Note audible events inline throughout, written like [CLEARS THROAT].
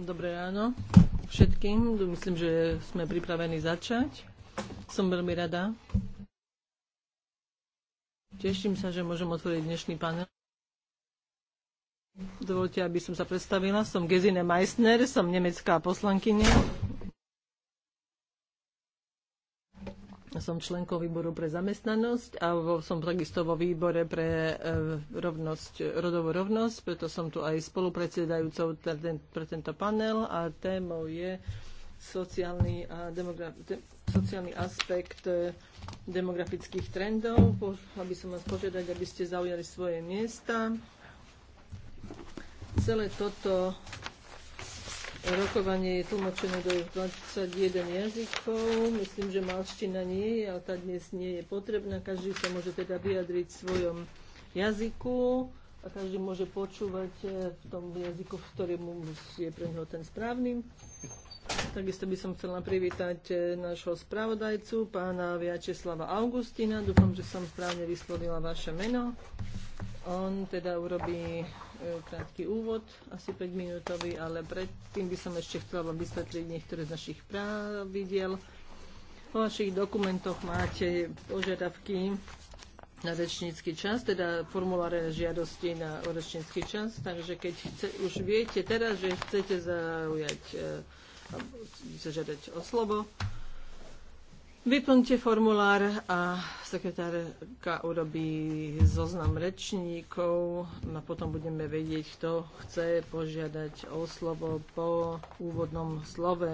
Dobré ráno všetkým. Myslím, že sme pripravení začať. Som veľmi rada. Teším sa, že môžem otvoriť dnešný panel. Dovolte, aby som sa predstavila. Som Gesine Meissner, som nemecká poslankyňa som členkou výboru pre zamestnanosť a vo, som takisto vo výbore pre e, rovnosť, rodovú rovnosť, preto som tu aj spolupredsedajúcou ten, pre tento panel a témou je sociálny, a demograf, de, sociálny aspekt e, demografických trendov. Chcela by som vás požiadať, aby ste zaujali svoje miesta. Celé toto rokovanie je tlmočené do 21 jazykov. Myslím, že malština nie je, ale tá dnes nie je potrebná. Každý sa môže teda vyjadriť v svojom jazyku a každý môže počúvať eh, v tom jazyku, v ktorom je pre neho ten správny. Takisto by som chcela privítať eh, nášho spravodajcu, pána Viačeslava Augustina. Dúfam, že som správne vyslovila vaše meno. On teda urobí E, krátky úvod, asi 5-minútový, ale predtým by som ešte chcela vám vysvetliť niektoré z našich pravidiel. Po vašich dokumentoch máte požiadavky na rečnícky čas, teda formuláre žiadosti na rečnícky čas, takže keď chce, už viete teraz, že chcete zaujať, e, zažiadať o slovo, Vyplňte formulár a sekretárka urobí zoznam rečníkov a potom budeme vedieť, kto chce požiadať o slovo po úvodnom slove.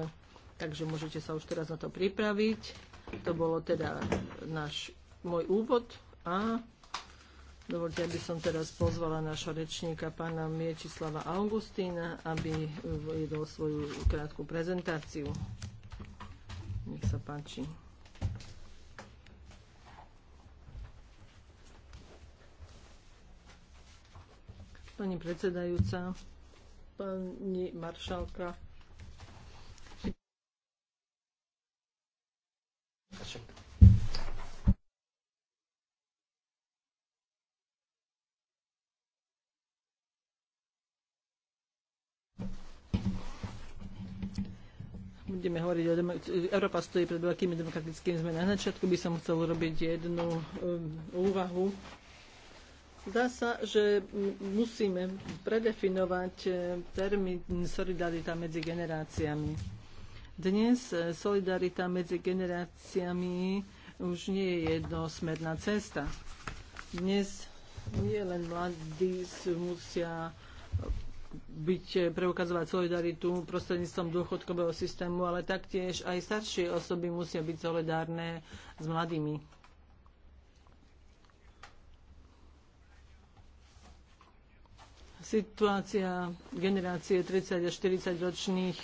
Takže môžete sa už teraz na to pripraviť. To bolo teda náš, môj úvod a Dovolte, aby som teraz pozvala naša rečníka, pána Miečislava Augustína, aby vedol svoju krátku prezentáciu. Nech sa páči. Pani predsedajúca, pani maršalka. budeme hovoriť o Európa stojí pred veľkými demokratickými zmenami. Na začiatku by som chcel urobiť jednu um, úvahu Zdá sa, že musíme predefinovať eh, termín solidarita medzi generáciami. Dnes eh, solidarita medzi generáciami už nie je jednosmerná cesta. Dnes nie len mladí musia byť, eh, preukazovať solidaritu prostredníctvom dôchodkového systému, ale taktiež aj staršie osoby musia byť solidárne s mladými. Situácia generácie 30 až 40 ročných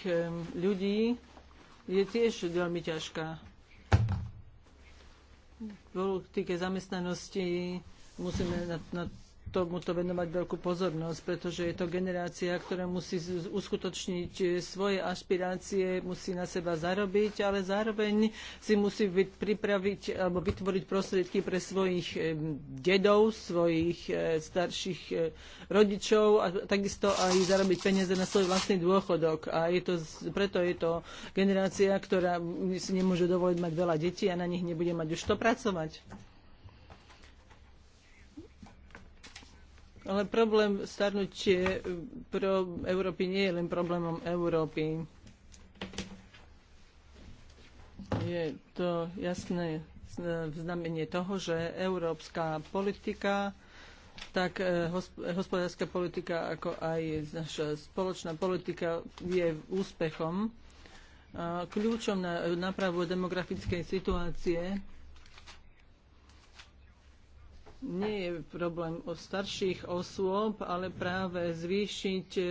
ľudí je tiež veľmi ťažká. V politike zamestnanosti musíme na, na tomuto venovať veľkú pozornosť, pretože je to generácia, ktorá musí uskutočniť e, svoje aspirácie, musí na seba zarobiť, ale zároveň si musí pripraviť alebo vytvoriť prostriedky pre svojich e, dedov, svojich e, starších rodičov a takisto aj zarobiť peniaze na svoj vlastný dôchodok. A je to, preto je to generácia, ktorá si nemôže dovoliť mať veľa detí a na nich nebude mať už to pracovať. Ale problém starnutie eh, pro Európy nie je len problémom Európy. Je to jasné eh, znamenie toho, že európska politika, tak eh, hospodárska politika, ako aj naša spoločná politika je úspechom. Kľúčom na nápravu demografickej situácie nie je problém o starších osôb, ale práve zvýšiť e,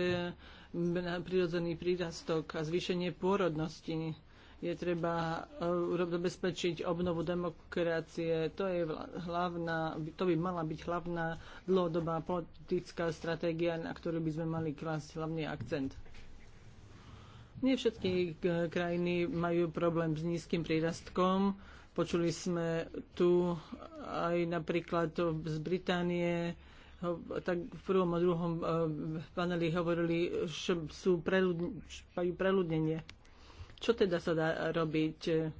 prirodzený prírastok a zvýšenie pôrodnosti. Je treba e, zabezpečiť obnovu demokracie. To, je hlavná, to by mala byť hlavná dlhodobá politická stratégia, na ktorú by sme mali klásť hlavný akcent. Nie všetky e, krajiny majú problém s nízkym prírastkom Počuli sme tu aj napríklad z Británie, tak v prvom a druhom eh, paneli hovorili, že sú preľudne, preľudnenie. preludnenie. Čo teda sa dá robiť?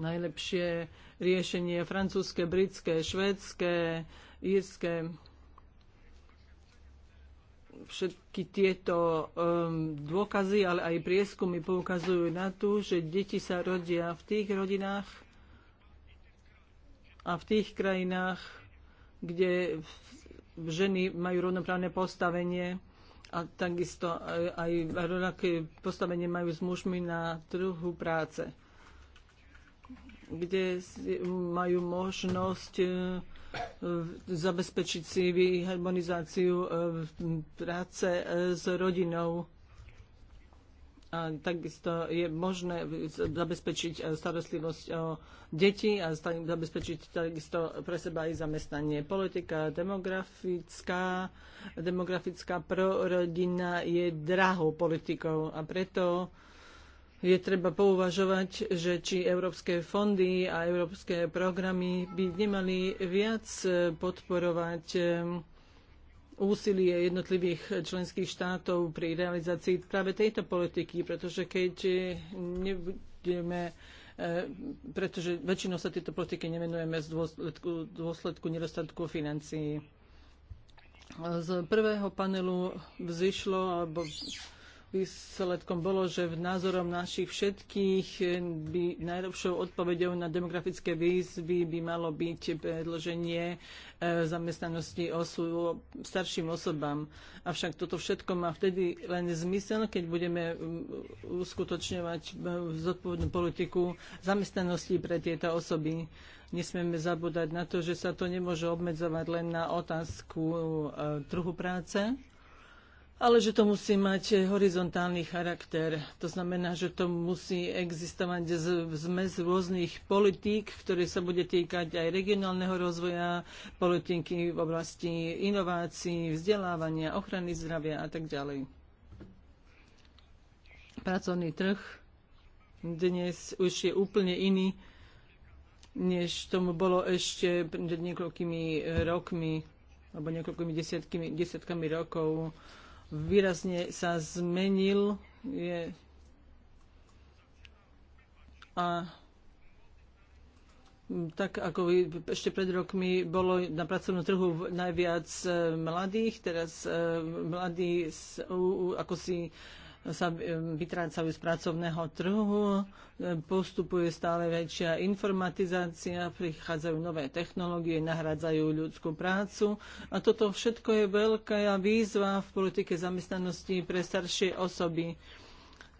Najlepšie riešenie francúzske, britské, švédske, írske všetky tieto um, dôkazy, ale aj prieskumy poukazujú na to, že deti sa rodia v tých rodinách a v tých krajinách, kde ženy majú rovnoprávne postavenie a takisto aj rovnaké postavenie majú s mužmi na trhu práce, kde majú možnosť zabezpečiť si harmonizáciu e, práce e, s rodinou. A takisto je možné zabezpečiť e, starostlivosť o deti a zabezpečiť takisto pre seba aj zamestnanie. Politika demografická, demografická prorodina je drahou politikou a preto je treba pouvažovať, že či európske fondy a európske programy by nemali viac eh, podporovať eh, úsilie jednotlivých členských štátov pri realizácii práve tejto politiky, pretože keď eh, nebudeme pretože väčšinou sa tieto politiky nemenujeme z dôsledku, dôsledku nedostatku financií. Z prvého panelu vzýšlo, alebo Výsledkom bolo, že v názorom našich všetkých eh, by najlepšou odpoveďou na demografické výzvy by malo byť predloženie eh, zamestnanosti osôb, starším osobám. Avšak toto všetko má vtedy len zmysel, keď budeme mm, uskutočňovať eh, zodpovednú politiku zamestnanosti pre tieto osoby nesmieme zabúdať na to, že sa to nemôže obmedzovať len na otázku trhu práce, ale že to musí mať eh, horizontálny charakter. To znamená, že to musí existovať zmes rôznych politík, ktoré sa bude týkať aj regionálneho rozvoja, politiky v oblasti inovácií, vzdelávania, ochrany zdravia a tak ďalej. Pracovný trh dnes už je úplne iný, než tomu bolo ešte pred niekoľkými rokmi alebo niekoľkými desiatkami, desiatkami rokov výrazne sa zmenil. Je, a tak ako ešte pred rokmi bolo na pracovnom trhu najviac e, mladých, teraz e, mladí ako si sa e, vytrácajú z pracovného trhu, e, postupuje stále väčšia informatizácia, prichádzajú nové technológie, nahradzajú ľudskú prácu. A toto všetko je veľká výzva v politike zamestnanosti pre staršie osoby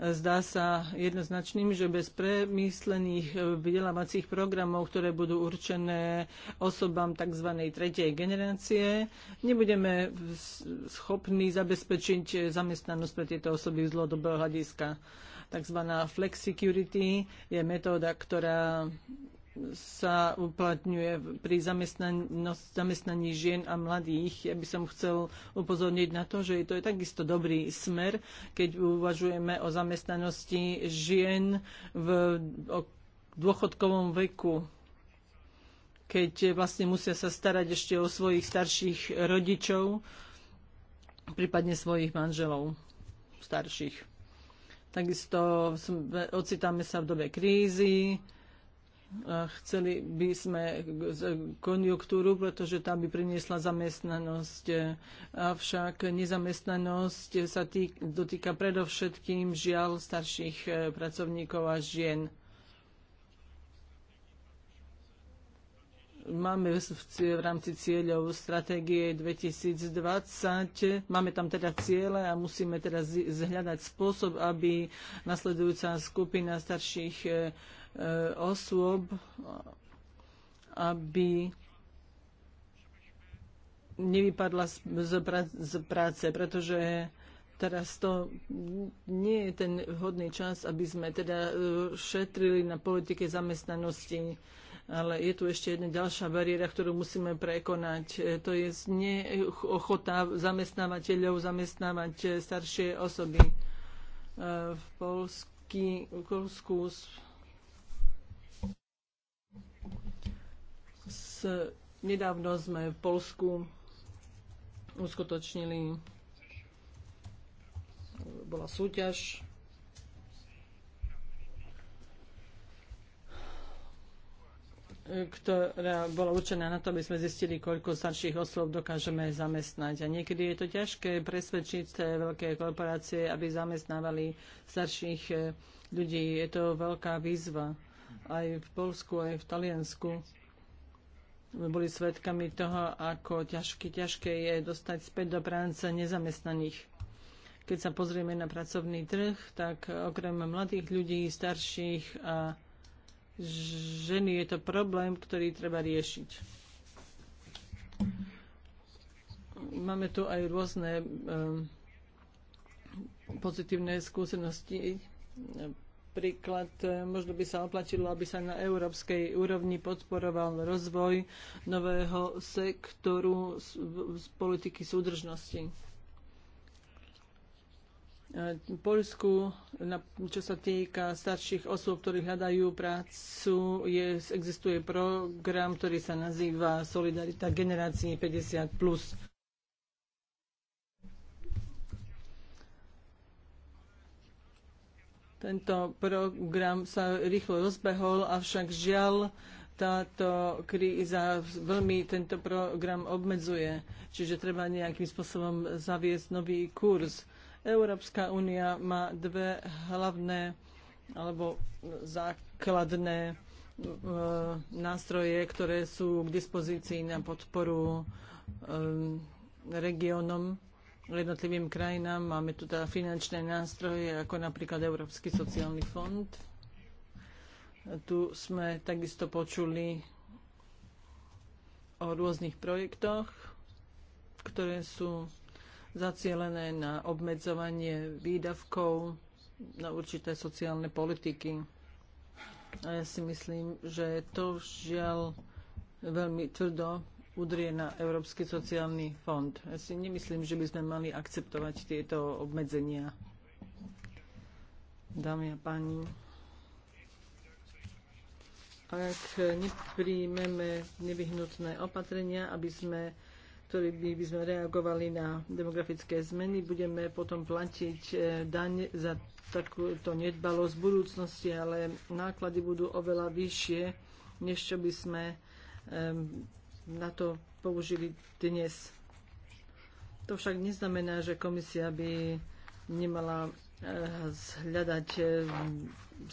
zdá sa jednoznačným, že bez premyslených eh, vzdelávacích programov, ktoré budú určené osobám tzv. tretej generácie, nebudeme schopní zabezpečiť zamestnanosť pre tieto osoby z dlhodobého hľadiska. Takzvaná flexicurity je metóda, ktorá sa uplatňuje pri zamestnaní žien a mladých. Ja by som chcel upozorniť na to, že to je takisto dobrý smer, keď uvažujeme o zamestnanosti žien v dôchodkovom veku keď vlastne musia sa starať ešte o svojich starších rodičov, prípadne svojich manželov starších. Takisto ocitáme sa v dobe krízy, chceli by sme konjunktúru, pretože tá by priniesla zamestnanosť. Avšak nezamestnanosť sa týk, dotýka predovšetkým žiaľ starších e, pracovníkov a žien. Máme v, v rámci cieľov stratégie 2020, máme tam teda ciele a musíme teda zhľadať spôsob, aby nasledujúca skupina starších e, E, osôb, aby nevypadla z, práce, pretože teraz to nie je ten vhodný čas, aby sme teda e, šetrili na politike zamestnanosti. Ale je tu ešte jedna ďalšia bariéra, ktorú musíme prekonať. E, to je neochota zamestnávateľov zamestnávať staršie osoby. v Polsku nedávno sme v Polsku uskutočnili bola súťaž ktorá bola určená na to, aby sme zistili, koľko starších osôb dokážeme zamestnať. A niekedy je to ťažké presvedčiť veľké korporácie, aby zamestnávali starších eh, ľudí. Je to veľká výzva aj v Polsku, aj v Taliansku boli svedkami toho, ako ťažké, ťažké je dostať späť do práce nezamestnaných. Keď sa pozrieme na pracovný trh, tak okrem mladých ľudí, starších a ženy je to problém, ktorý treba riešiť. Máme tu aj rôzne um, pozitívne skúsenosti Napríklad e, možno by sa oplatilo, aby sa na európskej úrovni podporoval rozvoj nového sektoru z politiky súdržnosti. E, Polsku, čo sa týka starších osôb, ktorí hľadajú prácu, je, existuje program, ktorý sa nazýva Solidarita generácií 50+. Tento program sa rýchlo rozbehol, avšak žiaľ, táto kríza veľmi tento program obmedzuje. Čiže treba nejakým spôsobom zaviesť nový kurz. Európska únia má dve hlavné alebo základné e, nástroje, ktoré sú k dispozícii na podporu e, regiónom jednotlivým krajinám. Máme tu teda finančné nástroje, ako napríklad Európsky sociálny fond. Tu sme takisto počuli o rôznych projektoch, ktoré sú zacielené na obmedzovanie výdavkov na určité sociálne politiky. A ja si myslím, že to žiaľ veľmi tvrdo udrie na Európsky sociálny fond. Ja si nemyslím, že by sme mali akceptovať tieto obmedzenia. Dámy a páni, ak nepríjmeme nevyhnutné opatrenia, aby sme ktorý by, by sme reagovali na demografické zmeny. Budeme potom platiť eh, daň za takúto nedbalosť budúcnosti, ale náklady budú oveľa vyššie, než čo by sme um, na to použili dnes. To však neznamená, že komisia by nemala e, hľadať e,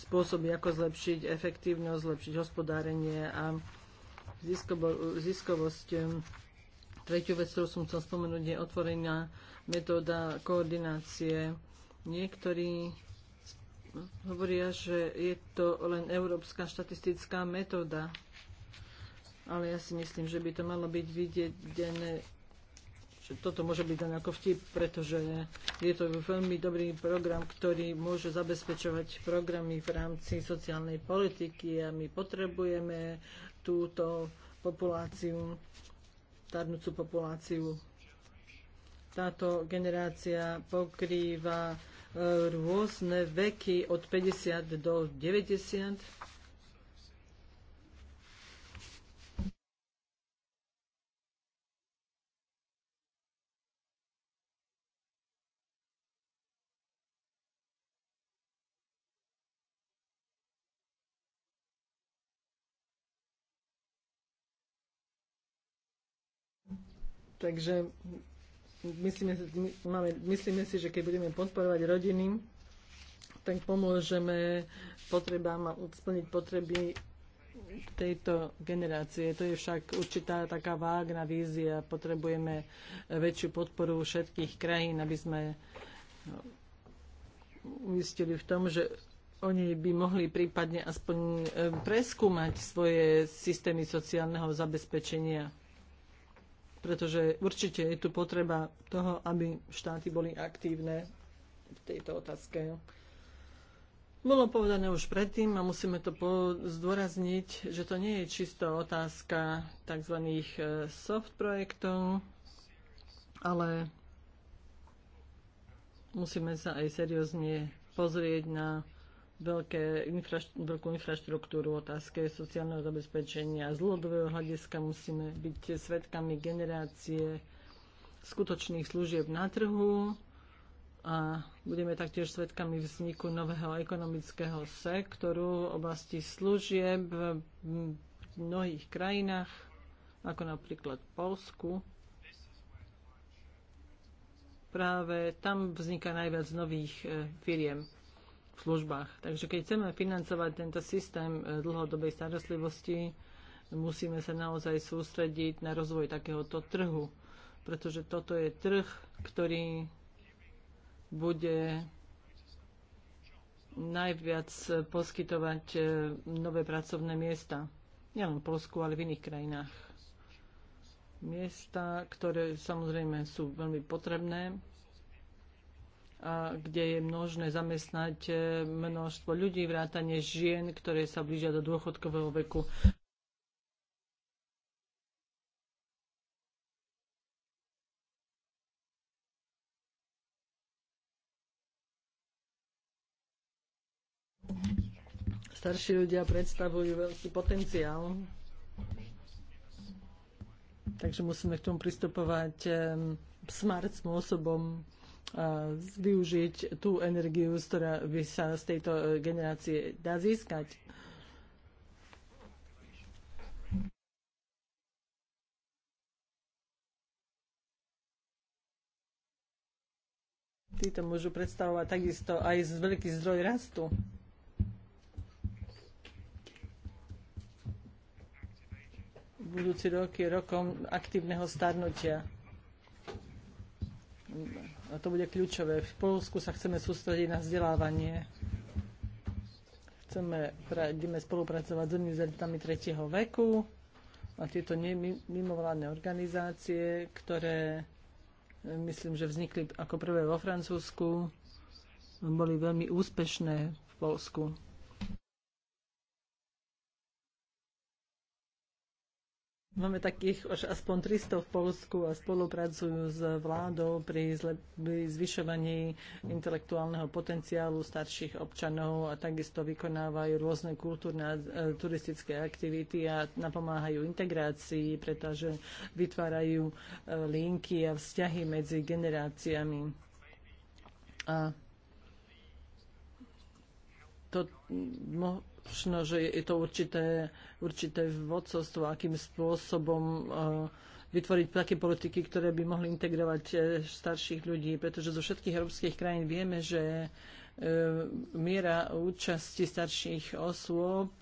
spôsoby, ako zlepšiť efektívnosť, zlepšiť hospodárenie a ziskovo, ziskovosť. E, tretiu vec, ktorú som chcel spomenúť, je otvorená metóda koordinácie. Niektorí hovoria, že je to len európska štatistická metóda ale ja si myslím, že by to malo byť videné že toto môže byť len ako vtip, pretože je to veľmi dobrý program, ktorý môže zabezpečovať programy v rámci sociálnej politiky a my potrebujeme túto populáciu, starnúcu populáciu. Táto generácia pokrýva e, rôzne veky od 50 do 90 Takže myslíme, máme, myslíme si, že keď budeme podporovať rodiny, tak pomôžeme potrebám a splniť potreby tejto generácie. To je však určitá taká vágna vízia. Potrebujeme väčšiu podporu všetkých krajín, aby sme uistili v tom, že oni by mohli prípadne aspoň e, preskúmať svoje systémy sociálneho zabezpečenia pretože určite je tu potreba toho, aby štáty boli aktívne v tejto otázke. Bolo povedané už predtým a musíme to zdôrazniť, že to nie je čisto otázka tzv. E, soft projektov, ale musíme sa aj seriózne pozrieť na veľké infra, veľkú infraštruktúru otázke sociálneho zabezpečenia. Z dlhodobého hľadiska musíme byť svetkami generácie skutočných služieb na trhu a budeme taktiež svetkami vzniku nového ekonomického sektoru v oblasti služieb v mnohých krajinách, ako napríklad Polsku práve tam vzniká najviac nových e, firiem službách. Takže keď chceme financovať tento systém e, dlhodobej starostlivosti, musíme sa naozaj sústrediť na rozvoj takéhoto trhu, pretože toto je trh, ktorý bude najviac poskytovať e, nové pracovné miesta. Nielen v Polsku, ale v iných krajinách. Miesta, ktoré samozrejme sú veľmi potrebné, a kde je množné zamestnať e, množstvo ľudí, vrátane žien, ktoré sa blížia do dôchodkového veku. Starší ľudia predstavujú veľký potenciál, takže musíme k tomu pristupovať e, smart spôsobom využiť tú energiu, z ktorá by sa z tejto e, generácie dá získať. Títo môžu predstavovať takisto aj veľký zdroj rastu. budúci rok je rokom aktívneho starnutia. A to bude kľúčové. V Polsku sa chceme sústrediť na vzdelávanie. Chceme, ideme spolupracovať s univerzitami tretieho veku a tieto mimovládne organizácie, ktoré e, myslím, že vznikli ako prvé vo Francúzsku, boli veľmi úspešné v Polsku. Máme takých už aspoň 300 v Polsku a spolupracujú s vládou pri zvyšovaní intelektuálneho potenciálu starších občanov a takisto vykonávajú rôzne kultúrne a e, turistické aktivity a napomáhajú integrácii, pretože vytvárajú e, linky a vzťahy medzi generáciami. A to mo- možno, že je to určité, určité vodcovstvo, akým spôsobom vytvoriť také politiky, ktoré by mohli integrovať e, starších ľudí, pretože zo všetkých európskych krajín vieme, že e, miera účasti starších osôb,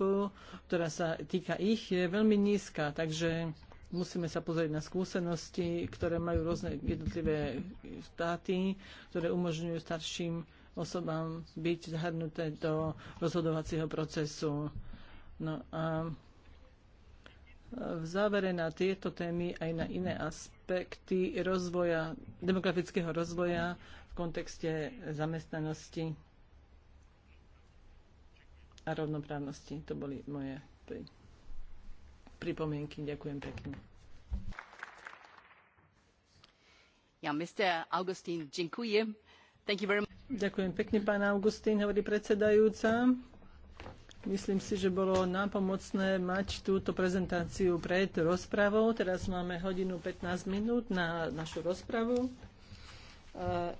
ktorá sa týka ich, je veľmi nízka. Takže musíme sa pozrieť na skúsenosti, ktoré majú rôzne jednotlivé štáty, ktoré umožňujú starším osobám byť zahrnuté do rozhodovacieho procesu. No a v závere na tieto témy aj na iné aspekty rozvoja, demografického rozvoja v kontexte zamestnanosti a rovnoprávnosti. To boli moje pripomienky. Ďakujem pekne. Ja, Mr. Augustín, ďakujem Ďakujem pekne, predsedajúca. Myslím si, že bolo nápomocné mať túto prezentáciu pred rozpravou. Teraz máme hodinu 15 minút na našu rozpravu.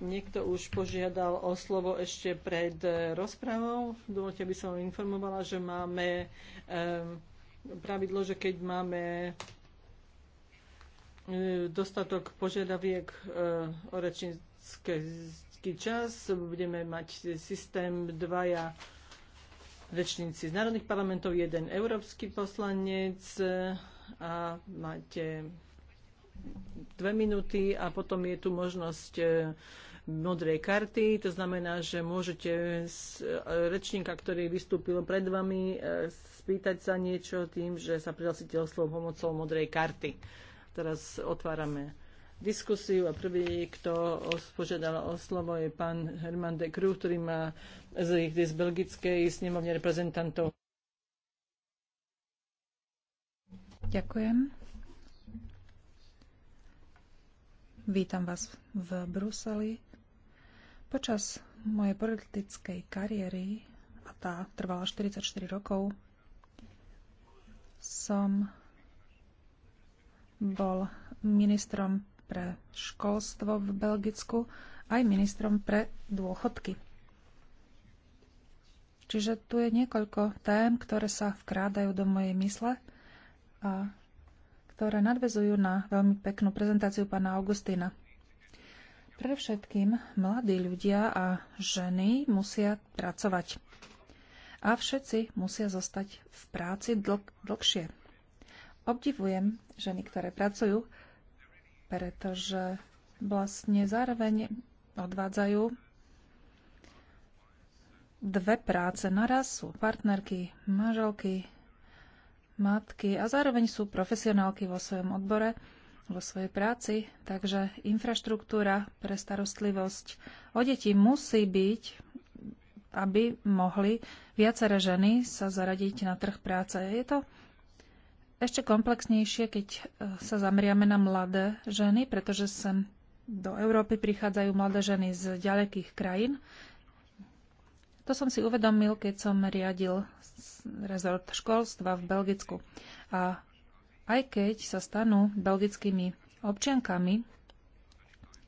Niekto už požiadal o slovo ešte pred rozpravou. Dovolte, aby som informovala, že máme pravidlo, že keď máme dostatok požiadaviek eh, o rečnícke rečnícky čas. Budeme mať systém dvaja rečníci z národných parlamentov, jeden európsky poslanec a máte dve minúty a potom je tu možnosť e, modrej karty. To znamená, že môžete e, rečníka, ktorý vystúpil pred vami, e, spýtať sa niečo tým, že sa prihlasíte o slovo pomocou modrej karty. Teraz otvárame diskusiu a prvý, kto požiadal o slovo, je pán Herman de Kru, ktorý má z, z belgickej snemovne reprezentantov. Ďakujem. Vítam vás v Bruseli. Počas mojej politickej kariéry, a tá trvala 44 rokov, som bol ministrom pre školstvo v Belgicku, aj ministrom pre dôchodky. Čiže tu je niekoľko tém, ktoré sa vkrádajú do mojej mysle a ktoré nadvezujú na veľmi peknú prezentáciu pána Augustína. všetkým mladí ľudia a ženy musia pracovať. A všetci musia zostať v práci dl- dlhšie. Obdivujem ženy, ktoré pracujú, pretože vlastne zároveň odvádzajú dve práce naraz, sú partnerky, manželky, matky a zároveň sú profesionálky vo svojom odbore, vo svojej práci, takže infraštruktúra pre starostlivosť o deti musí byť, aby mohli viaceré ženy sa zaradiť na trh práce. Je to ešte komplexnejšie, keď e, sa zameriame na mladé ženy, pretože sem do Európy prichádzajú mladé ženy z ďalekých krajín. To som si uvedomil, keď som riadil rezort školstva v Belgicku. A aj keď sa stanú belgickými občiankami,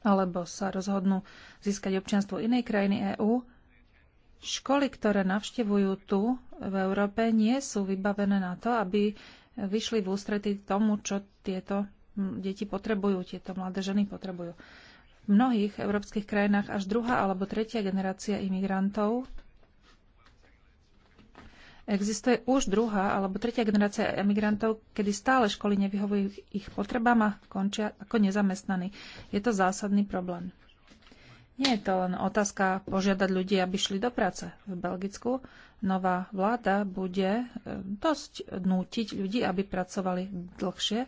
alebo sa rozhodnú získať občianstvo inej krajiny EÚ, školy, ktoré navštevujú tu v Európe, nie sú vybavené na to, aby vyšli v ústrety tomu, čo tieto deti potrebujú, tieto mladé ženy potrebujú. V mnohých európskych krajinách až druhá alebo tretia generácia imigrantov Existuje už druhá alebo tretia generácia emigrantov, kedy stále školy nevyhovujú ich potrebám a končia ako nezamestnaní. Je to zásadný problém. Nie je to len otázka požiadať ľudí, aby šli do práce v Belgicku. Nová vláda bude e, dosť nútiť ľudí, aby pracovali dlhšie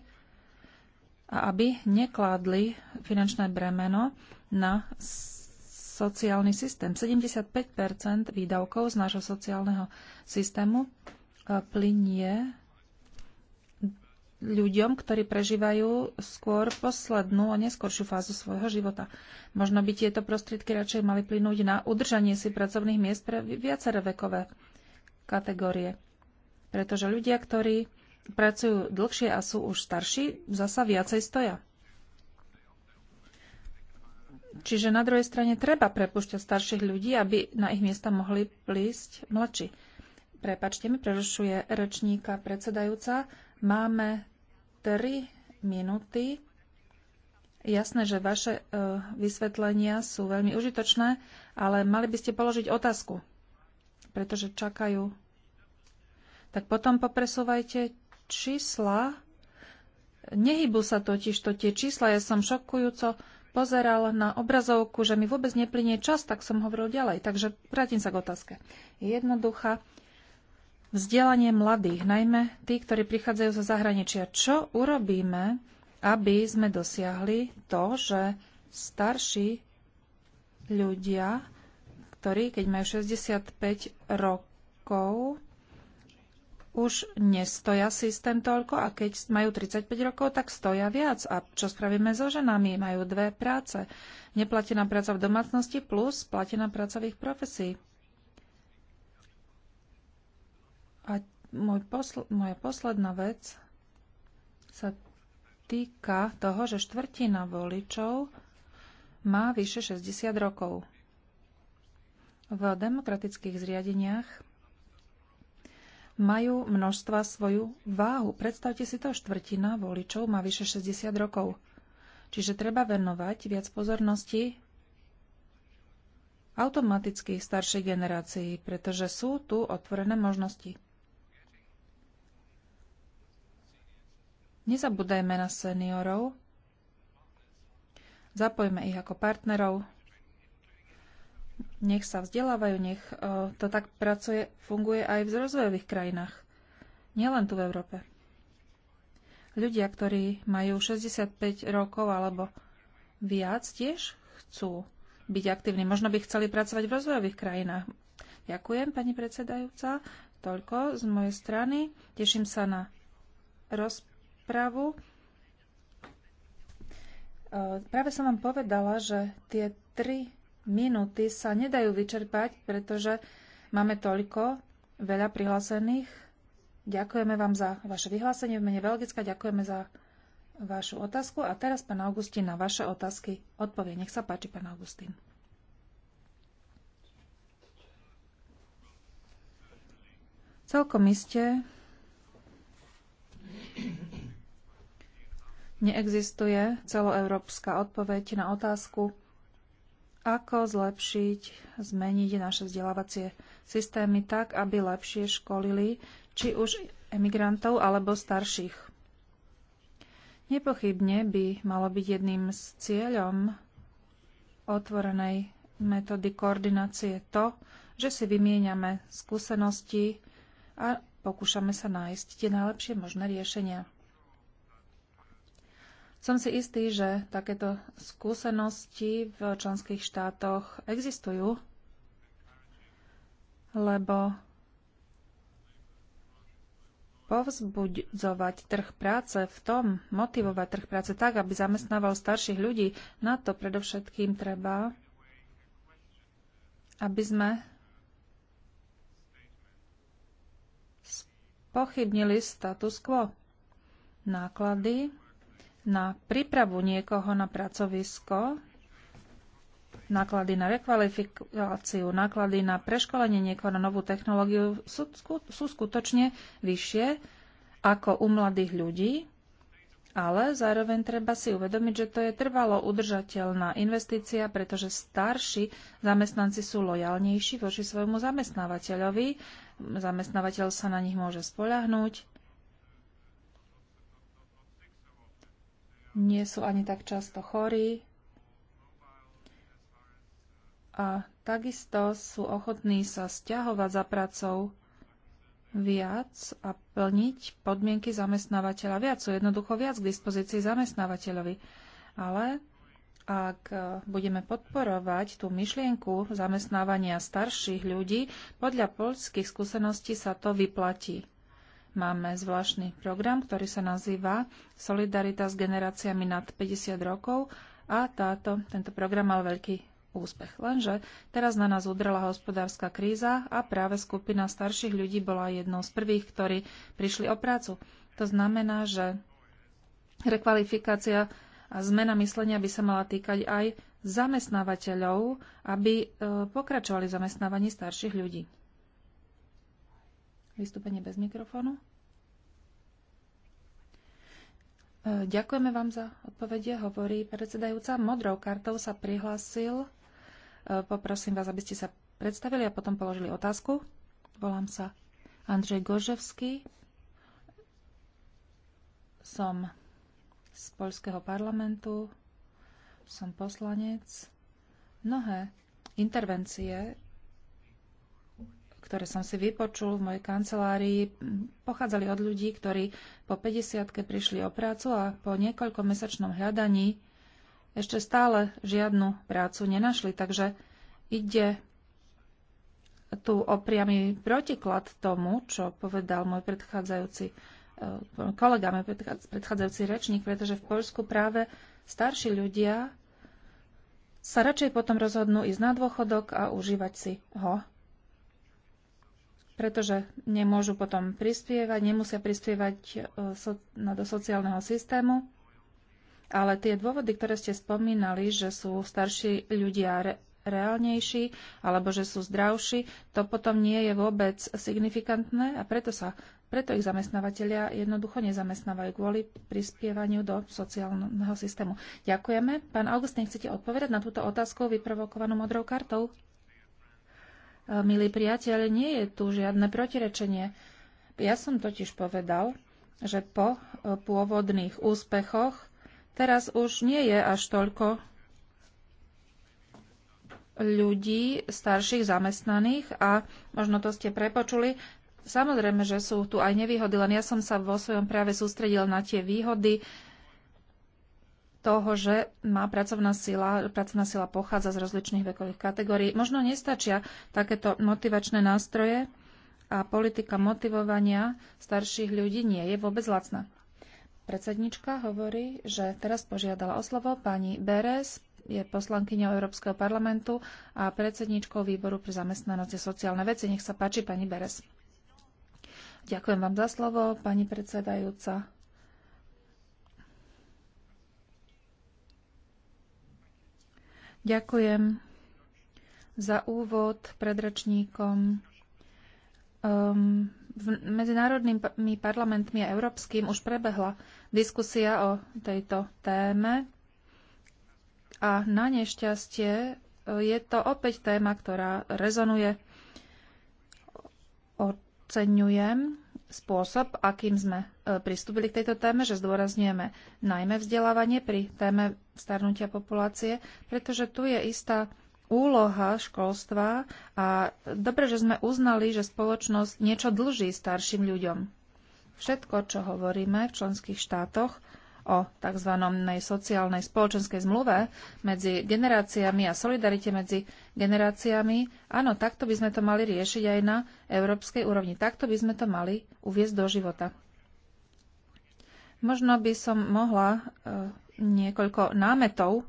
a aby nekládli finančné bremeno na sociálny systém. 75 výdavkov z nášho sociálneho systému e, plinie ľuďom, ktorí prežívajú skôr poslednú a neskoršiu fázu svojho života. Možno by tieto prostriedky radšej mali plynúť na udržanie si pracovných miest pre viaceré vekové kategórie. Pretože ľudia, ktorí pracujú dlhšie a sú už starší, zasa viacej stoja. Čiže na druhej strane treba prepušťať starších ľudí, aby na ich miesta mohli plísť mladší. Prepačte mi, prerušuje rečníka predsedajúca. Máme 3 minúty. Jasné, že vaše e, vysvetlenia sú veľmi užitočné, ale mali by ste položiť otázku, pretože čakajú. Tak potom popresúvajte čísla. Nehybu sa totiž to tie čísla. Ja som šokujúco pozeral na obrazovku, že mi vôbec neplinie čas, tak som hovoril ďalej. Takže vrátim sa k otázke. Jednoduchá vzdelanie mladých, najmä tí, ktorí prichádzajú zo zahraničia. Čo urobíme, aby sme dosiahli to, že starší ľudia, ktorí, keď majú 65 rokov, už nestoja systém toľko a keď majú 35 rokov, tak stoja viac. A čo spravíme so ženami? Majú dve práce. Neplatená práca v domácnosti plus platená práca v ich profesii. A môj posl- moja posledná vec sa týka toho, že štvrtina voličov má vyše 60 rokov. V demokratických zriadeniach majú množstva svoju váhu. Predstavte si to, štvrtina voličov má vyše 60 rokov. Čiže treba venovať viac pozornosti automaticky staršej generácii, pretože sú tu otvorené možnosti. Nezabúdajme na seniorov, zapojme ich ako partnerov, nech sa vzdelávajú, nech e, to tak pracuje, funguje aj v rozvojových krajinách, nielen tu v Európe. Ľudia, ktorí majú 65 rokov alebo viac, tiež chcú byť aktívni. Možno by chceli pracovať v rozvojových krajinách. Ďakujem, pani predsedajúca. Toľko z mojej strany. Teším sa na rozprávu rozpravu. E, práve som vám povedala, že tie tri minúty sa nedajú vyčerpať, pretože máme toľko veľa prihlásených. Ďakujeme vám za vaše vyhlásenie v mene Belgicka, ďakujeme za vašu otázku. A teraz, pán Augustín, na vaše otázky odpovie. Nech sa páči, pán Augustín. Celkom iste Neexistuje celoeurópska odpoveď na otázku, ako zlepšiť, zmeniť naše vzdelávacie systémy tak, aby lepšie školili či už emigrantov alebo starších. Nepochybne by malo byť jedným z cieľom otvorenej metódy koordinácie to, že si vymieňame skúsenosti a pokúšame sa nájsť tie najlepšie možné riešenia. Som si istý, že takéto skúsenosti v členských štátoch existujú, lebo povzbudzovať trh práce v tom, motivovať trh práce tak, aby zamestnával starších ľudí, na to predovšetkým treba, aby sme pochybnili status quo. Náklady na prípravu niekoho na pracovisko, náklady na rekvalifikáciu, náklady na preškolenie niekoho na novú technológiu sú, sú skutočne vyššie ako u mladých ľudí, ale zároveň treba si uvedomiť, že to je trvalo udržateľná investícia, pretože starší zamestnanci sú lojalnejší voči svojmu zamestnávateľovi, zamestnávateľ sa na nich môže spoľahnúť nie sú ani tak často chorí a takisto sú ochotní sa stiahovať za pracou viac a plniť podmienky zamestnávateľa viac. Sú jednoducho viac k dispozícii zamestnávateľovi. Ale ak budeme podporovať tú myšlienku zamestnávania starších ľudí, podľa poľských skúseností sa to vyplatí máme zvláštny program, ktorý sa nazýva Solidarita s generáciami nad 50 rokov a táto, tento program mal veľký úspech. Lenže teraz na nás udrela hospodárska kríza a práve skupina starších ľudí bola jednou z prvých, ktorí prišli o prácu. To znamená, že rekvalifikácia a zmena myslenia by sa mala týkať aj zamestnávateľov, aby e, pokračovali zamestnávaní starších ľudí. Vystúpenie bez mikrofónu. E, ďakujeme vám za odpovede, hovorí predsedajúca. Modrou kartou sa prihlásil. E, poprosím vás, aby ste sa predstavili a potom položili otázku. Volám sa Andrej Goževský. Som z Polského parlamentu. Som poslanec. Mnohé intervencie ktoré som si vypočul v mojej kancelárii, pochádzali od ľudí, ktorí po 50 prišli o prácu a po niekoľkomesačnom hľadaní ešte stále žiadnu prácu nenašli. Takže ide tu o priamy protiklad tomu, čo povedal môj predchádzajúci e, kolega, môj predchádzajúci rečník, pretože v Poľsku práve starší ľudia sa radšej potom rozhodnú ísť na dôchodok a užívať si ho pretože nemôžu potom prispievať, nemusia prispievať e, do sociálneho systému. Ale tie dôvody, ktoré ste spomínali, že sú starší ľudia re- reálnejší alebo že sú zdravší, to potom nie je vôbec signifikantné a preto, sa, preto ich zamestnávateľia jednoducho nezamestnávajú kvôli prispievaniu do sociálneho systému. Ďakujeme. Pán Augustín, chcete odpovedať na túto otázku vyprovokovanú modrou kartou? milí priateľ, nie je tu žiadne protirečenie. Ja som totiž povedal, že po e, pôvodných úspechoch teraz už nie je až toľko ľudí starších zamestnaných a možno to ste prepočuli. Samozrejme, že sú tu aj nevýhody, len ja som sa vo svojom práve sústredil na tie výhody, toho, že má pracovná sila, pracovná sila pochádza z rozličných vekových kategórií. Možno nestačia takéto motivačné nástroje a politika motivovania starších ľudí nie je vôbec lacná. Predsednička hovorí, že teraz požiadala o slovo pani Beres, je poslankyňou Európskeho parlamentu a predsedničkou výboru pre zamestnanosť a sociálne veci. Nech sa páči, pani Beres. Ďakujem vám za slovo, pani predsedajúca. Ďakujem za úvod predračníkom. Um, ehm, v medzinárodnými parlamentmi a európskym už prebehla diskusia o tejto téme a na nešťastie e, je to opäť téma, ktorá rezonuje. Oceňujem spôsob, akým sme E, pristúpili k tejto téme, že zdôrazňujeme najmä vzdelávanie pri téme starnutia populácie, pretože tu je istá úloha školstva a dobre, že sme uznali, že spoločnosť niečo dlží starším ľuďom. Všetko, čo hovoríme v členských štátoch o tzv. sociálnej spoločenskej zmluve medzi generáciami a solidarite medzi generáciami, áno, takto by sme to mali riešiť aj na európskej úrovni. Takto by sme to mali uviezť do života. Možno by som mohla e, niekoľko námetov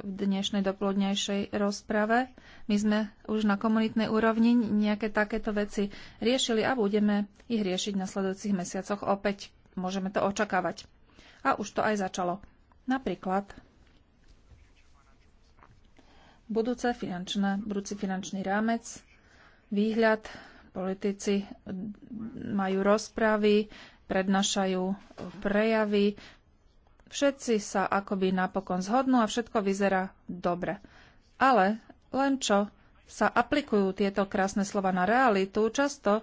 v dnešnej dopoludnejšej rozprave. My sme už na komunitnej úrovni nejaké takéto veci riešili a budeme ich riešiť na sledujúcich mesiacoch opäť. Môžeme to očakávať. A už to aj začalo. Napríklad budúce finančné, budúci finančný rámec, výhľad, politici majú rozpravy, prednášajú e, prejavy. Všetci sa akoby napokon zhodnú a všetko vyzerá dobre. Ale len čo sa aplikujú tieto krásne slova na realitu, často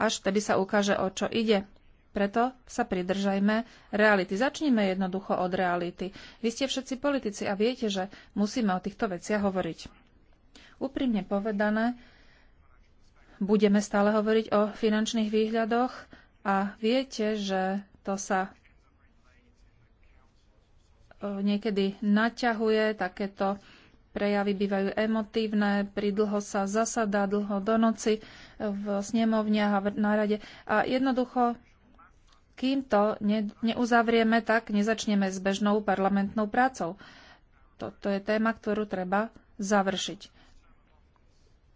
až vtedy sa ukáže, o čo ide. Preto sa pridržajme reality. Začnime jednoducho od reality. Vy ste všetci politici a viete, že musíme o týchto veciach hovoriť. Úprimne povedané, budeme stále hovoriť o finančných výhľadoch, a viete, že to sa e, niekedy naťahuje, takéto prejavy bývajú emotívne, pridlho sa zasadá, dlho do noci e, v snemovniach a v nárade. A jednoducho, kým to neuzavrieme, tak nezačneme s bežnou parlamentnou prácou. Toto je téma, ktorú treba završiť.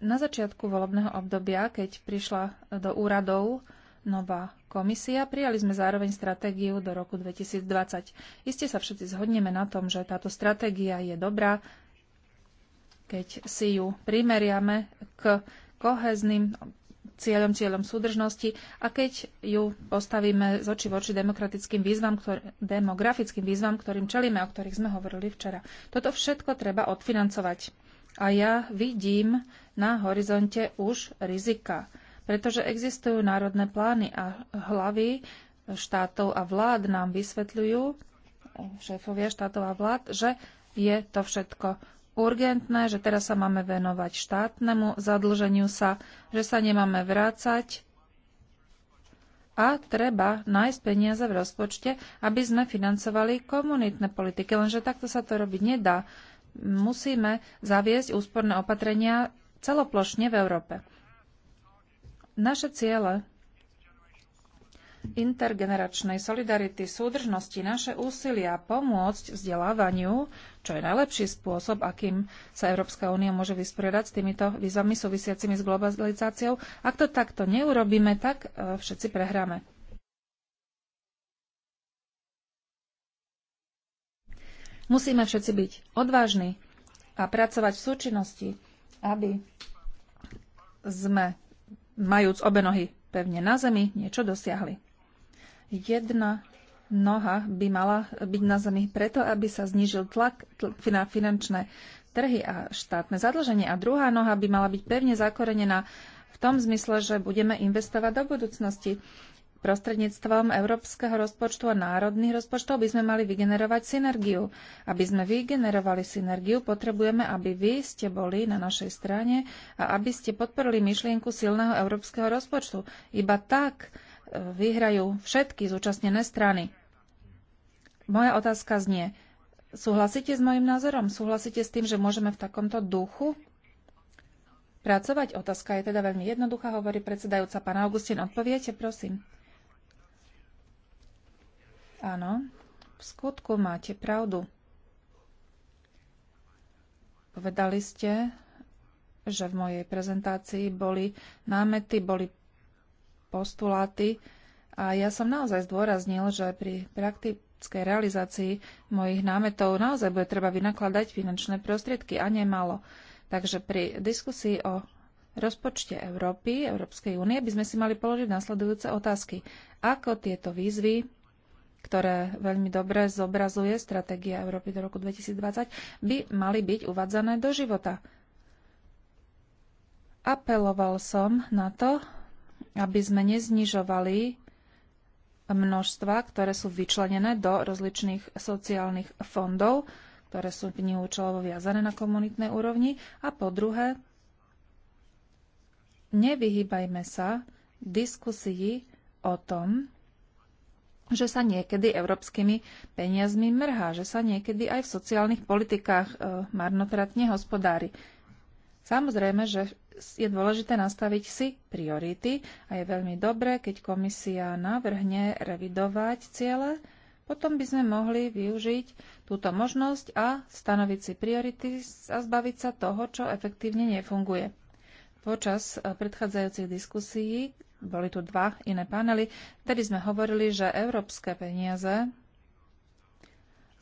Na začiatku volebného obdobia, keď prišla do úradov, nová komisia. Prijali sme zároveň stratégiu do roku 2020. Iste sa všetci zhodneme na tom, že táto stratégia je dobrá, keď si ju primeriame k kohezným cieľom, cieľom súdržnosti a keď ju postavíme z oči voči demokratickým výzvam, ktor- demografickým výzvam, ktorým čelíme, o ktorých sme hovorili včera. Toto všetko treba odfinancovať. A ja vidím na horizonte už rizika pretože existujú národné plány a hlavy štátov a vlád nám vysvetľujú, šéfovia štátov a vlád, že je to všetko urgentné, že teraz sa máme venovať štátnemu zadlženiu sa, že sa nemáme vrácať a treba nájsť peniaze v rozpočte, aby sme financovali komunitné politiky. Lenže takto sa to robiť nedá. Musíme zaviesť úsporné opatrenia celoplošne v Európe. Naše ciele intergeneračnej solidarity, súdržnosti, naše úsilia pomôcť vzdelávaniu, čo je najlepší spôsob, akým sa Európska únia môže vysporiadať s týmito výzvami súvisiacimi s globalizáciou. Ak to takto neurobíme, tak e, všetci prehráme. Musíme všetci byť odvážni a pracovať v súčinnosti, aby sme majúc obe nohy pevne na zemi, niečo dosiahli. Jedna noha by mala byť na zemi preto, aby sa znížil tlak na finančné trhy a štátne zadlženie. A druhá noha by mala byť pevne zakorenená v tom zmysle, že budeme investovať do budúcnosti. Prostredníctvom európskeho rozpočtu a národných rozpočtov by sme mali vygenerovať synergiu. Aby sme vygenerovali synergiu, potrebujeme, aby vy ste boli na našej strane a aby ste podporili myšlienku silného európskeho rozpočtu. Iba tak e, vyhrajú všetky zúčastnené strany. Moja otázka znie, súhlasíte s mojim názorom? Súhlasíte s tým, že môžeme v takomto duchu pracovať? Otázka je teda veľmi jednoduchá, hovorí predsedajúca. Pán Augustín, odpoviete, prosím. Áno, v skutku máte pravdu. Povedali ste, že v mojej prezentácii boli námety, boli postuláty a ja som naozaj zdôraznil, že pri praktickej realizácii mojich námetov naozaj bude treba vynakladať finančné prostriedky a nemalo. Takže pri diskusii o rozpočte Európy, Európskej únie by sme si mali položiť následujúce otázky. Ako tieto výzvy ktoré veľmi dobre zobrazuje stratégia Európy do roku 2020, by mali byť uvádzané do života. Apeloval som na to, aby sme neznižovali množstva, ktoré sú vyčlenené do rozličných sociálnych fondov, ktoré sú účelovo viazané na komunitnej úrovni. A po druhé, nevyhýbajme sa diskusii o tom, že sa niekedy európskymi peniazmi mrhá, že sa niekedy aj v sociálnych politikách e, marnotratne hospodári. Samozrejme, že je dôležité nastaviť si priority a je veľmi dobré, keď komisia navrhne revidovať ciele, potom by sme mohli využiť túto možnosť a stanoviť si priority a zbaviť sa toho, čo efektívne nefunguje. Počas e, predchádzajúcich diskusií boli tu dva iné panely, tedy sme hovorili, že európske peniaze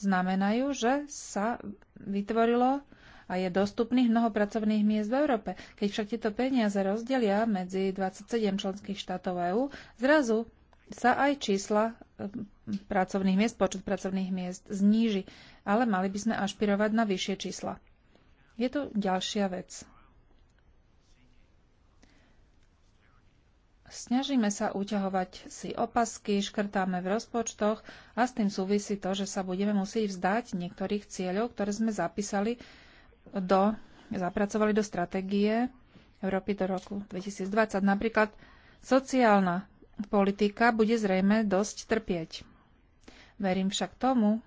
znamenajú, že sa vytvorilo a je dostupných mnoho pracovných miest v Európe. Keď však tieto peniaze rozdelia medzi 27 členských štátov EÚ, zrazu sa aj čísla hm, pracovných miest, počet pracovných miest zníži, ale mali by sme ašpirovať na vyššie čísla. Je tu ďalšia vec. Snažíme sa uťahovať si opasky, škrtáme v rozpočtoch a s tým súvisí to, že sa budeme musieť vzdať niektorých cieľov, ktoré sme zapísali do, zapracovali do stratégie Európy do roku 2020. Napríklad sociálna politika bude zrejme dosť trpieť. Verím však tomu,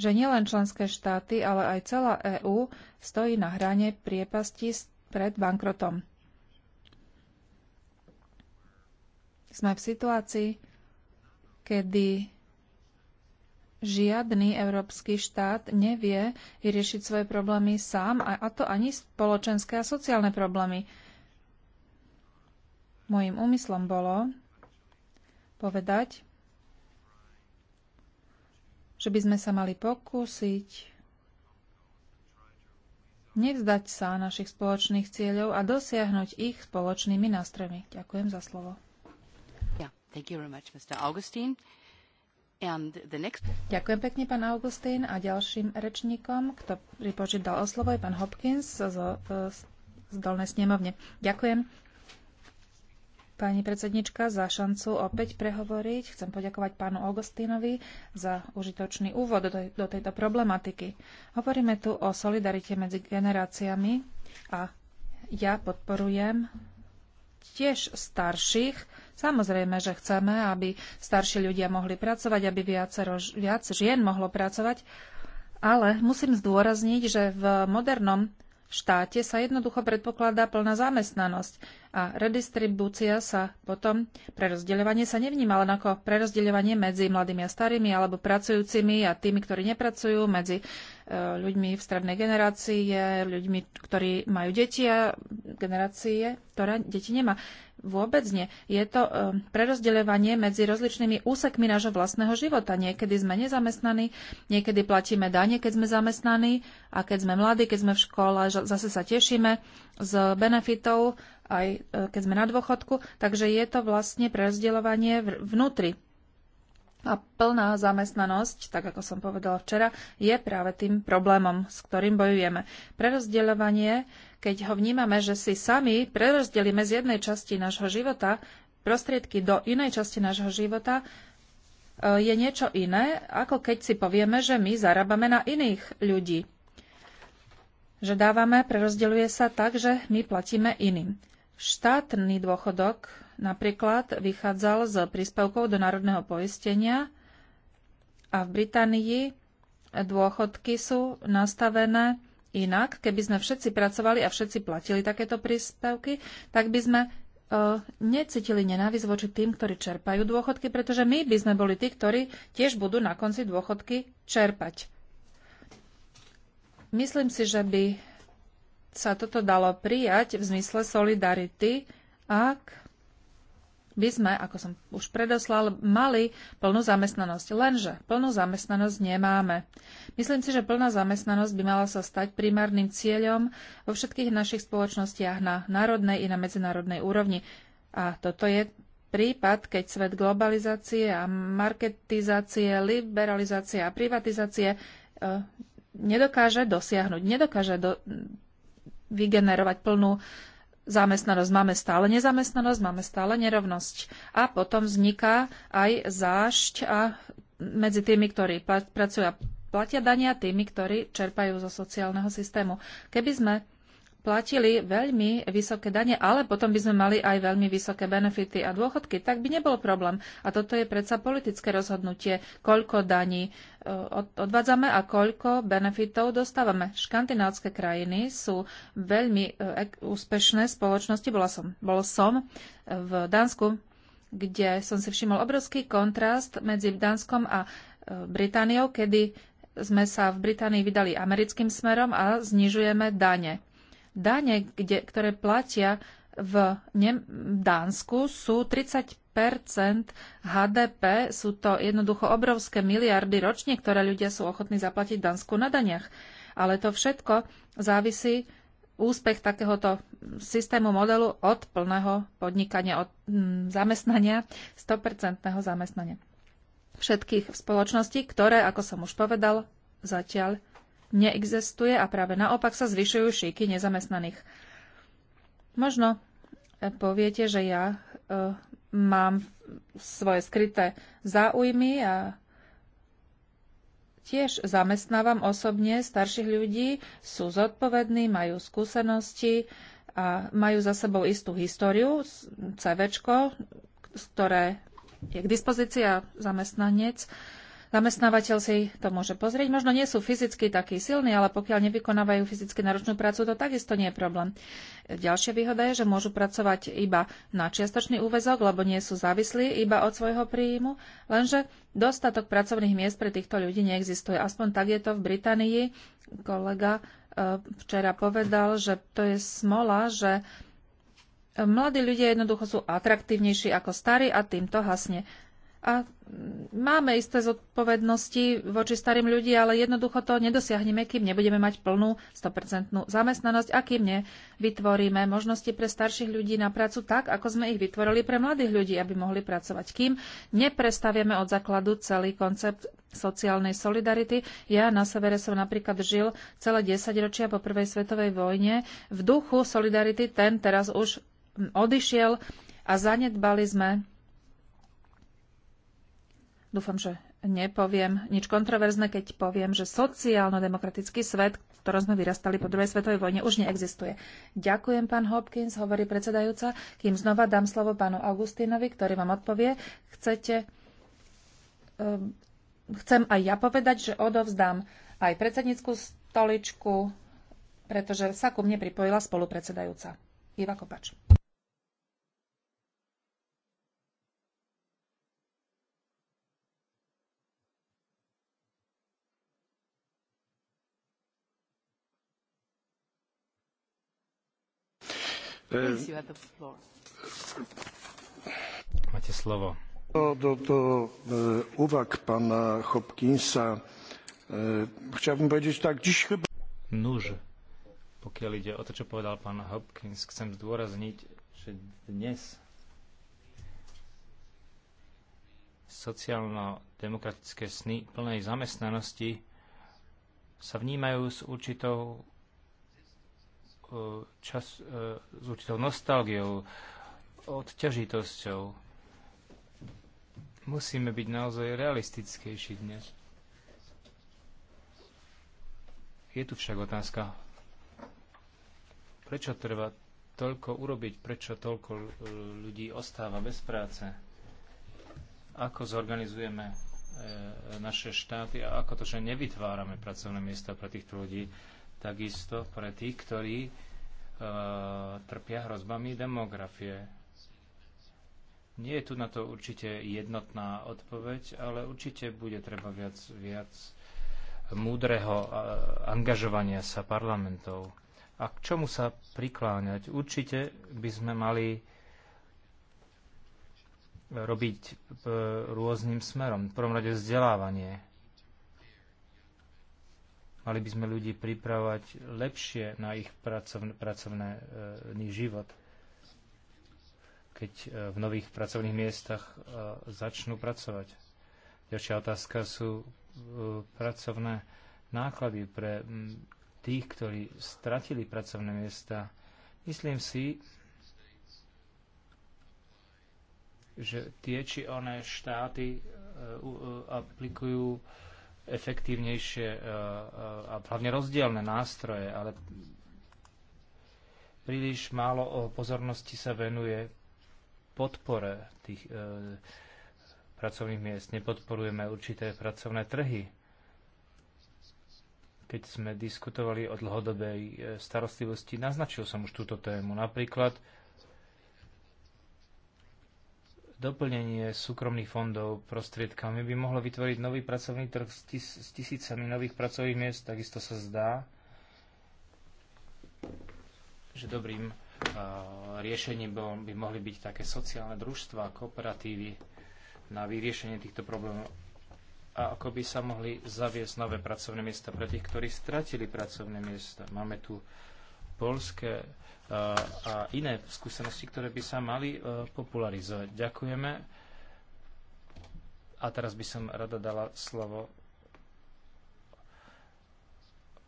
že nielen členské štáty, ale aj celá EÚ stojí na hrane priepasti pred bankrotom. Sme v situácii, kedy žiadny európsky štát nevie vyriešiť svoje problémy sám, a to ani spoločenské a sociálne problémy. Mojím úmyslom bolo povedať, že by sme sa mali pokúsiť nevzdať sa našich spoločných cieľov a dosiahnuť ich spoločnými nástrojmi. Ďakujem za slovo. Ďakujem pekne, pán Augustín. A ďalším rečníkom, kto pripočítal o slovo, je pán Hopkins z, z, z Dolnej snemovne. Ďakujem. Pani predsednička, za šancu opäť prehovoriť. Chcem poďakovať pánu Augustínovi za užitočný úvod do, do tejto problematiky. Hovoríme tu o solidarite medzi generáciami a ja podporujem tiež starších, Samozrejme, že chceme, aby starší ľudia mohli pracovať, aby viacero, viac žien mohlo pracovať, ale musím zdôrazniť, že v modernom štáte sa jednoducho predpokladá plná zamestnanosť a redistribúcia sa potom, rozdeľovanie sa nevníma len ako prerozdeľovanie medzi mladými a starými alebo pracujúcimi a tými, ktorí nepracujú, medzi e, ľuďmi v strednej generácie, ľuďmi, ktorí majú deti a generácie, ktorá deti nemá. Vôbec nie. Je to e, prerozdeľovanie medzi rozličnými úsekmi nášho vlastného života. Niekedy sme nezamestnaní, niekedy platíme dane, keď sme zamestnaní a keď sme mladí, keď sme v škole, zase sa tešíme z benefitov, aj e, keď sme na dôchodku. Takže je to vlastne prerozdeľovanie vnútri. A plná zamestnanosť, tak ako som povedala včera, je práve tým problémom, s ktorým bojujeme. Prerozdeľovanie keď ho vnímame, že si sami prerozdelíme z jednej časti nášho života prostriedky do inej časti nášho života, e, je niečo iné, ako keď si povieme, že my zarábame na iných ľudí. Že dávame, prerozdeľuje sa tak, že my platíme iným. Štátny dôchodok napríklad vychádzal z príspevkov do národného poistenia a v Británii dôchodky sú nastavené Inak, keby sme všetci pracovali a všetci platili takéto príspevky, tak by sme e, necítili nenávisť voči tým, ktorí čerpajú dôchodky, pretože my by sme boli tí, ktorí tiež budú na konci dôchodky čerpať. Myslím si, že by sa toto dalo prijať v zmysle solidarity, ak by sme, ako som už predoslal, mali plnú zamestnanosť. Lenže plnú zamestnanosť nemáme. Myslím si, že plná zamestnanosť by mala sa stať primárnym cieľom vo všetkých našich spoločnostiach na národnej i na medzinárodnej úrovni. A toto je prípad, keď svet globalizácie a marketizácie, liberalizácie a privatizácie e, nedokáže dosiahnuť, nedokáže do, vygenerovať plnú zamestnanosť. Máme stále nezamestnanosť, máme stále nerovnosť. A potom vzniká aj zášť a medzi tými, ktorí pracujú a platia dania, tými, ktorí čerpajú zo sociálneho systému. Keby sme platili veľmi vysoké dane, ale potom by sme mali aj veľmi vysoké benefity a dôchodky, tak by nebol problém. A toto je predsa politické rozhodnutie, koľko daní e, odvádzame a koľko benefitov dostávame. Škandinávské krajiny sú veľmi e, úspešné spoločnosti. Bola som, bol som e, v Dánsku, kde som si všimol obrovský kontrast medzi Dánskom a Britániou, kedy sme sa v Británii vydali americkým smerom a znižujeme dane Dane, kde, ktoré platia v Nem- Dánsku, sú 30 HDP. Sú to jednoducho obrovské miliardy ročne, ktoré ľudia sú ochotní zaplatiť Dánsku na daniach. Ale to všetko závisí úspech takéhoto systému modelu od plného podnikania, od mm, zamestnania, 100% zamestnania všetkých spoločností, ktoré, ako som už povedal, zatiaľ neexistuje a práve naopak sa zvyšujú šíky nezamestnaných. Možno poviete, že ja e, mám svoje skryté záujmy a tiež zamestnávam osobne starších ľudí, sú zodpovední, majú skúsenosti a majú za sebou istú históriu, CVčko, ktoré je k dispozícii a zamestnanec Zamestnávateľ si to môže pozrieť. Možno nie sú fyzicky takí silní, ale pokiaľ nevykonávajú fyzicky náročnú prácu, to takisto nie je problém. Ďalšia výhoda je, že môžu pracovať iba na čiastočný úvezok, lebo nie sú závislí iba od svojho príjmu, lenže dostatok pracovných miest pre týchto ľudí neexistuje. Aspoň tak je to v Británii. Kolega e, včera povedal, že to je smola, že mladí ľudia jednoducho sú atraktívnejší ako starí a týmto hasne a máme isté zodpovednosti voči starým ľudí, ale jednoducho to nedosiahneme, kým nebudeme mať plnú 100% zamestnanosť a kým nevytvoríme možnosti pre starších ľudí na prácu tak, ako sme ich vytvorili pre mladých ľudí, aby mohli pracovať. Kým neprestavieme od základu celý koncept sociálnej solidarity. Ja na severe som napríklad žil celé 10 ročia po prvej svetovej vojne. V duchu solidarity ten teraz už odišiel a zanedbali sme Dúfam, že nepoviem nič kontroverzné, keď poviem, že sociálno-demokratický svet, v ktorom sme vyrastali po druhej svetovej vojne, už neexistuje. Ďakujem, pán Hopkins, hovorí predsedajúca. Kým znova dám slovo pánu Augustínovi, ktorý vám odpovie, chcete... Um, chcem aj ja povedať, že odovzdám aj predsednícku stoličku, pretože sa ku mne pripojila spolupredsedajúca. Iva Kopač. Do, eh, eh, uwag pana Hopkinsa eh, chciałbym powiedzieć tak, dziś chyba... Nuż, pokiaľ ide o to, čo povedal pán Hopkins, chcem zdôrazniť, že dnes sociálno-demokratické sny plnej zamestnanosti sa vnímajú s určitou E, čas, e, s určitou nostalgiou, odťažitosťou. Musíme byť naozaj realistickejší dnes. Je tu však otázka, prečo treba toľko urobiť, prečo toľko e, ľudí ostáva bez práce, ako zorganizujeme naše štáty a ako to, že nevytvárame pracovné miesta pre týchto ľudí takisto pre tých, ktorí e, trpia hrozbami demografie. Nie je tu na to určite jednotná odpoveď, ale určite bude treba viac, viac múdreho e, angažovania sa parlamentov. A k čomu sa prikláňať? Určite by sme mali robiť e, rôznym smerom. V prvom rade vzdelávanie Mali by sme ľudí pripravovať lepšie na ich pracovný, pracovný e, život. Keď e, v nových pracovných miestach e, začnú pracovať. Ďalšia otázka sú pracovné náklady pre tých, ktorí stratili pracovné miesta. Myslím si, že tie či oné štáty aplikujú efektívnejšie e, e, a hlavne rozdielne nástroje, ale príliš málo e, pozornosti sa venuje podpore tých e, pracovných miest. Nepodporujeme určité pracovné trhy. Keď sme diskutovali o dlhodobej starostlivosti, naznačil som už túto tému. Napríklad Doplnenie súkromných fondov prostriedkami by mohlo vytvoriť nový pracovný trh s, tis- s tisícami nových pracovných miest. Takisto sa zdá, že dobrým uh, riešením by mohli byť také sociálne družstva, kooperatívy na vyriešenie týchto problémov a ako by sa mohli zaviesť nové pracovné miesta pre tých, ktorí stratili pracovné miesta. Máme tu uh, polské e, a iné skúsenosti, ktoré by sa mali e, popularizovať. Ďakujeme. A teraz by som rada dala slovo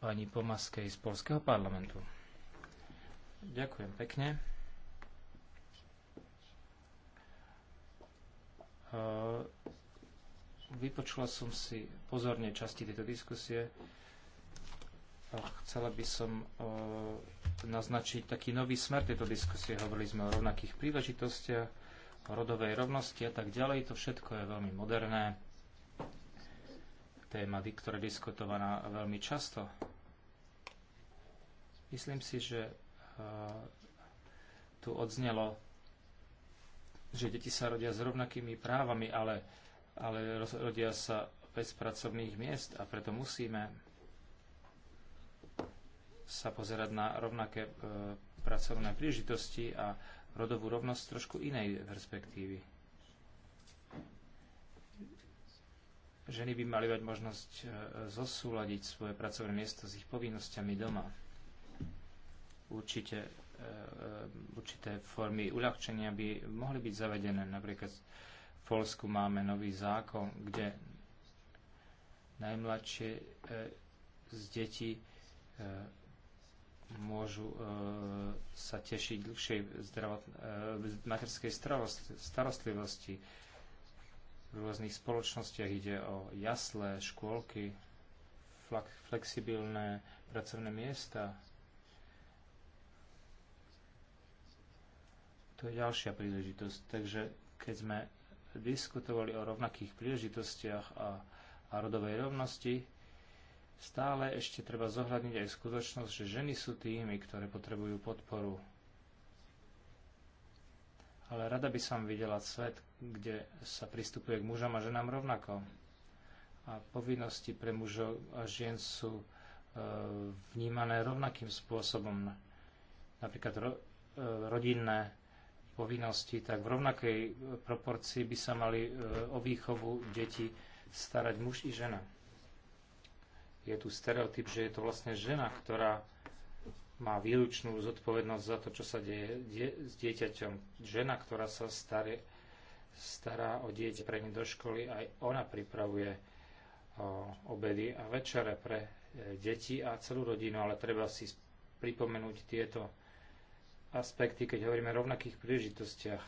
pani Pomaskej z Polského parlamentu. Ďakujem pekne. E, vypočula som si pozorne časti tejto diskusie Chcela by som e, naznačiť taký nový smer tejto diskusie. Hovorili sme o rovnakých príležitostiach, o rodovej rovnosti a tak ďalej. To všetko je veľmi moderné. Téma, ktorá je diskutovaná veľmi často. Myslím si, že e, tu odznelo, že deti sa rodia s rovnakými právami, ale, ale rodia sa bez pracovných miest a preto musíme sa pozerať na rovnaké e, pracovné príležitosti a rodovú rovnosť trošku inej perspektívy. Ženy by mali mať možnosť e, zosúľadiť svoje pracovné miesto s ich povinnosťami doma. Určite, e, určité formy uľahčenia by mohli byť zavedené. Napríklad v Polsku máme nový zákon, kde najmladšie z detí môžu e, sa tešiť dlhšej zdravot, e, materskej starostlivosti. V rôznych spoločnostiach ide o jaslé, škôlky, flexibilné pracovné miesta. To je ďalšia príležitosť. Takže keď sme diskutovali o rovnakých príležitostiach a, a rodovej rovnosti, Stále ešte treba zohľadniť aj skutočnosť, že ženy sú tými, ktoré potrebujú podporu. Ale rada by som videla svet, kde sa pristupuje k mužom a ženám rovnako. A povinnosti pre mužov a žien sú e, vnímané rovnakým spôsobom. Napríklad ro, e, rodinné povinnosti, tak v rovnakej proporcii by sa mali e, o výchovu detí starať muž i žena je tu stereotyp, že je to vlastne žena, ktorá má výlučnú zodpovednosť za to, čo sa deje die- s dieťaťom. Žena, ktorá sa staré, stará o dieťa, pre do školy, aj ona pripravuje o, obedy a večere pre e, deti a celú rodinu, ale treba si pripomenúť tieto aspekty, keď hovoríme o rovnakých príležitostiach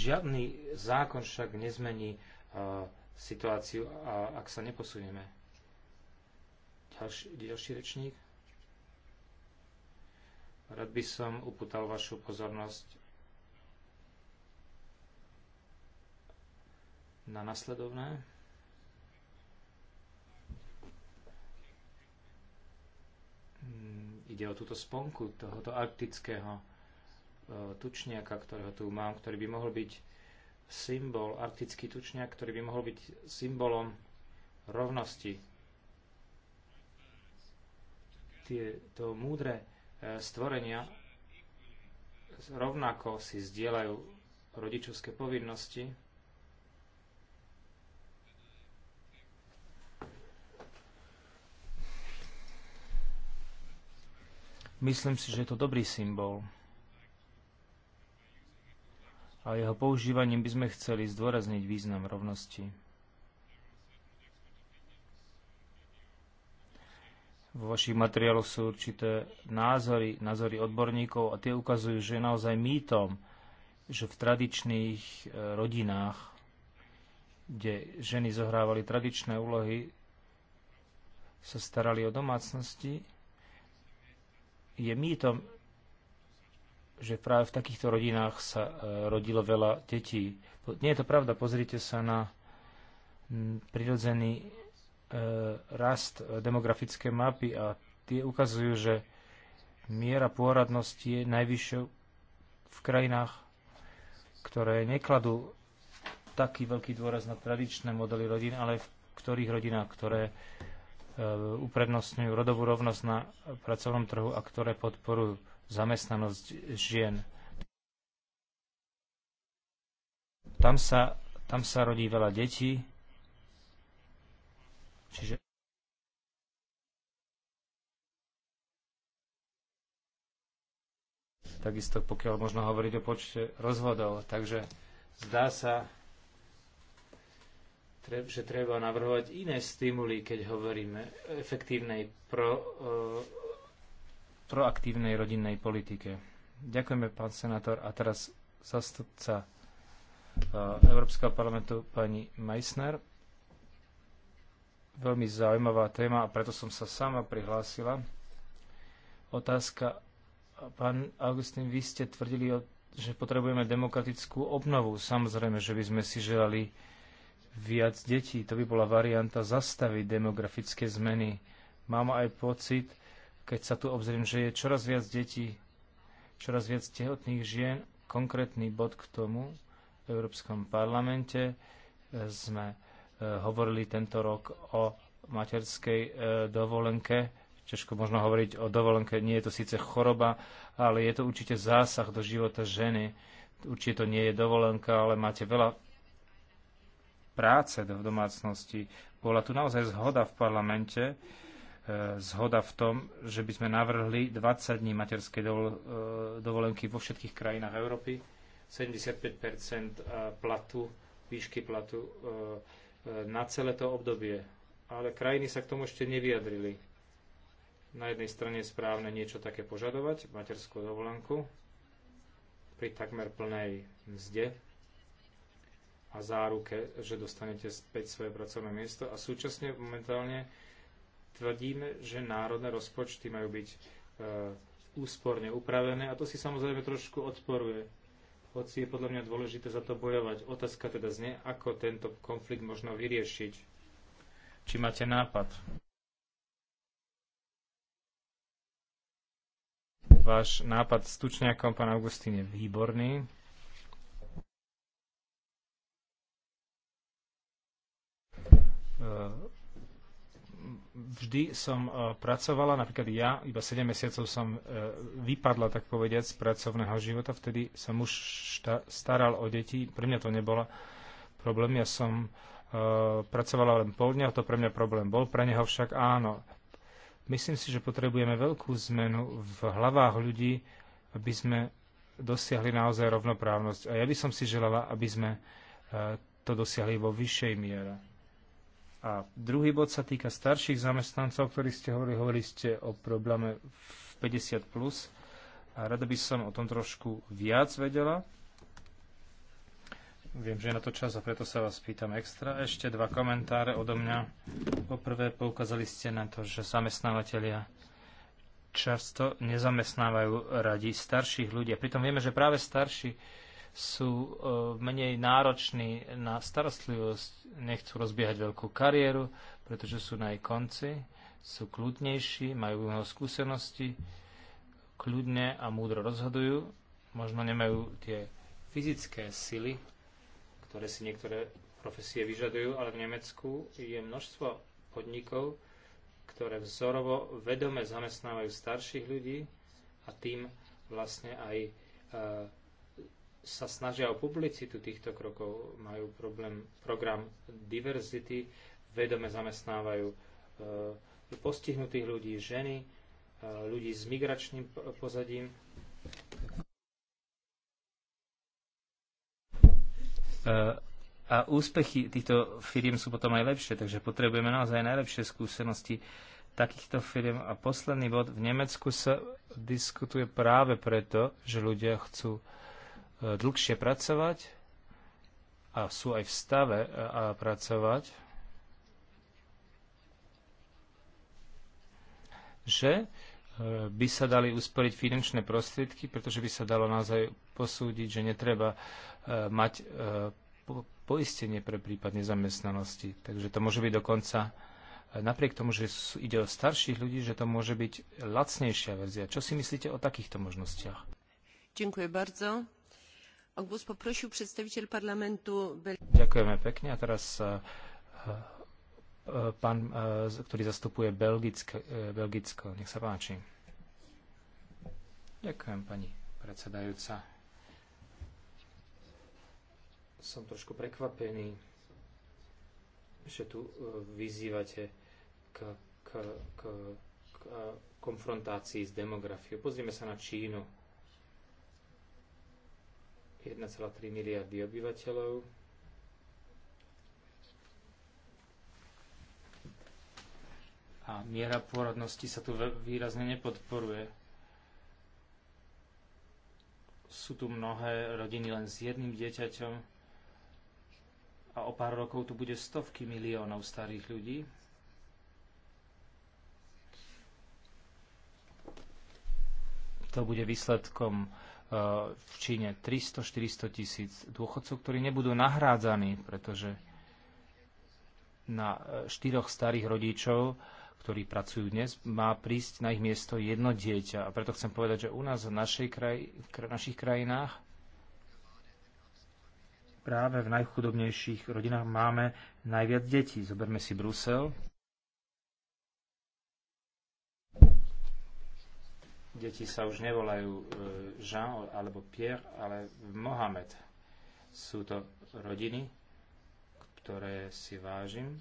Žiadny zákon však nezmení uh, situáciu, ak sa neposunieme. Ďalší, ďalší rečník. Rád by som uputal vašu pozornosť na nasledovné. Hm, ide o túto sponku tohoto arktického Eh, tučniaka, ktorého tu mám, ktorý by mohol byť symbol, arktický tučniak, ktorý by mohol byť symbolom rovnosti. Tieto múdre eh, stvorenia rovnako si zdieľajú rodičovské povinnosti, Myslím si, že je to dobrý symbol a jeho používaním by sme chceli zdôrazniť význam rovnosti. Vo vašich materiáloch sú určité názory, názory odborníkov a tie ukazujú, že je naozaj mýtom, že v tradičných e, rodinách, kde ženy zohrávali tradičné úlohy, sa starali o domácnosti, je mýtom, že práve v takýchto rodinách sa e, rodilo veľa detí. Nie je to pravda, pozrite sa na prirodzený e, rast e, demografické mapy a tie ukazujú, že miera pôradnosti je najvyššou v krajinách, ktoré nekladú taký veľký dôraz na tradičné modely rodín, ale v ktorých rodinách, ktoré uprednostňujú rodovú rovnosť na pracovnom trhu a ktoré podporujú zamestnanosť žien. Tam sa, tam sa rodí veľa detí, čiže takisto pokiaľ možno hovoriť o počte rozvodov. Takže zdá sa, že treba navrhovať iné stimuly, keď hovoríme o efektívnej pro, proaktívnej rodinnej politike. Ďakujeme, pán senátor. A teraz zastupca uh, Európskeho parlamentu pani Meissner. Veľmi zaujímavá téma a preto som sa sama prihlásila. Otázka, pán Augustín, vy ste tvrdili, že potrebujeme demokratickú obnovu. Samozrejme, že by sme si želali viac detí. To by bola varianta zastaviť demografické zmeny. Mám aj pocit, keď sa tu obzriem, že je čoraz viac detí, čoraz viac tehotných žien, konkrétny bod k tomu v Európskom parlamente e, sme e, hovorili tento rok o materskej e, dovolenke. Ťažko možno hovoriť o dovolenke, nie je to síce choroba, ale je to určite zásah do života ženy. Určite to nie je dovolenka, ale máte veľa práce v domácnosti. Bola tu naozaj zhoda v parlamente, E, zhoda v tom, že by sme navrhli 20 dní materskej e, dovolenky vo všetkých krajinách Európy, 75 e, platu, výšky platu na celé to obdobie. Ale krajiny sa k tomu ešte nevyjadrili. Na jednej strane je správne niečo také požadovať, materskú dovolenku, pri takmer plnej mzde a záruke, že dostanete späť svoje pracovné miesto a súčasne momentálne tvrdíme, že národné rozpočty majú byť e, úsporne upravené a to si samozrejme trošku odporuje. Hoci je podľa mňa dôležité za to bojovať. Otázka teda znie, ako tento konflikt možno vyriešiť. Či máte nápad? Váš nápad s tučňakom, pán Augustín, je výborný. Uh, vždy som e, pracovala, napríklad ja, iba 7 mesiacov som e, vypadla, tak povediať, z pracovného života, vtedy som už staral o deti, pre mňa to nebolo problém, ja som e, pracovala len pol dňa, to pre mňa problém bol, pre neho však áno. Myslím si, že potrebujeme veľkú zmenu v hlavách ľudí, aby sme dosiahli naozaj rovnoprávnosť. A ja by som si želala, aby sme to dosiahli vo vyššej miere. A druhý bod sa týka starších zamestnancov, ktorí ste hovorili, hovorili ste o probléme v 50+. Plus. A rada by som o tom trošku viac vedela. Viem, že je na to čas a preto sa vás pýtam extra. Ešte dva komentáre odo mňa. Poprvé poukázali ste na to, že zamestnávateľia často nezamestnávajú radi starších ľudí. A pritom vieme, že práve starší sú e, menej nároční na starostlivosť, nechcú rozbiehať veľkú kariéru, pretože sú na jej konci, sú kľudnejší, majú mnoho skúsenosti, kľudne a múdro rozhodujú, možno nemajú tie fyzické sily, ktoré si niektoré profesie vyžadujú, ale v Nemecku je množstvo podnikov, ktoré vzorovo vedome zamestnávajú starších ľudí a tým vlastne aj e, sa snažia o publicitu týchto krokov, majú problém, program diverzity, vedome zamestnávajú e, postihnutých ľudí, ženy, e, ľudí s migračným pozadím. E, a úspechy týchto firiem sú potom aj lepšie, takže potrebujeme naozaj najlepšie skúsenosti takýchto firiem. A posledný bod, v Nemecku sa diskutuje práve preto, že ľudia chcú E, dlhšie pracovať a sú aj v stave e, a pracovať, že e, by sa dali usporiť finančné prostriedky, pretože by sa dalo naozaj posúdiť, že netreba mať poistenie pre prípad nezamestnanosti. Takže to môže byť dokonca, napriek tomu, že ide o starších ľudí, že to môže byť lacnejšia verzia. Čo si myslíte o takýchto možnostiach? Ďakujem bardzo. O głos poprosił przedstawiciel parlamentu Ďakujeme pekne. A teraz e, e, e, pán, ktorý zastupuje Belgické, Belgicko. Nech sa páči. Ďakujem, pani predsedajúca. Som trošku prekvapený, že tu vyzývate k, k, k, k konfrontácii s demografiou. Pozrieme sa na Čínu 1,3 miliardy obyvateľov. A miera pôrodnosti sa tu výrazne nepodporuje. Sú tu mnohé rodiny len s jedným dieťaťom a o pár rokov tu bude stovky miliónov starých ľudí. To bude výsledkom v Číne 300-400 tisíc dôchodcov, ktorí nebudú nahrádzaní, pretože na e, štyroch starých rodičov, ktorí pracujú dnes, má prísť na ich miesto jedno dieťa. A preto chcem povedať, že u nás v, našej kraj, v našich krajinách práve v najchudobnejších rodinách máme najviac detí. Zoberme si Brusel, Deti sa už nevolajú e, Jean alebo Pierre, ale Mohamed. Sú to rodiny, ktoré si vážim,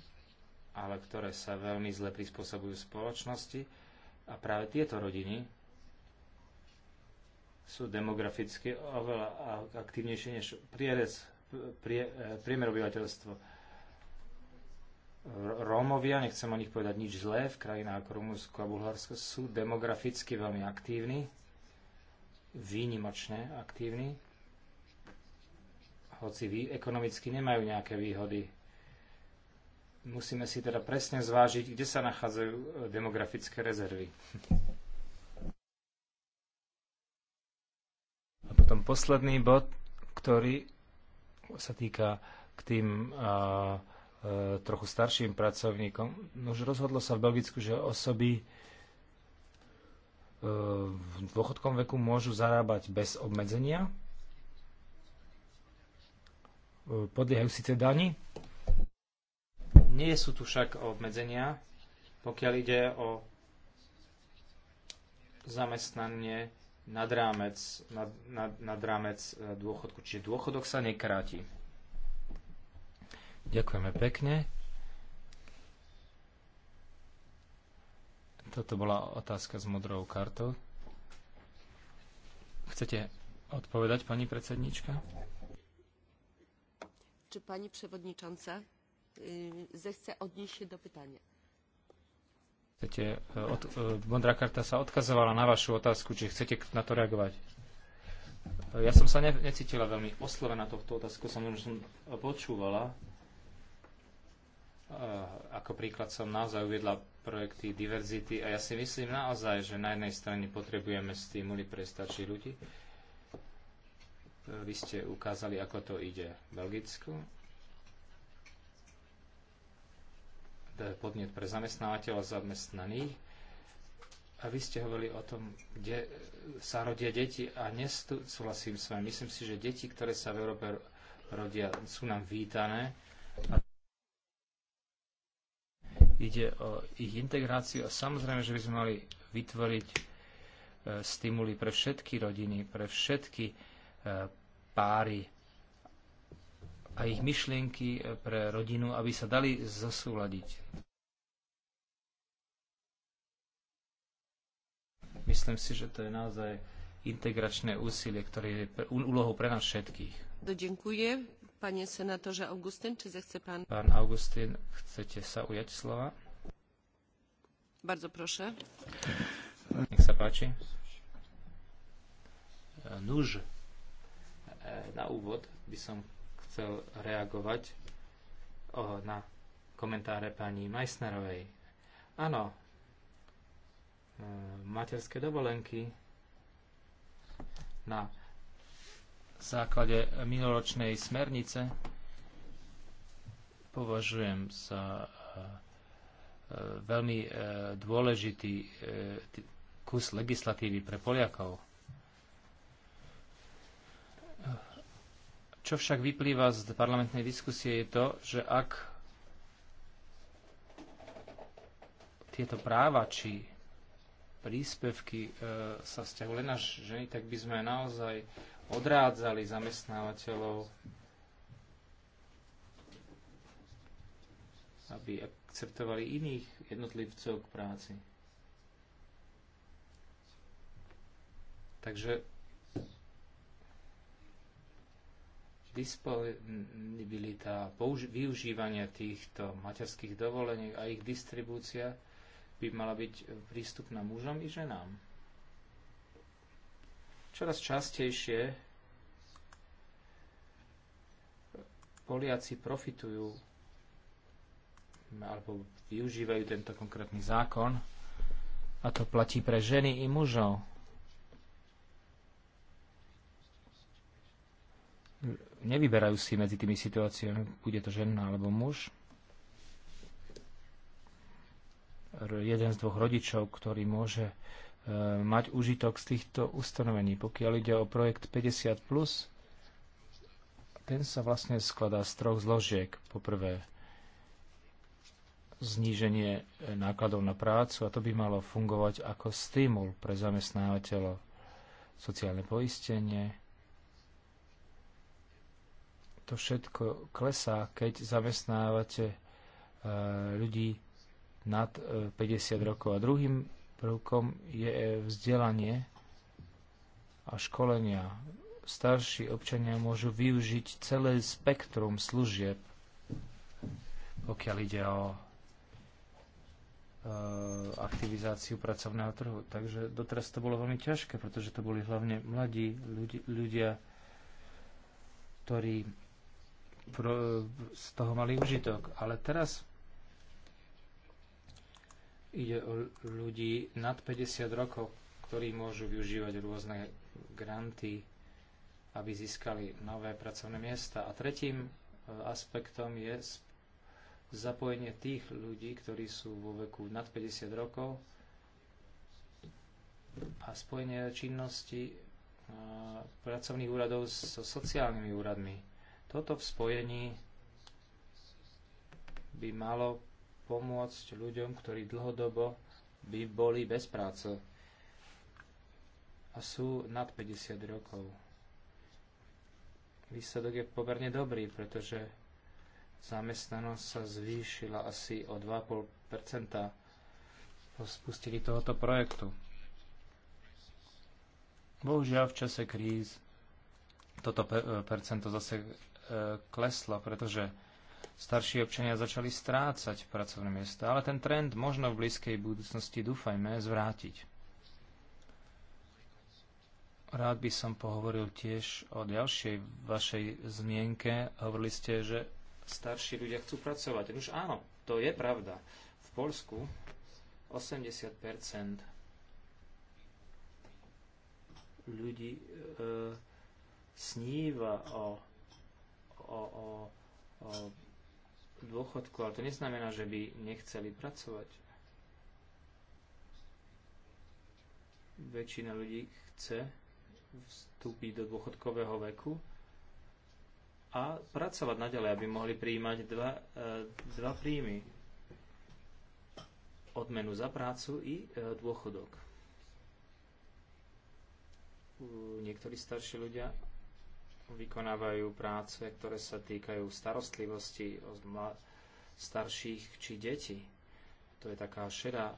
ale ktoré sa veľmi zle prispôsobujú spoločnosti. A práve tieto rodiny sú demograficky oveľa aktívnejšie než prierez, prie, e, priemer obyvateľstvo Rómovia, nechcem o nich povedať nič zlé, v krajinách ako Rumunsko a Bulharsko sú demograficky veľmi aktívni, výnimočne aktívni, hoci vy ekonomicky nemajú nejaké výhody. Musíme si teda presne zvážiť, kde sa nachádzajú e, demografické rezervy. A potom posledný bod, ktorý sa týka k tým uh, E, trochu starším pracovníkom. No už rozhodlo sa v Belgicku, že osoby e, v dôchodkom veku môžu zarábať bez obmedzenia. E, podliehajú síce dani. Nie sú tu však obmedzenia, pokiaľ ide o zamestnanie nad rámec, nad, nad, nad rámec dôchodku. Čiže dôchodok sa nekráti. Ďakujeme pekne. Toto bola otázka s modrou kartou. Chcete odpovedať, pani predsednička? Czy pani przewodnicząca zechce odnieść się do pytania? Chcete, e, od, e, modrá karta sa odkazovala na vašu otázku, či chcete na to reagovať? E, ja som sa ne, necítila veľmi oslovená tohto otázku, som, som počúvala Eh, ako príklad som naozaj uviedla projekty diverzity a ja si myslím naozaj, že na jednej strane potrebujeme stimuli pre starších ľudí. Eh, vy ste ukázali, ako to ide v Belgicku. Podnet pre zamestnávateľa zamestnaných. A vy ste hovorili o tom, kde sa rodia deti a nesúhlasím s vami. Myslím si, že deti, ktoré sa v Európe rodia, sú nám vítané. A ide o ich integráciu a samozrejme, že by sme mali vytvoriť e, stimuly pre všetky rodiny, pre všetky e, páry a ich myšlienky e, pre rodinu, aby sa dali zasúľadiť. Myslím si, že to je naozaj integračné úsilie, ktoré je úlohou pre nás všetkých. Ďakujem. Pane Augustin, zechce chcete sa ujať slova? Bardzo proszę. Nech Nuž, e, na úvod by som chcel reagovať na komentáre pani Majsnerovej. Áno, e, materské dovolenky na základe minoročnej smernice považujem za e, e, veľmi e, dôležitý kus legislatívy pre Poliakov. Čo však vyplýva z parlamentnej diskusie je to, že ak tieto práva či príspevky sa vzťahujú len na ženy, tak by sme naozaj odrádzali zamestnávateľov, aby akceptovali iných jednotlivcov k práci. Takže disponibilita, využívanie týchto materských dovoleniek a ich distribúcia by mala byť prístupná mužom i ženám. Čoraz častejšie Poliaci profitujú alebo využívajú tento konkrétny zákon a to platí pre ženy i mužov. Nevyberajú si medzi tými situáciami, bude to žena alebo muž. Jeden z dvoch rodičov, ktorý môže mať užitok z týchto ustanovení. Pokiaľ ide o projekt 50+, ten sa vlastne skladá z troch zložiek. Poprvé, zníženie nákladov na prácu a to by malo fungovať ako stimul pre zamestnávateľov. Sociálne poistenie. To všetko klesá, keď zamestnávate e, ľudí nad 50 e, rokov. A druhým prvkom je vzdelanie a školenia. Starší občania môžu využiť celé spektrum služieb, pokiaľ ide o e, aktivizáciu pracovného trhu. Takže doteraz to bolo veľmi ťažké, pretože to boli hlavne mladí ľudia, ktorí z toho mali užitok. Ale teraz Ide o ľudí nad 50 rokov, ktorí môžu využívať rôzne granty, aby získali nové pracovné miesta. A tretím e, aspektom je zapojenie tých ľudí, ktorí sú vo veku nad 50 rokov a spojenie činnosti e, pracovných úradov so sociálnymi úradmi. Toto v spojení by malo pomôcť ľuďom, ktorí dlhodobo by boli bez práce a sú nad 50 rokov. Výsledok je pomerne dobrý, pretože zamestnanosť sa zvýšila asi o 2,5 po spustení tohoto projektu. Bohužiaľ v čase kríz toto percento zase e, kleslo, pretože starší občania začali strácať pracovné miesta, ale ten trend možno v blízkej budúcnosti, dúfajme, zvrátiť. Rád by som pohovoril tiež o ďalšej vašej zmienke. Hovorili ste, že starší ľudia chcú pracovať. Už áno, to je pravda. V Polsku 80 ľudí e, sníva o, o, o, o dôchodku, ale to neznamená, že by nechceli pracovať. Väčšina ľudí chce vstúpiť do dôchodkového veku a pracovať naďalej, aby mohli prijímať dva, e, dva príjmy. Odmenu za prácu i e, dôchodok. U niektorí starší ľudia vykonávajú práce, ktoré sa týkajú starostlivosti o starších či detí. To je taká šedá e,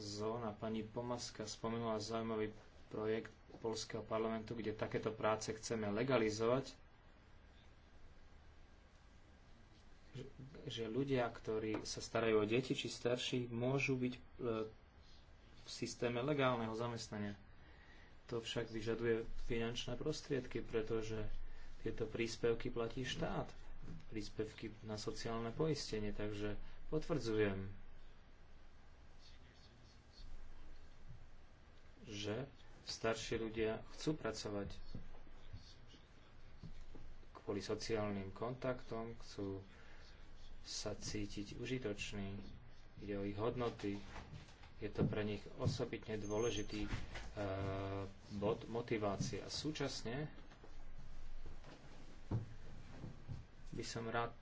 zóna. Pani Pomaska spomenula zaujímavý projekt Polského parlamentu, kde takéto práce chceme legalizovať, že ľudia, ktorí sa starajú o deti či starších, môžu byť e, v systéme legálneho zamestnania. To však vyžaduje finančné prostriedky, pretože tieto príspevky platí štát. Príspevky na sociálne poistenie, takže potvrdzujem, že starší ľudia chcú pracovať kvôli sociálnym kontaktom, chcú sa cítiť užitoční, ide o ich hodnoty, je to pre nich osobitne dôležitý eh, bod motivácie. A súčasne by som rád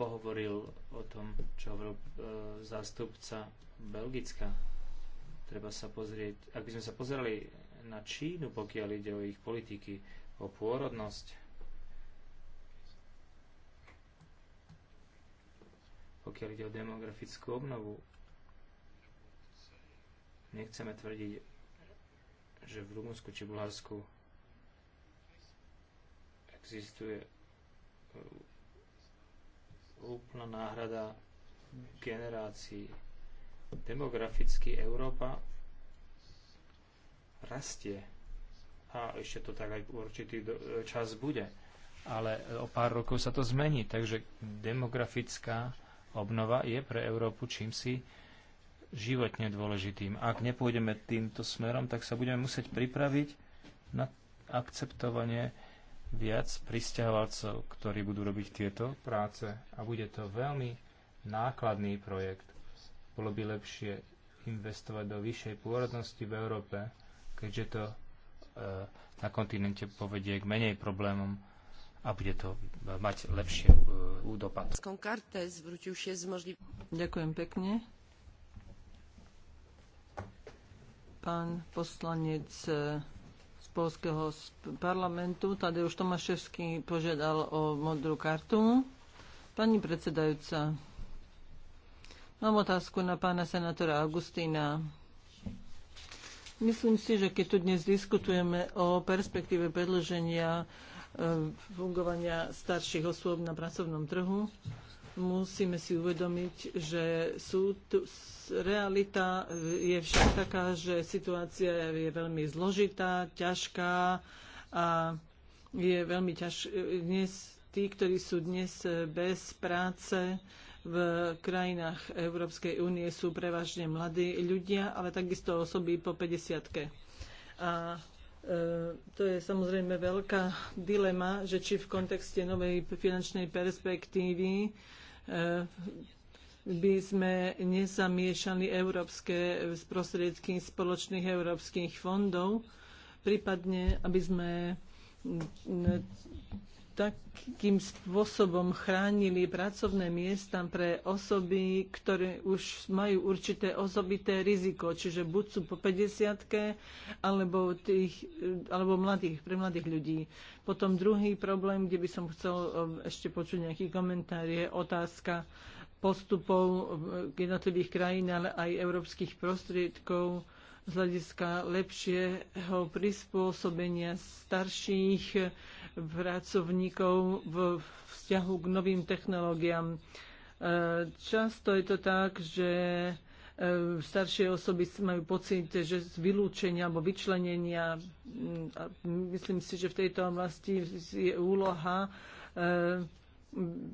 pohovoril o tom, čo hovoril e, zástupca Belgická. Treba sa pozrieť, ak by sme sa pozerali na Čínu, pokiaľ ide o ich politiky, o pôrodnosť, pokiaľ ide o demografickú obnovu. Nechceme tvrdiť, že v Rumunsku či Bulharsku existuje úplná náhrada generácií. Demograficky Európa rastie a ešte to tak aj určitý čas bude. Ale e, o pár rokov sa to zmení, takže demografická obnova je pre Európu čím si životne dôležitým. Ak nepôjdeme týmto smerom, tak sa budeme musieť pripraviť na akceptovanie viac pristahovalcov, ktorí budú robiť tieto práce a bude to veľmi nákladný projekt. Bolo by lepšie investovať do vyššej pôrodnosti v Európe, keďže to e, na kontinente povedie k menej problémom a bude to mať lepšie e, dopad. Ďakujem pekne. Pán poslanec e, polského parlamentu Tadeusz Tomaševský požiadal o modrú kartu. Pani predsedajúca, mám otázku na pána senátora Augustína. Myslím si, že keď tu dnes diskutujeme o perspektíve predloženia e, fungovania starších osôb na pracovnom trhu, musíme si uvedomiť, že sú tu, realita je však taká, že situácia je veľmi zložitá, ťažká a je veľmi ťažké. Dnes tí, ktorí sú dnes bez práce v krajinách Európskej únie sú prevažne mladí ľudia, ale takisto osoby po 50. -ke. A e, to je samozrejme veľká dilema, že či v kontexte novej finančnej perspektívy Eh, by sme nezamiešali európske prostriedky spoločných európskych fondov, prípadne aby sme takým spôsobom chránili pracovné miesta pre osoby, ktoré už majú určité osobité riziko, čiže buď sú po 50 alebo, tých, alebo mladých, pre mladých ľudí. Potom druhý problém, kde by som chcel eh, ešte počuť nejaký komentár, je otázka postupov jednotlivých krajín, ale aj európskych prostriedkov z hľadiska lepšieho prispôsobenia starších pracovníkov v vzťahu k novým technológiám. E, často je to tak, že e, staršie osoby majú pocit, že z vylúčenia alebo vyčlenenia, mm, a myslím si, že v tejto oblasti je úloha e,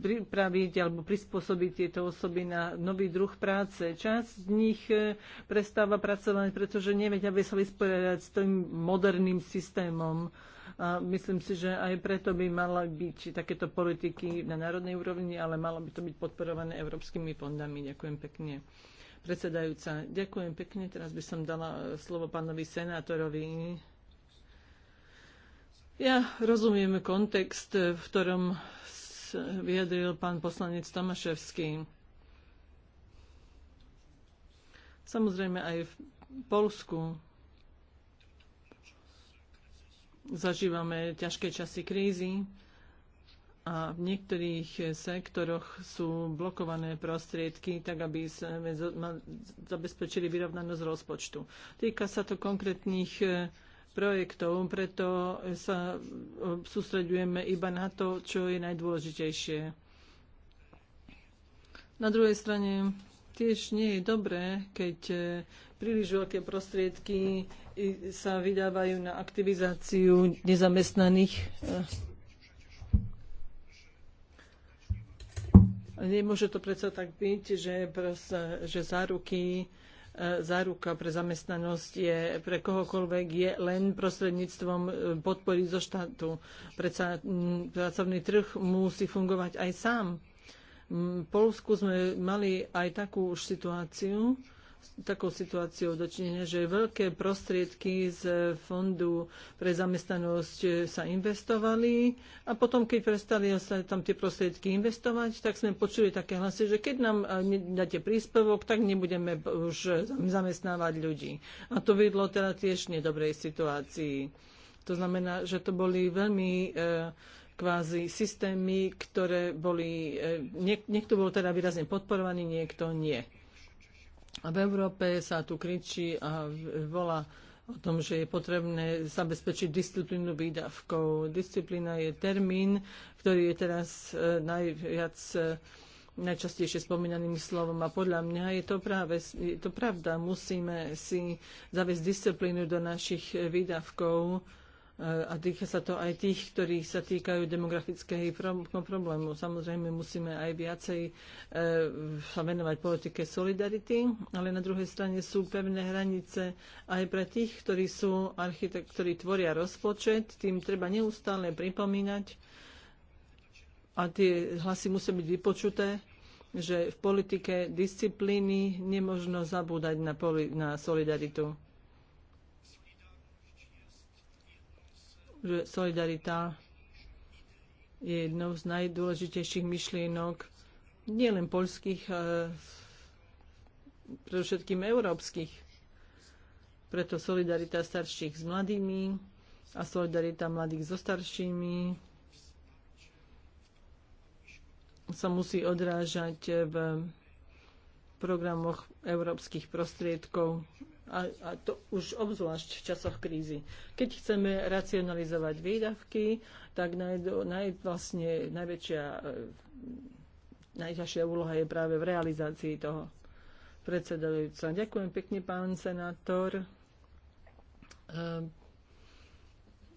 pripraviť alebo prispôsobiť tieto osoby na nový druh práce. Časť z nich prestáva pracovať, pretože nevedia, aby sa vysporiadať s tým moderným systémom a myslím si, že aj preto by mala byť takéto politiky na národnej úrovni, ale malo by to byť podporované európskymi fondami. Ďakujem pekne. Predsedajúca, ďakujem pekne. Teraz by som dala eh, slovo pánovi senátorovi. Ja rozumiem kontext, eh, v ktorom vyjadril pán poslanec Tomaševský. Samozrejme aj v Polsku zažívame ťažké časy krízy a v niektorých sektoroch sú blokované prostriedky, tak aby sme zabezpečili vyrovnanosť rozpočtu. Týka sa to konkrétnych e, projektov, preto sa e, sústredujeme iba na to, čo je najdôležitejšie. Na druhej strane tiež nie je dobré, keď e, príliš veľké prostriedky sa vydávajú na aktivizáciu nezamestnaných. Eh. Nemôže to predsa tak byť, že, že záruky eh, záruka pre zamestnanosť je pre kohokoľvek je len prostredníctvom eh, podpory zo štátu. Predsa mm, pracovný trh musí fungovať aj sám. V Polsku sme mali aj takú už situáciu, takou situáciou dočinenia, že veľké prostriedky z fondu pre zamestnanosť sa investovali a potom, keď prestali sa tam tie prostriedky investovať, tak sme počuli také hlasy, že keď nám eh, dáte príspevok, tak nebudeme už zamestnávať ľudí. A to vedlo teda tiež nedobrej situácii. To znamená, že to boli veľmi e, kvázi systémy, ktoré boli, eh, niekto bol teda výrazne podporovaný, niekto nie. A v Európe sa tu kričí a volá o tom, že je potrebné zabezpečiť disciplínu výdavkov. Disciplína je termín, ktorý je teraz e, najviac e, najčastejšie spomínaným slovom a podľa mňa je to, práve, je to pravda. Musíme si zaviesť disciplínu do našich e, výdavkov a týka sa to aj tých, ktorých sa týkajú demografického problému. Samozrejme, musíme aj viacej e, sa venovať politike solidarity, ale na druhej strane sú pevné hranice aj pre tých, ktorí, sú architekt, ktorí tvoria rozpočet. Tým treba neustále pripomínať a tie hlasy musia byť vypočuté že v politike disciplíny nemožno zabúdať na, poli- na solidaritu že solidarita je jednou z najdôležitejších myšlienok nielen poľských, ale predovšetkým európskych. Preto solidarita starších s mladými a solidarita mladých so staršími sa musí odrážať v programoch európskych prostriedkov a, a to už obzvlášť v časoch krízy. Keď chceme racionalizovať výdavky, tak naj, naj, vlastne najväčšia, e, najťažšia úloha je práve v realizácii toho predsedajúca. Ďakujem pekne, pán senátor. E,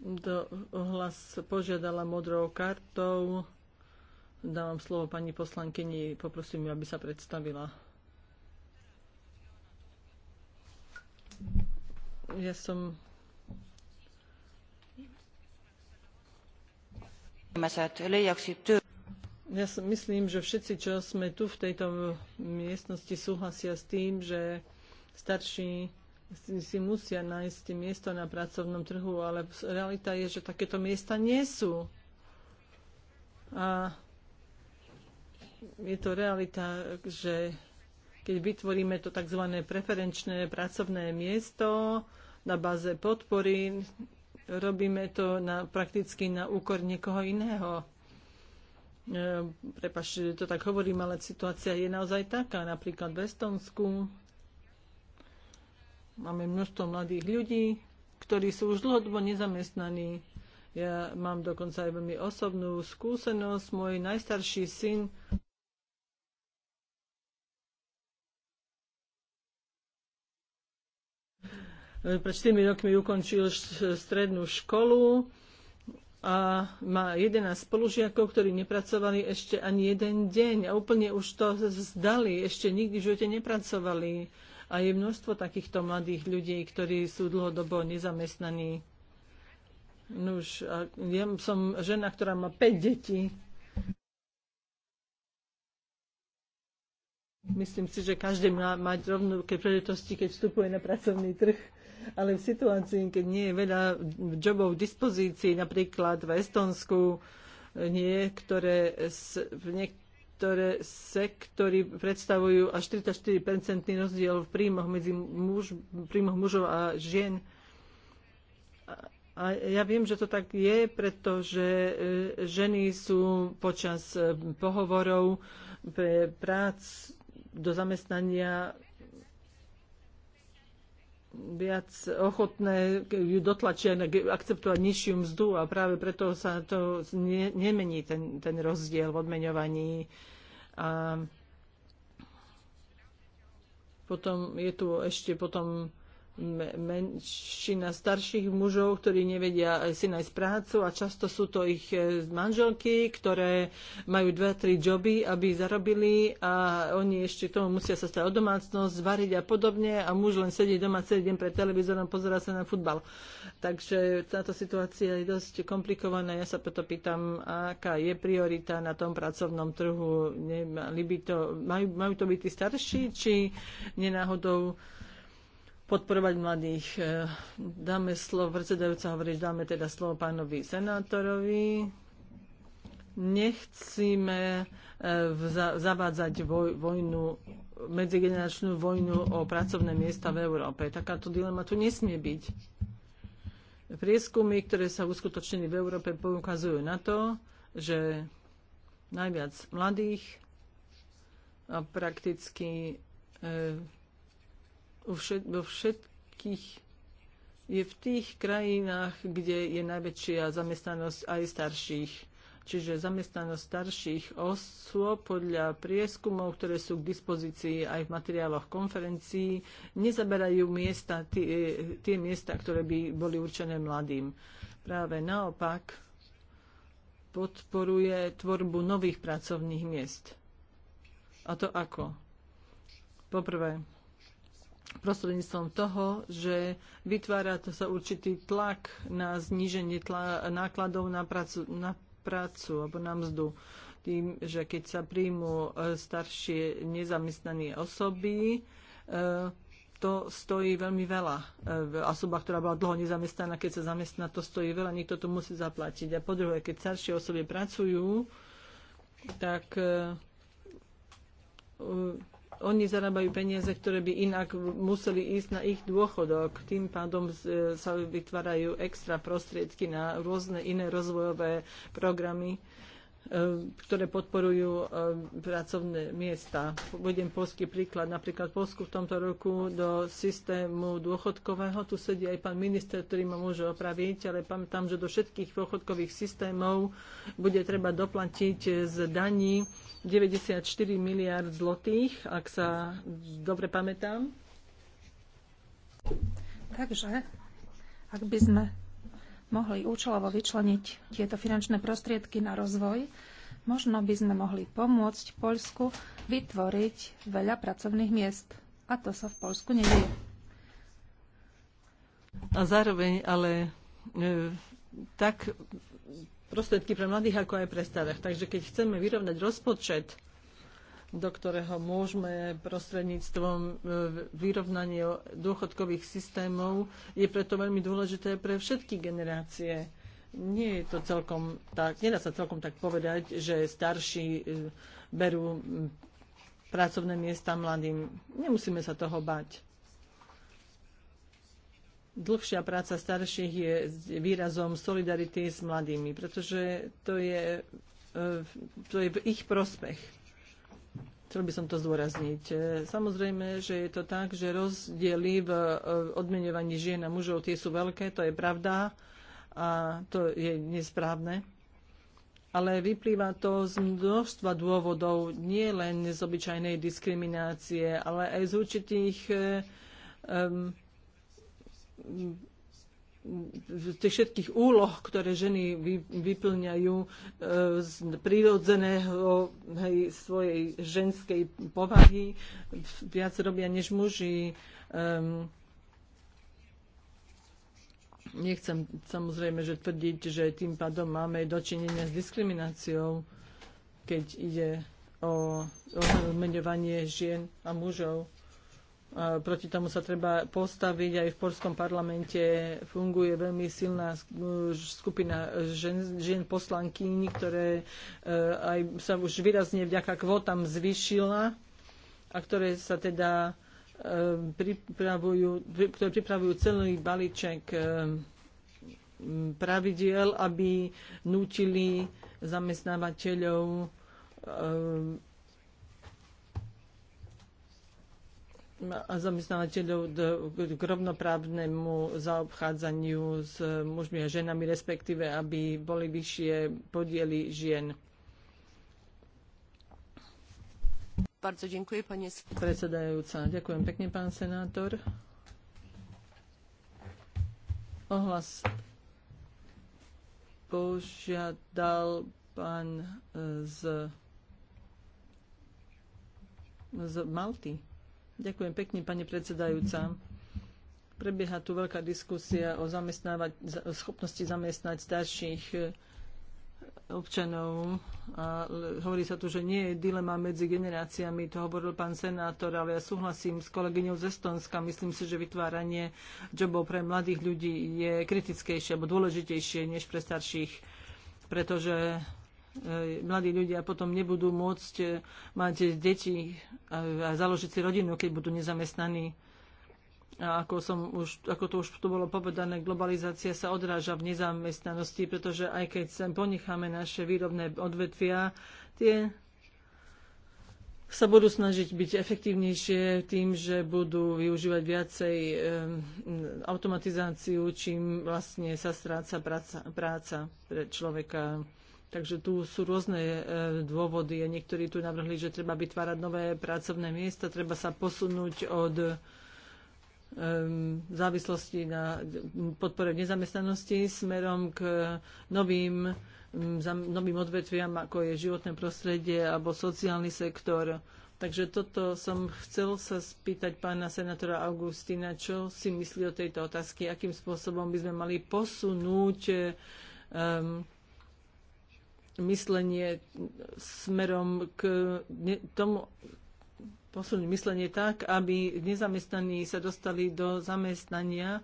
do hlas požiadala modrou kartou. Dávam slovo pani poslankyni, poprosím ju, aby sa predstavila. ja som ja som, myslím, že všetci, čo sme tu v tejto miestnosti, súhlasia s tým, že starší si musia nájsť miesto na pracovnom trhu, ale realita je, že takéto miesta nie sú. A je to realita, že keď vytvoríme to tzv. preferenčné pracovné miesto na báze podpory, robíme to na, prakticky na úkor niekoho iného. E, Prepašte, to tak hovorím, ale situácia je naozaj taká. Napríklad v Estonsku máme množstvo mladých ľudí, ktorí sú už dlhodobo nezamestnaní. Ja mám dokonca aj veľmi osobnú skúsenosť. Môj najstarší syn E, pred 4 rokmi ukončil strednú školu a má 11 spolužiakov, ktorí nepracovali ešte ani jeden deň a úplne už to zdali, ešte nikdy v živote nepracovali. A je množstvo takýchto mladých ľudí, ktorí sú dlhodobo nezamestnaní. Nuž, a ja som žena, ktorá má 5 detí. Myslím si, že každý má mať rovnaké príležitosti, keď vstupuje na pracovný trh ale v situácii, keď nie je veľa jobov v dispozícii, napríklad v Estonsku, niektoré niektoré v sektory predstavujú až 34-percentný rozdiel v príjmoch medzi muž, príjmoch mužov a žien. A ja viem, že to tak je, pretože e, ženy sú počas e, pohovorov pre prác do zamestnania viac ochotné ju dotlačia akceptovať nižšiu mzdu a práve preto sa to ne, nemení ten, ten rozdiel v odmeňovaní. A potom je tu ešte potom menšina starších mužov, ktorí nevedia si nájsť prácu a často sú to ich e, manželky, ktoré majú dve, tri joby, aby zarobili a oni ešte k tomu musia sa stať o domácnosť, zvariť a podobne a muž len sedí doma celý deň pred televízorom, pozera sa na futbal. Takže táto situácia je dosť komplikovaná. Ja sa preto pýtam, aká je priorita na tom pracovnom trhu. Nemali by to, majú, majú to byť tí starší, či nenáhodou podporovať mladých. E, dáme slovo, predsedajúca hovorí, dáme teda slovo pánovi senátorovi. Nechcíme e, zavádzať vojnu, medzigeneračnú vojnu o pracovné miesta v Európe. Takáto dilema tu nesmie byť. Prieskumy, ktoré sa uskutočnili v Európe, poukazujú na to, že najviac mladých a prakticky e, vo všetkých je v tých krajinách, kde je najväčšia zamestnanosť aj starších. Čiže zamestnanosť starších osôb podľa prieskumov, ktoré sú k dispozícii aj v materiáloch konferencií, nezaberajú miesta, tie, tie miesta, ktoré by boli určené mladým. Práve naopak podporuje tvorbu nových pracovných miest. A to ako? Poprvé, prostredníctvom toho, že vytvára to sa určitý tlak na zníženie tla, nákladov na prácu, na prácu alebo na mzdu. Tým, že keď sa príjmu e, staršie nezamestnané osoby, e, to stojí veľmi veľa. E, osoba, ktorá bola dlho nezamestnaná, keď sa zamestná, to stojí veľa, niekto to musí zaplatiť. A po druhé, keď staršie osoby pracujú, tak oni zarábajú peniaze, ktoré by inak museli ísť na ich dôchodok. Tým pádom e, sa vytvárajú extra prostriedky na rôzne iné rozvojové programy E, ktoré podporujú e, pracovné miesta. Budem polský príklad. Napríklad v Polsku v tomto roku do systému dôchodkového, tu sedí aj pán minister, ktorý ma môže opraviť, ale pamätám, že do všetkých dôchodkových systémov bude treba doplatiť z daní 94 miliard zlotých, ak sa dobre pamätám. Takže, ak by sme mohli účelovo vyčleniť tieto finančné prostriedky na rozvoj, možno by sme mohli pomôcť Poľsku vytvoriť veľa pracovných miest. A to sa v Poľsku nedieje. A zároveň ale e, tak prostriedky pre mladých ako aj pre starých. Takže keď chceme vyrovnať rozpočet do ktorého môžeme prostredníctvom e, vyrovnania dôchodkových systémov, je preto veľmi dôležité pre všetky generácie. Nie je to celkom tak, nedá sa celkom tak povedať, že starší e, berú pracovné miesta mladým. Nemusíme sa toho bať dlhšia práca starších je výrazom solidarity s mladými, pretože to je, e, to je v ich prospech. Chcel by som to zdôrazniť. E, samozrejme, že je to tak, že rozdiely v e, odmenovaní žien a mužov tie sú veľké, to je pravda a to je nesprávne. Ale vyplýva to z množstva dôvodov, nie len z obyčajnej diskriminácie, ale aj z určitých um, v tých všetkých úloh, ktoré ženy vy, vyplňajú e, z prírodzeného hej, svojej ženskej povahy, viac robia než muži. E, nechcem samozrejme, že tvrdiť, že tým pádom máme dočinenia s diskrimináciou, keď ide o odmeňovanie žien a mužov proti tomu sa treba postaviť. Aj v polskom parlamente funguje veľmi silná skupina žen, žien poslankyň, ktoré e, aj sa už výrazne vďaka kvótam zvyšila a ktoré sa teda e, pripravujú, ktoré pripravujú celý balíček e, pravidiel, aby nutili zamestnávateľov zamestnávateľov k rovnoprávnemu zaobchádzaniu s mužmi a ženami, respektíve aby boli vyššie podiely žien. Bardzo dziękuję, panie... Predsedajúca, ďakujem pekne, pán senátor. Ohlas požiadal pán eh, z, z Malty. Ďakujem pekne, pani predsedajúca. Prebieha tu veľká diskusia o o schopnosti zamestnať starších e, občanov. A hovorí sa tu, že nie je dilema medzi generáciami, to hovoril pán senátor, ale ja súhlasím s kolegyňou z Estonska. Myslím si, že vytváranie jobov pre mladých ľudí je kritickejšie alebo dôležitejšie než pre starších, pretože mladí ľudia potom nebudú môcť e, mať deti a založiť si rodinu, keď budú nezamestnaní. A ako, som už, ako to už tu bolo povedané, globalizácia sa odráža v nezamestnanosti, pretože aj keď sem ponecháme naše výrobné odvetvia, tie sa budú snažiť byť efektívnejšie tým, že budú využívať viacej e, automatizáciu, čím vlastne sa stráca práca, práca pre človeka. Takže tu sú rôzne e, dôvody niektorí tu navrhli, že treba vytvárať nové pracovné miesta, treba sa posunúť od e, závislosti na podpore v nezamestnanosti smerom k novým, novým odvetviam, ako je životné prostredie alebo sociálny sektor. Takže toto som chcel sa spýtať pána senátora Augustína, čo si myslí o tejto otázky, akým spôsobom by sme mali posunúť um, myslenie smerom k tomu posunúť myslenie tak, aby nezamestnaní sa dostali do zamestnania,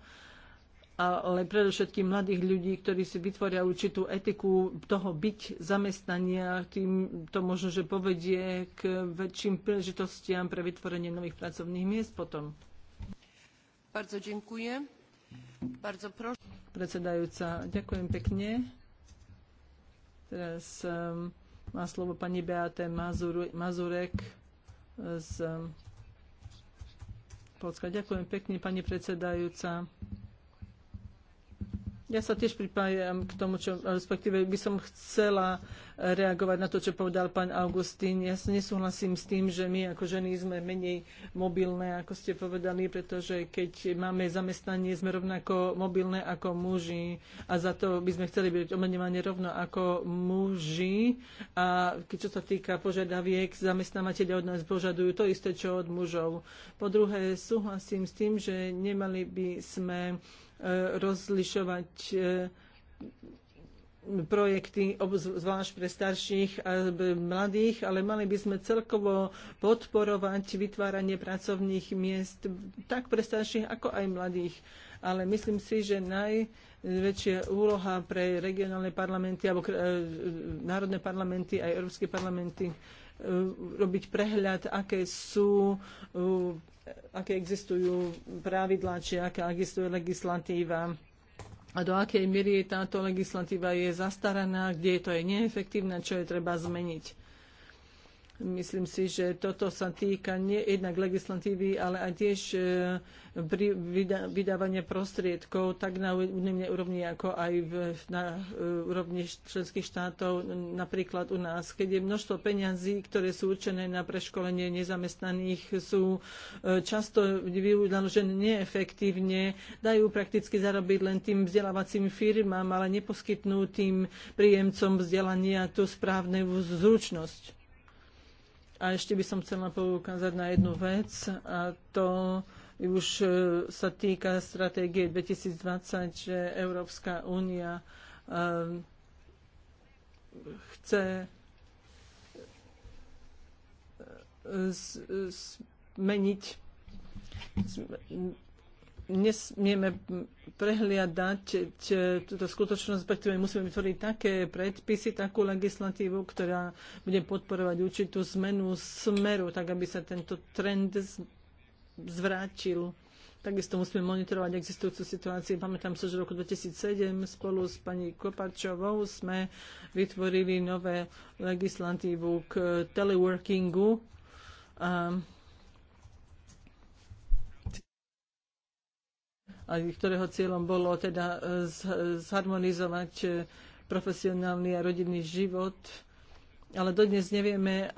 ale predovšetkým mladých ľudí, ktorí si vytvoria určitú etiku toho byť zamestnania, tým to možno, že povedie k väčším príležitostiam pre vytvorenie nových pracovných miest potom. Bardzo dziękuję. Bardzo proszę. Predsedajúca, ďakujem pekne. Teraz um, má slovo pani Beate Mazur, Mazurek um, z Polska. Ďakujem pekne, pani predsedajúca. Ja sa tiež pripájam k tomu, čo, respektíve by som chcela reagovať na to, čo povedal pán Augustín. Ja nesúhlasím s tým, že my ako ženy sme menej mobilné, ako ste povedali, pretože keď máme zamestnanie, sme rovnako mobilné ako muži a za to by sme chceli byť omenovaní rovno ako muži. A keď čo sa týka požiadaviek, zamestnávateľe od nás požadujú to isté, čo od mužov. Po druhé, súhlasím s tým, že nemali by sme E, rozlišovať e, projekty, zvlášť pre starších a mladých, ale mali by sme celkovo podporovať vytváranie pracovných miest tak pre starších, ako aj mladých. Ale myslím si, že najväčšia úloha pre regionálne parlamenty alebo e, národné parlamenty aj európske parlamenty robiť prehľad, aké sú aké existujú pravidlá, či aká existuje legislatíva a do akej miery táto legislatíva je zastaraná, kde je to je neefektívne, čo je treba zmeniť. Myslím si, že toto sa týka nie jednak legislatívy, ale aj tiež e, pri vydávania prostriedkov tak na úrovni ako aj v, na e, úrovni členských štátov, napríklad u nás, keď je množstvo peňazí, ktoré sú určené na preškolenie nezamestnaných, sú e, často vynaložené neefektívne, dajú prakticky zarobiť len tým vzdelávacím firmám, ale neposkytnú tým príjemcom vzdelania tú správnu zručnosť. A ešte by som chcela poukázať na jednu vec a to už e, sa týka stratégie 2020, že Európska únia e, chce e, zmeniť nesmieme prehliadať túto skutočnosť, pretože musíme vytvoriť také predpisy, takú legislatívu, ktorá bude podporovať určitú zmenu smeru, tak aby sa tento trend zvrátil. Takisto musíme monitorovať existujúcu situáciu. Pamätám sa, že v roku 2007 spolu s pani Kopačovou sme vytvorili nové legislatívu k teleworkingu. A ktorého cieľom bolo teda e, zharmonizovať e, profesionálny a rodinný život. Ale dodnes nevieme,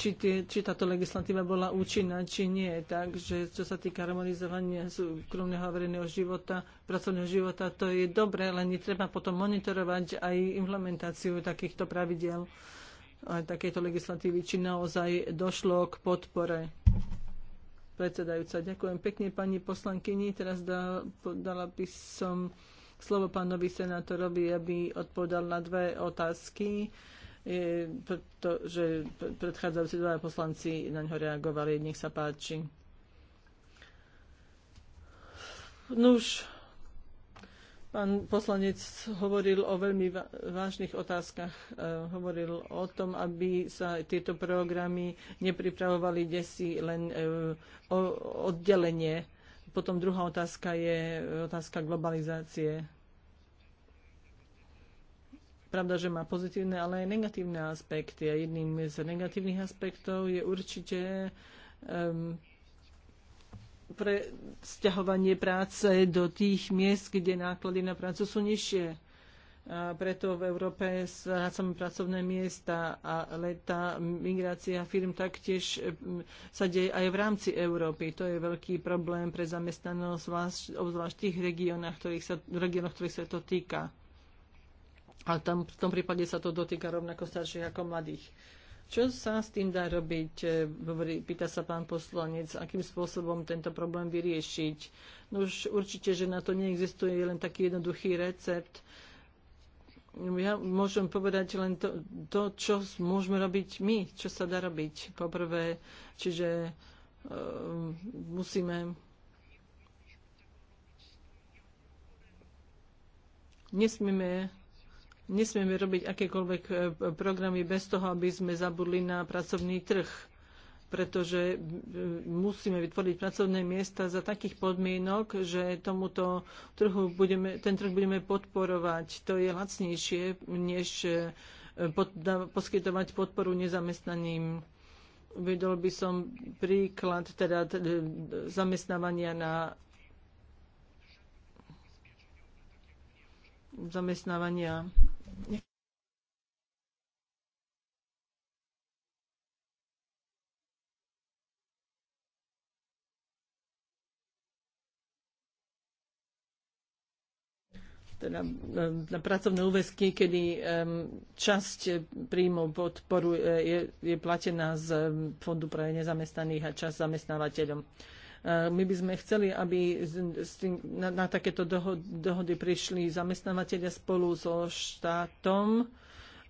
či, tie, či táto legislatíva bola účinná, či nie. Takže čo sa týka harmonizovania súkromného a verejného života, pracovného života, to je dobré, len treba potom monitorovať aj implementáciu takýchto pravidel a takéto legislatívy, či naozaj došlo k podpore predsedajúca. Ďakujem pekne pani poslankyni. Teraz dá, dala by som slovo pánovi senátorovi, aby odpovedal na dve otázky, e, pretože predchádzajúci dva poslanci na ňo reagovali. Nech sa páči. už Pán poslanec hovoril o veľmi vážnych otázkach. E, hovoril o tom, aby sa tieto programy nepripravovali desi len e, oddelenie. Potom druhá otázka je otázka globalizácie. Pravda, že má pozitívne, ale aj negatívne aspekty. A jedným z negatívnych aspektov je určite um, pre stiahovanie práce do tých miest, kde náklady na prácu sú nižšie. A preto v Európe strácame pracovné miesta, ale tá migrácia firm taktiež sa deje aj v rámci Európy. To je veľký problém pre zamestnanosť, obzvlášť v tých regiónoch, ktorých ktorých sa to týka. A tam, v tom prípade sa to dotýka rovnako starších ako mladých. Čo sa s tým dá robiť? E, pýta sa pán poslanec, akým spôsobom tento problém vyriešiť. No už určite, že na to neexistuje len taký jednoduchý recept. Ja môžem povedať len to, to čo môžeme robiť my, čo sa dá robiť. Poprvé, čiže uh, musíme nesmieme Nesmieme robiť akékoľvek e, programy bez toho, aby sme zabudli na pracovný trh pretože e, musíme vytvoriť pracovné miesta za takých podmienok, že tomuto trhu budeme, ten trh budeme podporovať. To je lacnejšie, než e, pod, da, poskytovať podporu nezamestnaným. Vedol by som príklad teda, teda zamestnávania na zamestnávania teda eh, na pracovné úväzky, kedy časť príjmov podporu eh, je, je platená z Fondu pre nezamestnaných a časť zamestnávateľom. My by sme chceli, aby na, takéto dohody, prišli zamestnávateľia spolu so štátom.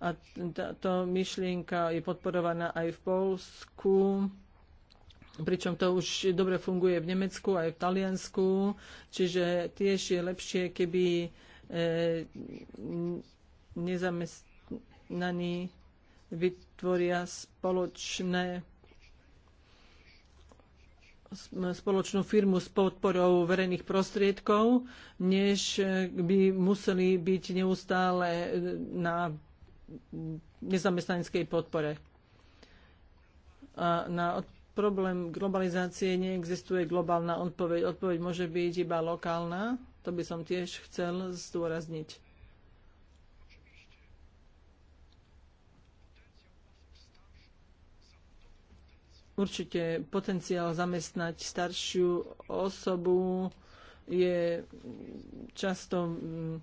A táto myšlienka je podporovaná aj v Polsku pričom to už dobre funguje v Nemecku aj v Taliansku, čiže tiež je lepšie, keby e, nezamestnaní vytvoria spoločné spoločnú firmu s podporou verejných prostriedkov, než eh, by museli byť neustále eh, na nezamestnaneckej podpore. A na problém globalizácie neexistuje globálna odpoveď. Odpoveď môže byť iba lokálna. To by som tiež chcel zdôrazniť. určite potenciál zamestnať staršiu osobu je často mm,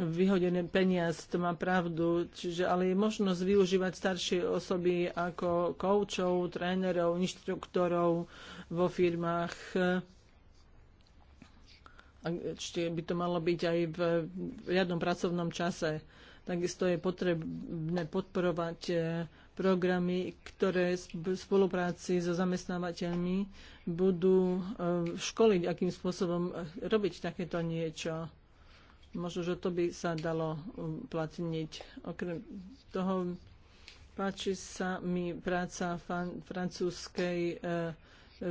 vyhodené peniaz, to má pravdu. Čiže, ale je možnosť využívať staršie osoby ako koučov, trénerov, inštruktorov vo firmách. A ešte by to malo byť aj v riadnom pracovnom čase. Takisto je potrebné podporovať eh, programy, ktoré v spolupráci so zamestnávateľmi budú eh, školiť, akým spôsobom eh, robiť takéto niečo. Možno, že to by sa dalo eh, platniť. Okrem toho páči sa mi práca fan, francúzskej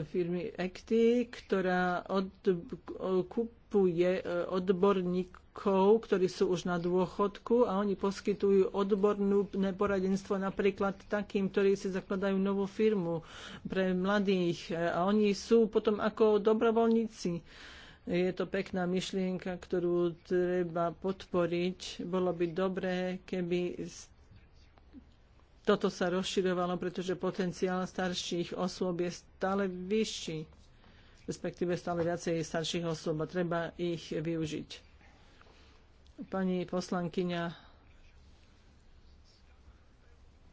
firmy ECTI, ktorá od, kúp, mapuje e, odborníkov, ktorí sú už na dôchodku a oni poskytujú odbornú poradenstvo napríklad takým, ktorí si zakladajú novú firmu pre mladých e, a oni sú potom ako dobrovoľníci. Je to pekná myšlienka, ktorú treba podporiť. Bolo by dobré, keby toto sa rozširovalo, pretože potenciál starších osôb je stále vyšší respektíve stále viacej starších osôb a treba ich využiť. Pani poslankyňa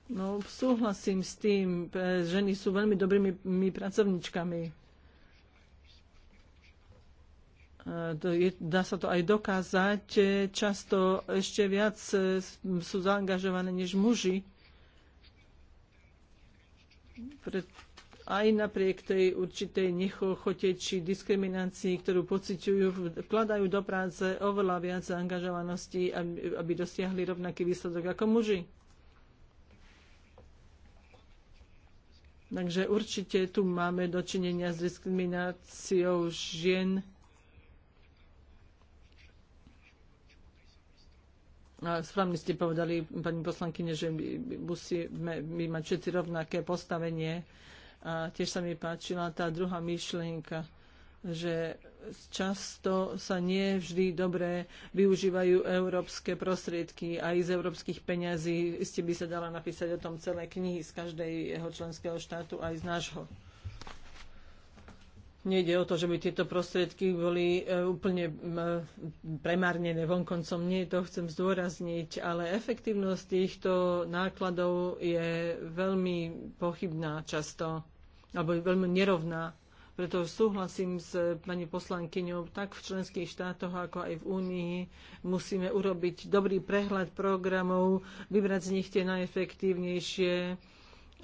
No, súhlasím s tým. E, ženy sú veľmi dobrými pracovníčkami. E, dá sa to aj dokázať. E, často ešte viac sú zaangažované než muži. Preto aj napriek tej určitej nechochote či diskriminácii, ktorú pociťujú, vkladajú do práce oveľa viac angažovanosti, aby, dosiahli rovnaký výsledok ako muži. Takže určite tu máme dočinenia s diskrimináciou žien. A správne ste povedali, pani poslankyne, že my musíme mať všetci rovnaké postavenie a tiež sa mi páčila tá druhá myšlienka, že často sa nie vždy dobre využívajú európske prostriedky aj z európskych peňazí. Isté by sa dala napísať o tom celé knihy z jeho členského štátu aj z nášho. Nejde o to, že by tieto prostriedky boli e, úplne e, premárnené vonkoncom. Nie, to chcem zdôrazniť, ale efektívnosť týchto nákladov je veľmi pochybná často alebo veľmi nerovná. Preto súhlasím s pani poslankyňou, tak v členských štátoch, ako aj v Únii musíme urobiť dobrý prehľad programov, vybrať z nich tie najefektívnejšie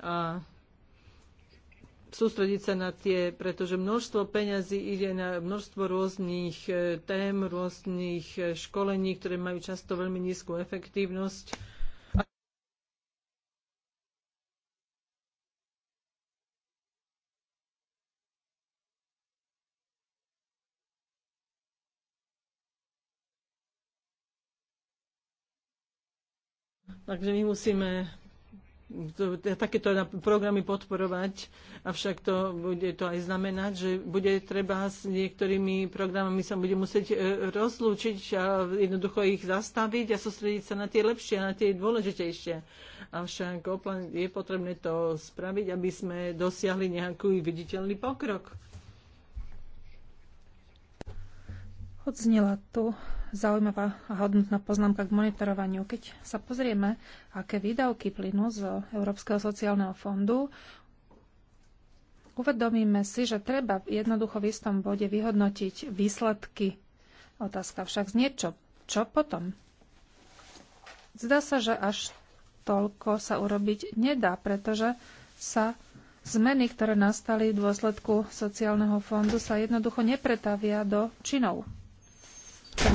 a sústrediť sa na tie, pretože množstvo peňazí ide na množstvo rôznych eh, tém, rôznych eh, školení, ktoré majú často veľmi nízku efektívnosť Takže my musíme takéto programy podporovať, avšak to bude to aj znamenať, že bude treba s niektorými programami sa bude musieť e, rozlúčiť a jednoducho ich zastaviť a sústrediť sa na tie lepšie, na tie dôležitejšie. Avšak je potrebné to spraviť, aby sme dosiahli nejaký viditeľný pokrok. Odznela tu zaujímavá a hodnotná poznámka k monitorovaniu. Keď sa pozrieme, aké výdavky plynú z Európskeho sociálneho fondu, uvedomíme si, že treba jednoducho v istom bode vyhodnotiť výsledky. Otázka však z niečo, čo potom? Zdá sa, že až toľko sa urobiť nedá, pretože sa zmeny, ktoré nastali v dôsledku sociálneho fondu, sa jednoducho nepretavia do činov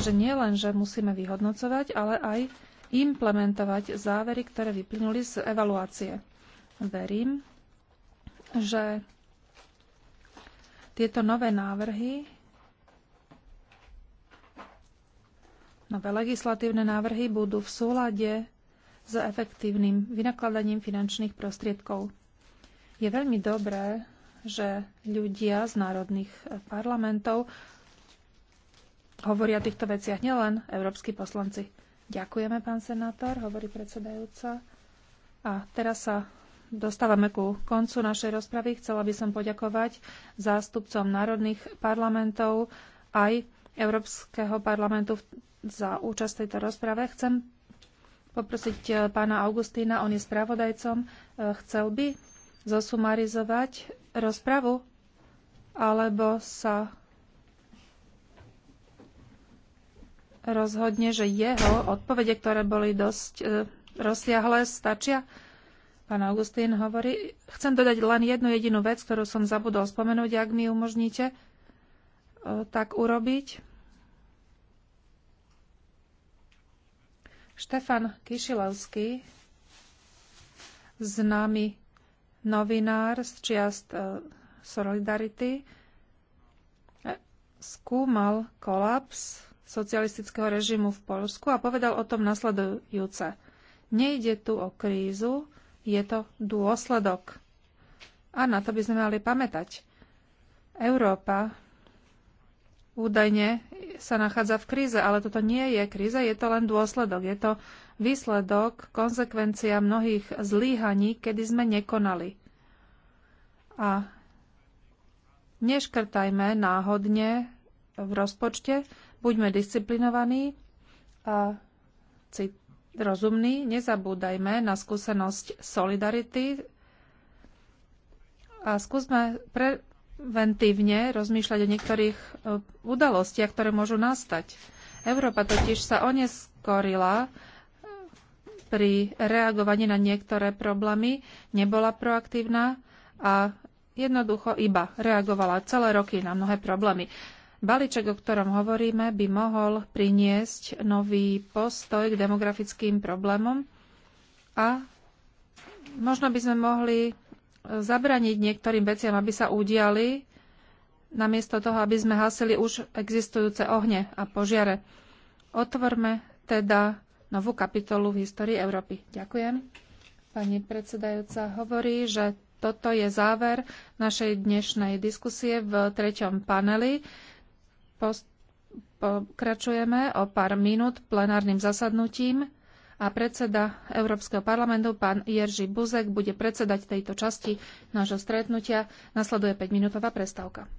nie nielen, že musíme vyhodnocovať, ale aj implementovať závery, ktoré vyplynuli z evaluácie. Verím, že tieto nové návrhy, nové legislatívne návrhy budú v súlade s efektívnym vynakladaním finančných prostriedkov. Je veľmi dobré, že ľudia z národných parlamentov hovoria o týchto veciach nielen európsky poslanci. Ďakujeme, pán senátor, hovorí predsedajúca. A teraz sa dostávame ku koncu našej rozpravy. Chcela by som poďakovať zástupcom národných parlamentov aj Európskeho parlamentu za účasť v tejto rozprave. Chcem poprosiť eh, pána Augustína, on je spravodajcom. Eh, chcel by zosumarizovať rozpravu alebo sa rozhodne, že jeho odpovede, ktoré boli dosť e, rozsiahle, stačia? Pán Augustín hovorí, chcem dodať len jednu jedinú vec, ktorú som zabudol spomenúť, ak mi umožníte e, tak urobiť. Štefan Kišilovský, známy novinár z čiast e, Solidarity, e, skúmal kolaps socialistického režimu v Polsku a povedal o tom nasledujúce. Nejde tu o krízu, je to dôsledok. A na to by sme mali pamätať. Európa údajne sa nachádza v kríze, ale toto nie je kríza, je to len dôsledok. Je to výsledok, konsekvencia mnohých zlíhaní, kedy sme nekonali. A neškrtajme náhodne v rozpočte, Buďme disciplinovaní a rozumní. Nezabúdajme na skúsenosť solidarity a skúsme preventívne rozmýšľať o niektorých eh, udalostiach, ktoré môžu nastať. Európa totiž sa oneskorila eh, pri reagovaní na niektoré problémy, nebola proaktívna a jednoducho iba reagovala celé roky na mnohé problémy. Balíček, o ktorom hovoríme, by mohol priniesť nový postoj k demografickým problémom a možno by sme mohli zabraniť niektorým veciam, aby sa udiali, namiesto toho, aby sme hasili už existujúce ohne a požiare. Otvorme teda novú kapitolu v histórii Európy. Ďakujem. Pani predsedajúca hovorí, že toto je záver našej dnešnej diskusie v treťom paneli. Pokračujeme o pár minút plenárnym zasadnutím a predseda Európskeho parlamentu, pán Jerži Buzek, bude predsedať tejto časti nášho stretnutia. Nasleduje 5-minútová prestávka.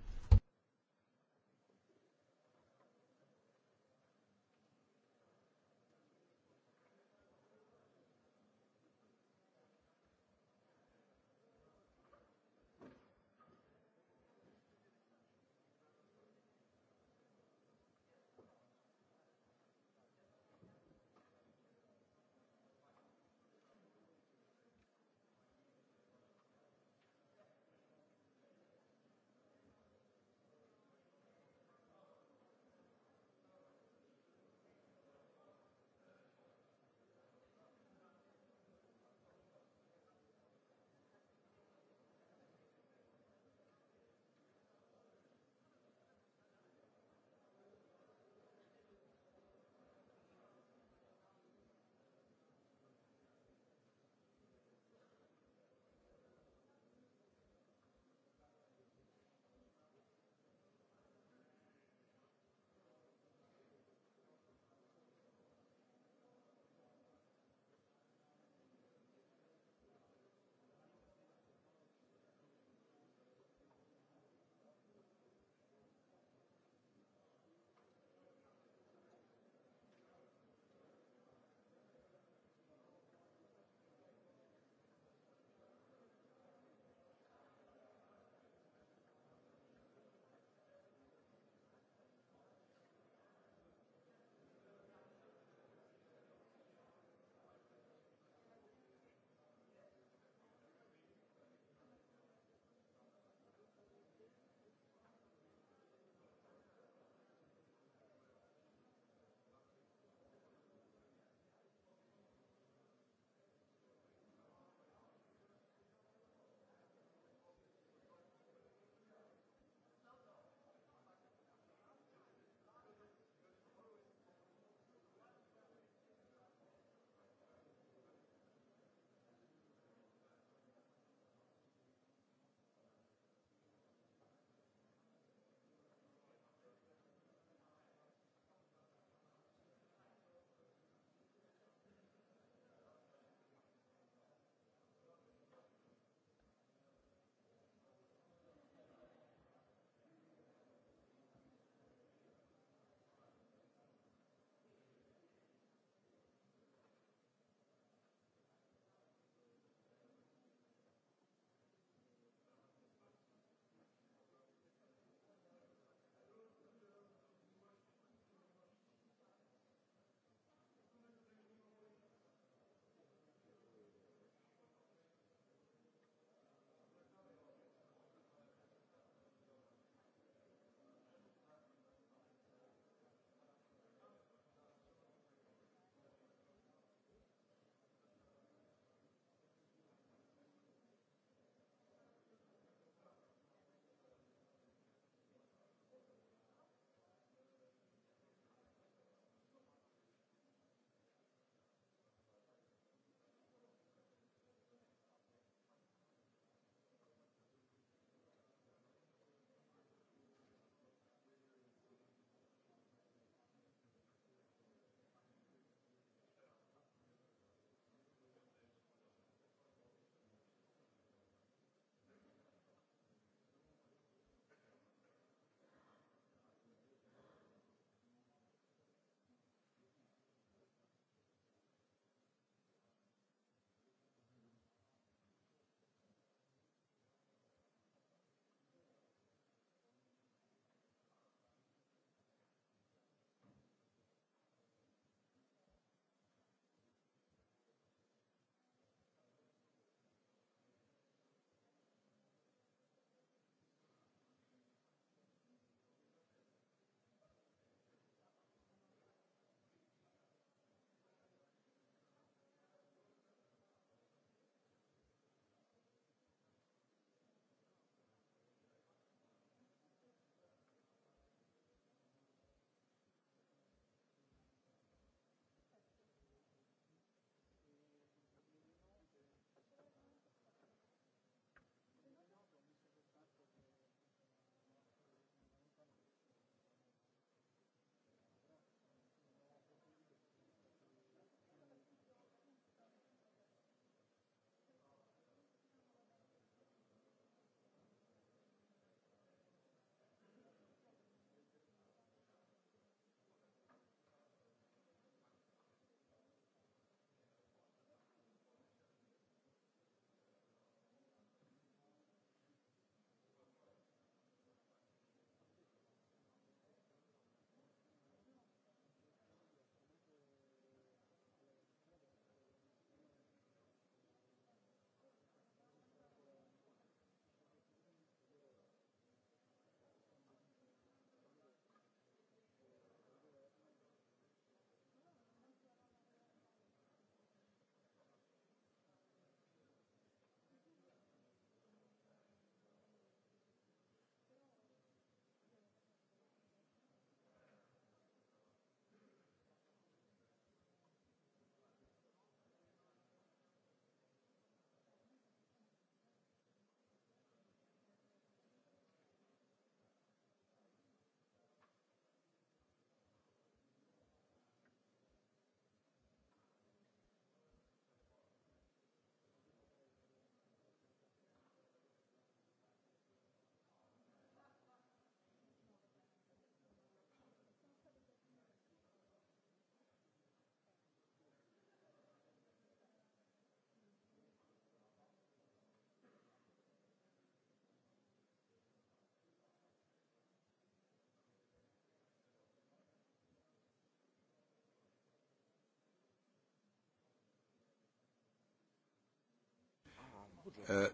Uh,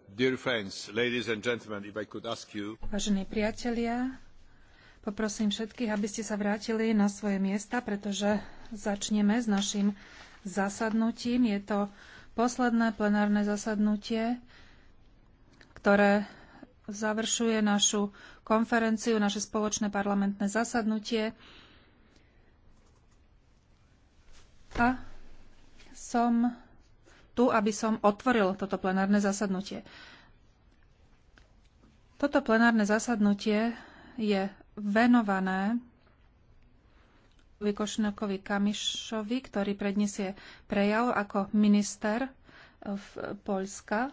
Vážení priatelia, poprosím všetkých, aby ste sa vrátili na svoje miesta, pretože začneme s našim zasadnutím. Je to posledné plenárne zasadnutie, ktoré završuje našu konferenciu, naše spoločné parlamentné zasadnutie. A som tu, aby som otvoril toto plenárne zasadnutie. Toto plenárne zasadnutie je venované Vikošnakovi Kamišovi, ktorý predniesie prejav ako minister eh, v Polska,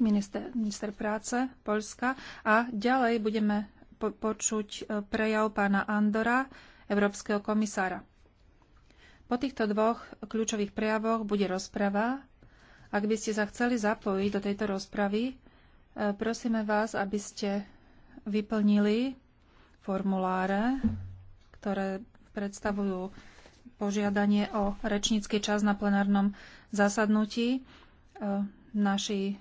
minister, minister práce Polska. A ďalej budeme počuť eh, prejav pána Andora, európskeho komisára. O týchto dvoch kľúčových prejavoch bude rozprava. Ak by ste sa chceli zapojiť do tejto rozpravy, e, prosíme vás, aby ste vyplnili formuláre, ktoré predstavujú požiadanie o rečnícky čas na plenárnom zasadnutí. E, naši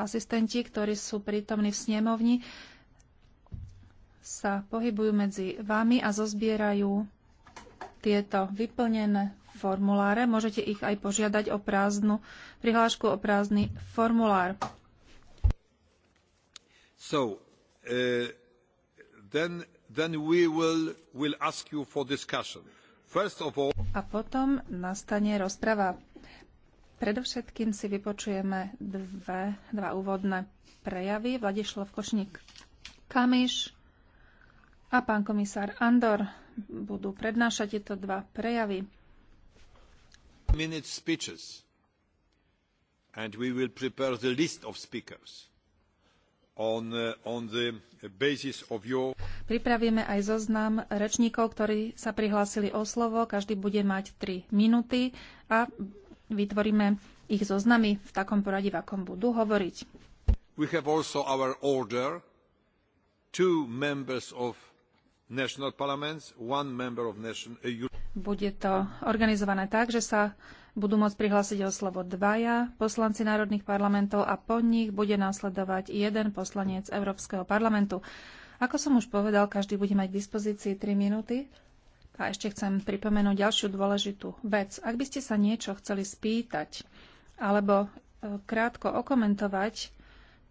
asistenti, ktorí sú prítomní v snemovni, sa pohybujú medzi vami a zozbierajú tieto vyplnené formuláre. Môžete ich aj požiadať o prázdnu prihlášku, o prázdny formulár. So, uh, then, then we will, will ask you for discussion. First of all... A potom nastane rozprava. Predovšetkým si vypočujeme dve, dva úvodné prejavy. Vladislav Košník Kamiš a pán komisár Andor budú prednášať tieto dva prejavy. Minute speeches and we will prepare the list of speakers on, uh, on the basis of your Pripravíme aj zoznam rečníkov, ktorí sa prihlásili o slovo. Každý bude mať 3 minúty a vytvoríme ich zoznamy v takom poradí, v akom budú hovoriť. We have also our order. Two members of bude to organizované tak, že sa budú môcť prihlásiť o slovo dvaja poslanci národných parlamentov a po nich bude následovať jeden poslanec Európskeho parlamentu. Ako som už povedal, každý bude mať k dispozícii 3 minúty. A ešte chcem pripomenúť ďalšiu dôležitú vec. Ak by ste sa niečo chceli spýtať alebo e, krátko okomentovať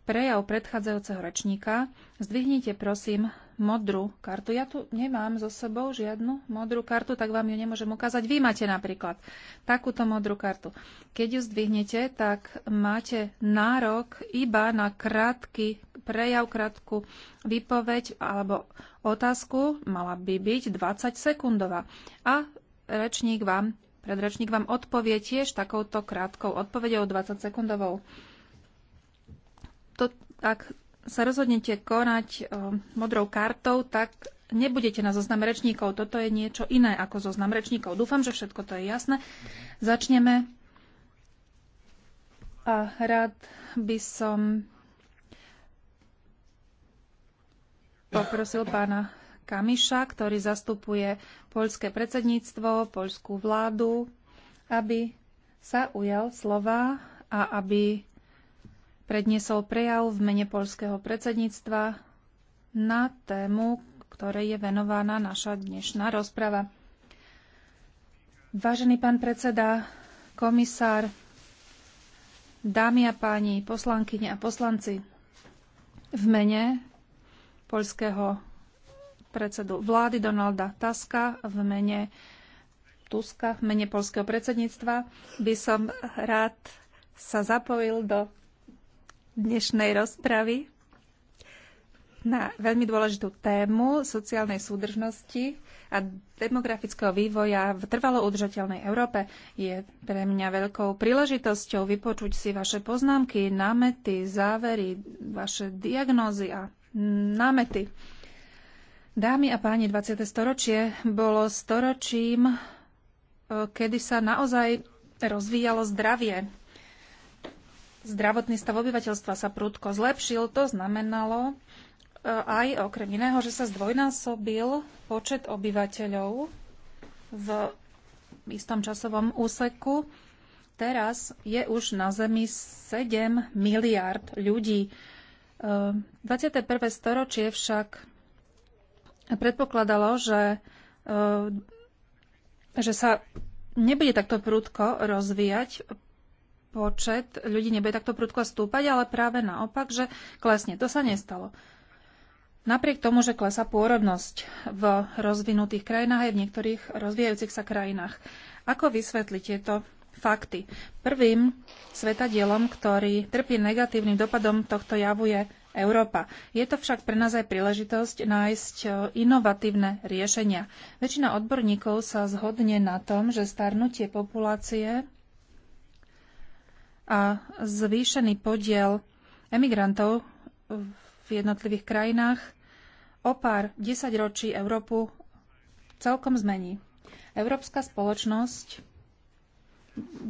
prejav predchádzajúceho rečníka, zdvihnite prosím modrú kartu. Ja tu nemám so sebou žiadnu modrú kartu, tak vám ju nemôžem ukázať. Vy máte napríklad takúto modrú kartu. Keď ju zdvihnete, tak máte nárok iba na krátky prejav, krátku výpoveď alebo otázku. Mala by byť 20 sekundová. A rečník vám, predrečník vám odpovie tiež takouto krátkou odpovedou 20 sekundovou. To, ak sa rozhodnete konať eh, modrou kartou, tak nebudete na zoznam rečníkov. Toto je niečo iné ako zoznam rečníkov. Dúfam, že všetko to je jasné. Začneme. A rád by som poprosil pána Kamiša, ktorý zastupuje poľské predsedníctvo, poľskú vládu, aby sa ujal slova a aby predniesol prejav v mene polského predsedníctva na tému, ktorej je venovaná naša dnešná rozprava. Vážený pán predseda, komisár, dámy a páni, poslankyne a poslanci, v mene polského predsedu vlády Donalda Taska, v mene Tuska, v mene polského predsedníctva by som rád sa zapojil do dnešnej rozpravy na veľmi dôležitú tému sociálnej súdržnosti a demografického vývoja v trvalo udržateľnej Európe. Je pre mňa veľkou príležitosťou vypočuť si vaše poznámky, námety, závery, vaše diagnózy a námety. Dámy a páni, 20. storočie bolo storočím, eh, kedy sa naozaj rozvíjalo zdravie zdravotný stav obyvateľstva sa prudko zlepšil, to znamenalo e, aj okrem iného, že sa zdvojnásobil počet obyvateľov v istom časovom úseku. Teraz je už na Zemi 7 miliard ľudí. 21. E, storočie však predpokladalo, že, e, že sa nebude takto prudko rozvíjať počet ľudí nebude takto prudko stúpať, ale práve naopak, že klesne. To sa nestalo. Napriek tomu, že klesá pôrodnosť v rozvinutých krajinách aj v niektorých rozvíjajúcich sa krajinách. Ako vysvetliť tieto fakty? Prvým svetadielom, ktorý trpí negatívnym dopadom tohto javu je Európa. Je to však pre nás aj príležitosť nájsť e, inovatívne riešenia. Väčšina odborníkov sa zhodne na tom, že starnutie populácie a zvýšený podiel emigrantov v jednotlivých krajinách o pár desaťročí Európu celkom zmení. Európska spoločnosť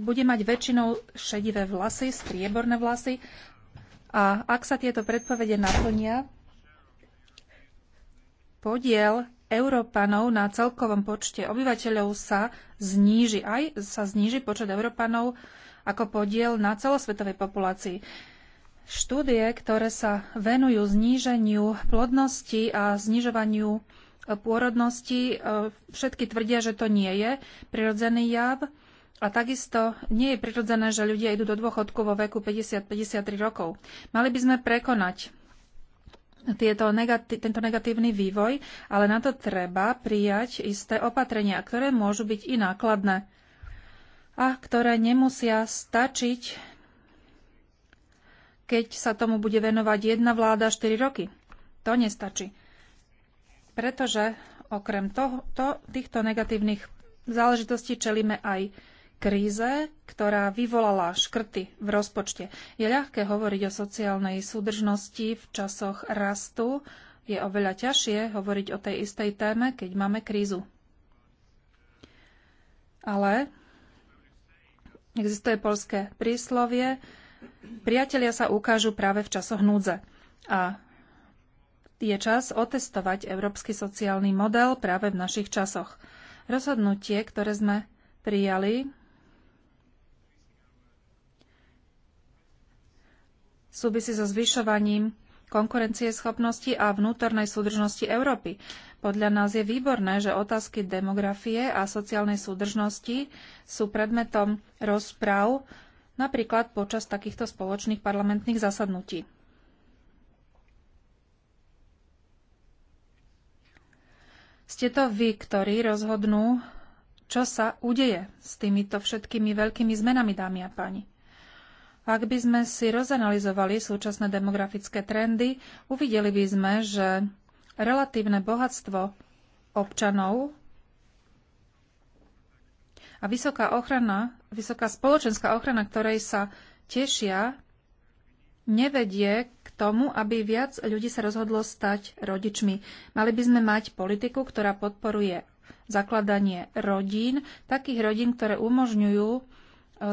bude mať väčšinou šedivé vlasy, strieborné vlasy a ak sa tieto predpovede naplnia, podiel Európanov na celkovom počte obyvateľov sa zníži. Aj sa zníži počet Európanov ako podiel na celosvetovej populácii. Štúdie, ktoré sa venujú zníženiu plodnosti a znižovaniu e, pôrodnosti, e, všetky tvrdia, že to nie je prirodzený jav. A takisto nie je prirodzené, že ľudia idú do dôchodku vo veku 50-53 rokov. Mali by sme prekonať tieto negati- tento negatívny vývoj, ale na to treba prijať isté opatrenia, ktoré môžu byť i nákladné a ktoré nemusia stačiť, keď sa tomu bude venovať jedna vláda 4 roky. To nestačí. Pretože okrem toho, to, týchto negatívnych záležitostí čelíme aj kríze, ktorá vyvolala škrty v rozpočte. Je ľahké hovoriť o sociálnej súdržnosti v časoch rastu, je oveľa ťažšie hovoriť o tej istej téme, keď máme krízu. Ale Existuje polské príslovie, priatelia sa ukážu práve v časoch núdze. A je čas otestovať európsky sociálny model práve v našich časoch. Rozhodnutie, ktoré sme prijali, súvisí so zvyšovaním konkurencieschopnosti a vnútornej súdržnosti Európy. Podľa nás je výborné, že otázky demografie a sociálnej súdržnosti sú predmetom rozpráv napríklad počas takýchto spoločných parlamentných zasadnutí. Ste to vy, ktorí rozhodnú, čo sa udeje s týmito všetkými veľkými zmenami, dámy a páni. Ak by sme si rozanalizovali súčasné demografické trendy, uvideli by sme, že relatívne bohatstvo občanov a vysoká ochrana, vysoká spoločenská ochrana, ktorej sa tešia, nevedie k tomu, aby viac ľudí sa rozhodlo stať rodičmi. Mali by sme mať politiku, ktorá podporuje zakladanie rodín, takých rodín, ktoré umožňujú e,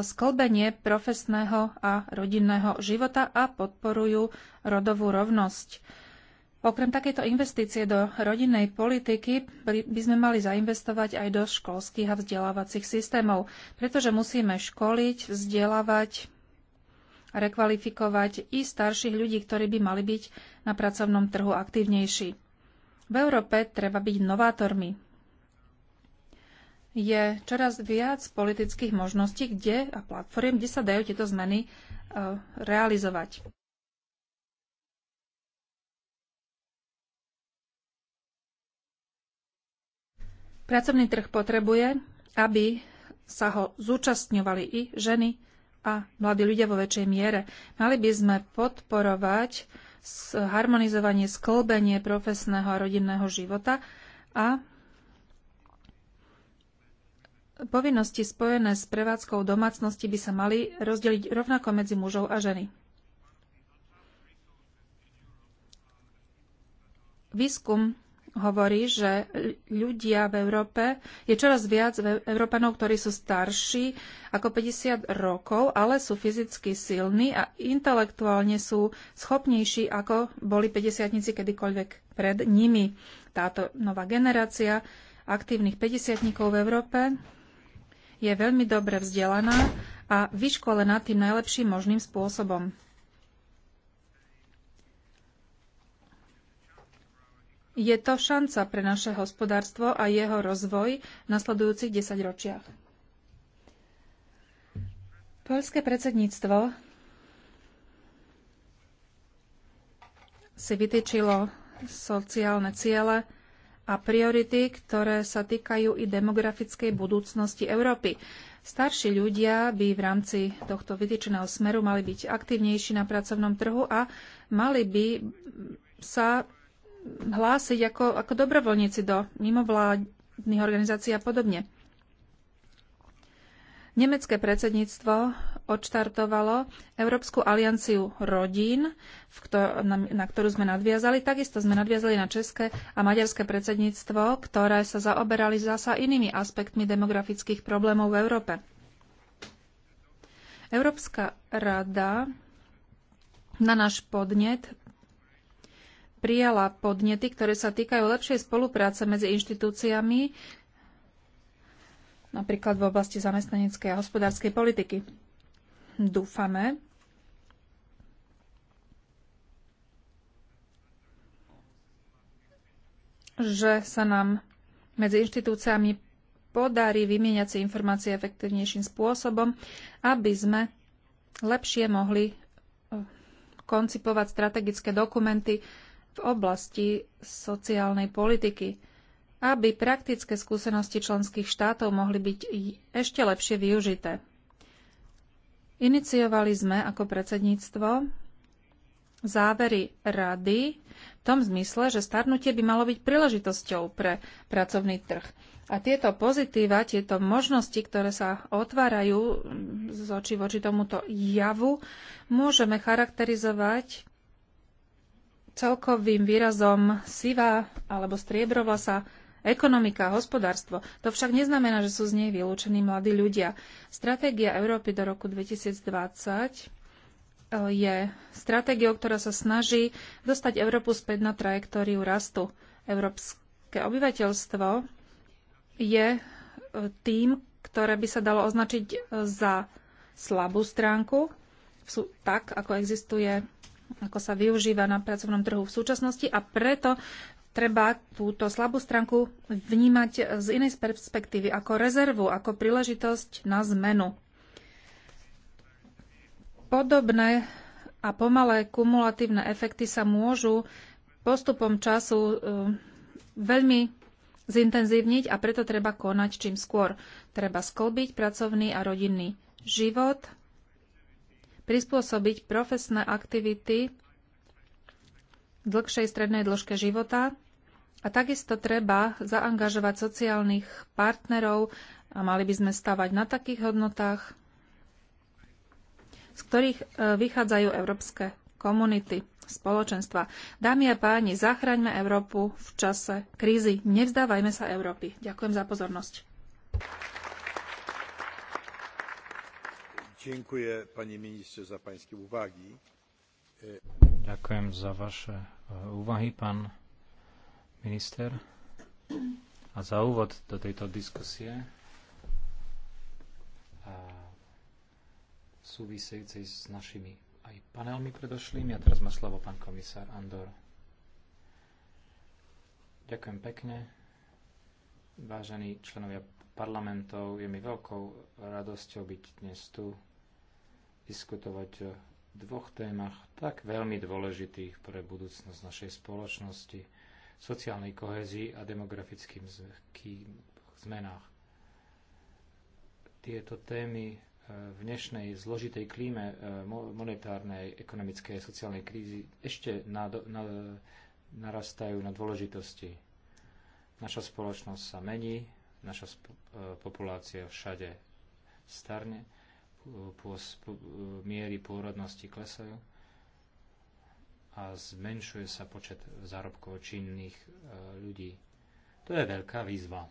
sklbenie profesného a rodinného života a podporujú rodovú rovnosť. Okrem takéto investície do rodinnej politiky by sme mali zainvestovať aj do školských a vzdelávacích systémov, pretože musíme školiť, vzdelávať, rekvalifikovať i starších ľudí, ktorí by mali byť na pracovnom trhu aktívnejší. V Európe treba byť novátormi. Je čoraz viac politických možností, kde a platform, kde sa dajú tieto zmeny eh, realizovať. Pracovný trh potrebuje, aby sa ho zúčastňovali i ženy a mladí ľudia vo väčšej miere. Mali by sme podporovať harmonizovanie, sklbenie profesného a rodinného života a povinnosti spojené s prevádzkou domácnosti by sa mali rozdeliť rovnako medzi mužov a ženy. Výskum hovorí, že ľudia v Európe, je čoraz viac Európanov, ktorí sú starší ako 50 rokov, ale sú fyzicky silní a intelektuálne sú schopnejší, ako boli 50 kedykoľvek pred nimi. Táto nová generácia aktívnych 50 v Európe je veľmi dobre vzdelaná a vyškolená tým najlepším možným spôsobom. Je to šanca pre naše hospodárstvo a jeho rozvoj v nasledujúcich desaťročiach. Poľské predsedníctvo si vytýčilo sociálne ciele a priority, ktoré sa týkajú i demografickej budúcnosti Európy. Starší ľudia by v rámci tohto vytýčeného smeru mali byť aktívnejší na pracovnom trhu a mali by sa hlásiť ako, ako dobrovoľníci do mimovládnych organizácií a podobne. Nemecké predsedníctvo odštartovalo Európsku alianciu rodín, v na, na ktorú sme nadviazali. Takisto sme nadviazali na české a maďarské predsedníctvo, ktoré sa zaoberali zasa inými aspektmi demografických problémov v Európe. Európska rada na náš podnet prijala podnety, ktoré sa týkajú lepšej spolupráce medzi inštitúciami, napríklad v oblasti zamestnaneckej a hospodárskej politiky. Dúfame, že sa nám medzi inštitúciami podarí vymieňať si informácie efektívnejším spôsobom, aby sme lepšie mohli koncipovať strategické dokumenty, v oblasti sociálnej politiky, aby praktické skúsenosti členských štátov mohli byť ešte lepšie využité. Iniciovali sme ako predsedníctvo závery rady v tom zmysle, že starnutie by malo byť príležitosťou pre pracovný trh. A tieto pozitíva, tieto možnosti, ktoré sa otvárajú z oči voči tomuto javu, môžeme charakterizovať celkovým výrazom sivá alebo sa ekonomika, hospodárstvo. To však neznamená, že sú z nej vylúčení mladí ľudia. Stratégia Európy do roku 2020 e, je stratégiou, ktorá sa snaží dostať Európu späť na trajektóriu rastu. Európske obyvateľstvo je e, tým, ktoré by sa dalo označiť e, za slabú stránku, tak ako existuje ako sa využíva na pracovnom trhu v súčasnosti a preto treba túto slabú stránku vnímať z inej perspektívy, ako rezervu, ako príležitosť na zmenu. Podobné a pomalé kumulatívne efekty sa môžu postupom času e, veľmi zintenzívniť a preto treba konať čím skôr. Treba sklbiť pracovný a rodinný život prispôsobiť profesné aktivity dlhšej strednej dĺžke života a takisto treba zaangažovať sociálnych partnerov a mali by sme stavať na takých hodnotách, z ktorých e, vychádzajú európske komunity, spoločenstva. Dámy a páni, zachraňme Európu v čase krízy. Nevzdávajme sa Európy. Ďakujem za pozornosť. Dziękuję panie ministrze za pańskie uwagi. Ďakujem za vaše e, úvahy, pán minister, a za úvod do tejto diskusie a e, súvisejúcej s našimi aj panelmi predošlými. A teraz má slovo pán komisár Andor. Ďakujem pekne. Vážení členovia parlamentov, je mi veľkou radosťou byť dnes tu diskutovať o dvoch témach tak veľmi dôležitých pre budúcnosť našej spoločnosti, sociálnej kohezii a demografickým zmenách. Tieto témy e, v dnešnej zložitej klíme e, monetárnej, ekonomickej a sociálnej krízy ešte na, na, narastajú na dôležitosti. Naša spoločnosť sa mení, naša e, populácia všade starne miery pôrodnosti klesajú a zmenšuje sa počet zárobkov činných e, ľudí. To je veľká výzva.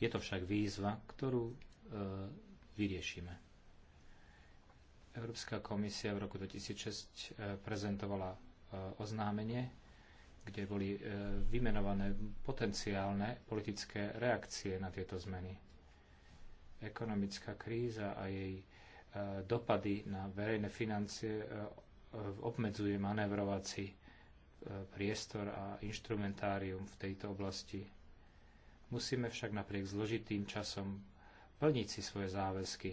Je to však výzva, ktorú e, vyriešime. Európska komisia v roku 2006 e, prezentovala oznámenie, kde boli vymenované potenciálne politické reakcie na tieto zmeny Ekonomická kríza a jej e, dopady na verejné financie e, obmedzuje manevrovací e, priestor a inštrumentárium v tejto oblasti. Musíme však napriek zložitým časom plniť si svoje záväzky.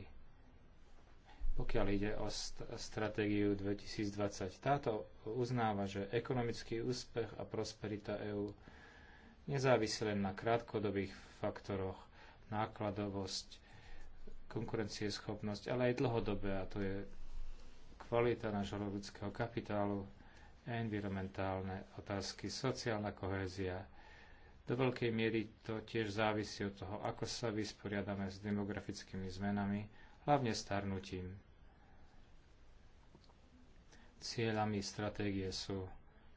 Pokiaľ ide o st- stratégiu 2020, táto uznáva, že ekonomický úspech a prosperita EÚ nezávisí len na krátkodobých faktoroch, nákladovosť, konkurencieschopnosť, ale aj dlhodobé, a to je kvalita nášho ľudského kapitálu, environmentálne otázky, sociálna kohézia. Do veľkej miery to tiež závisí od toho, ako sa vysporiadame s demografickými zmenami, hlavne starnutím. Cieľami stratégie sú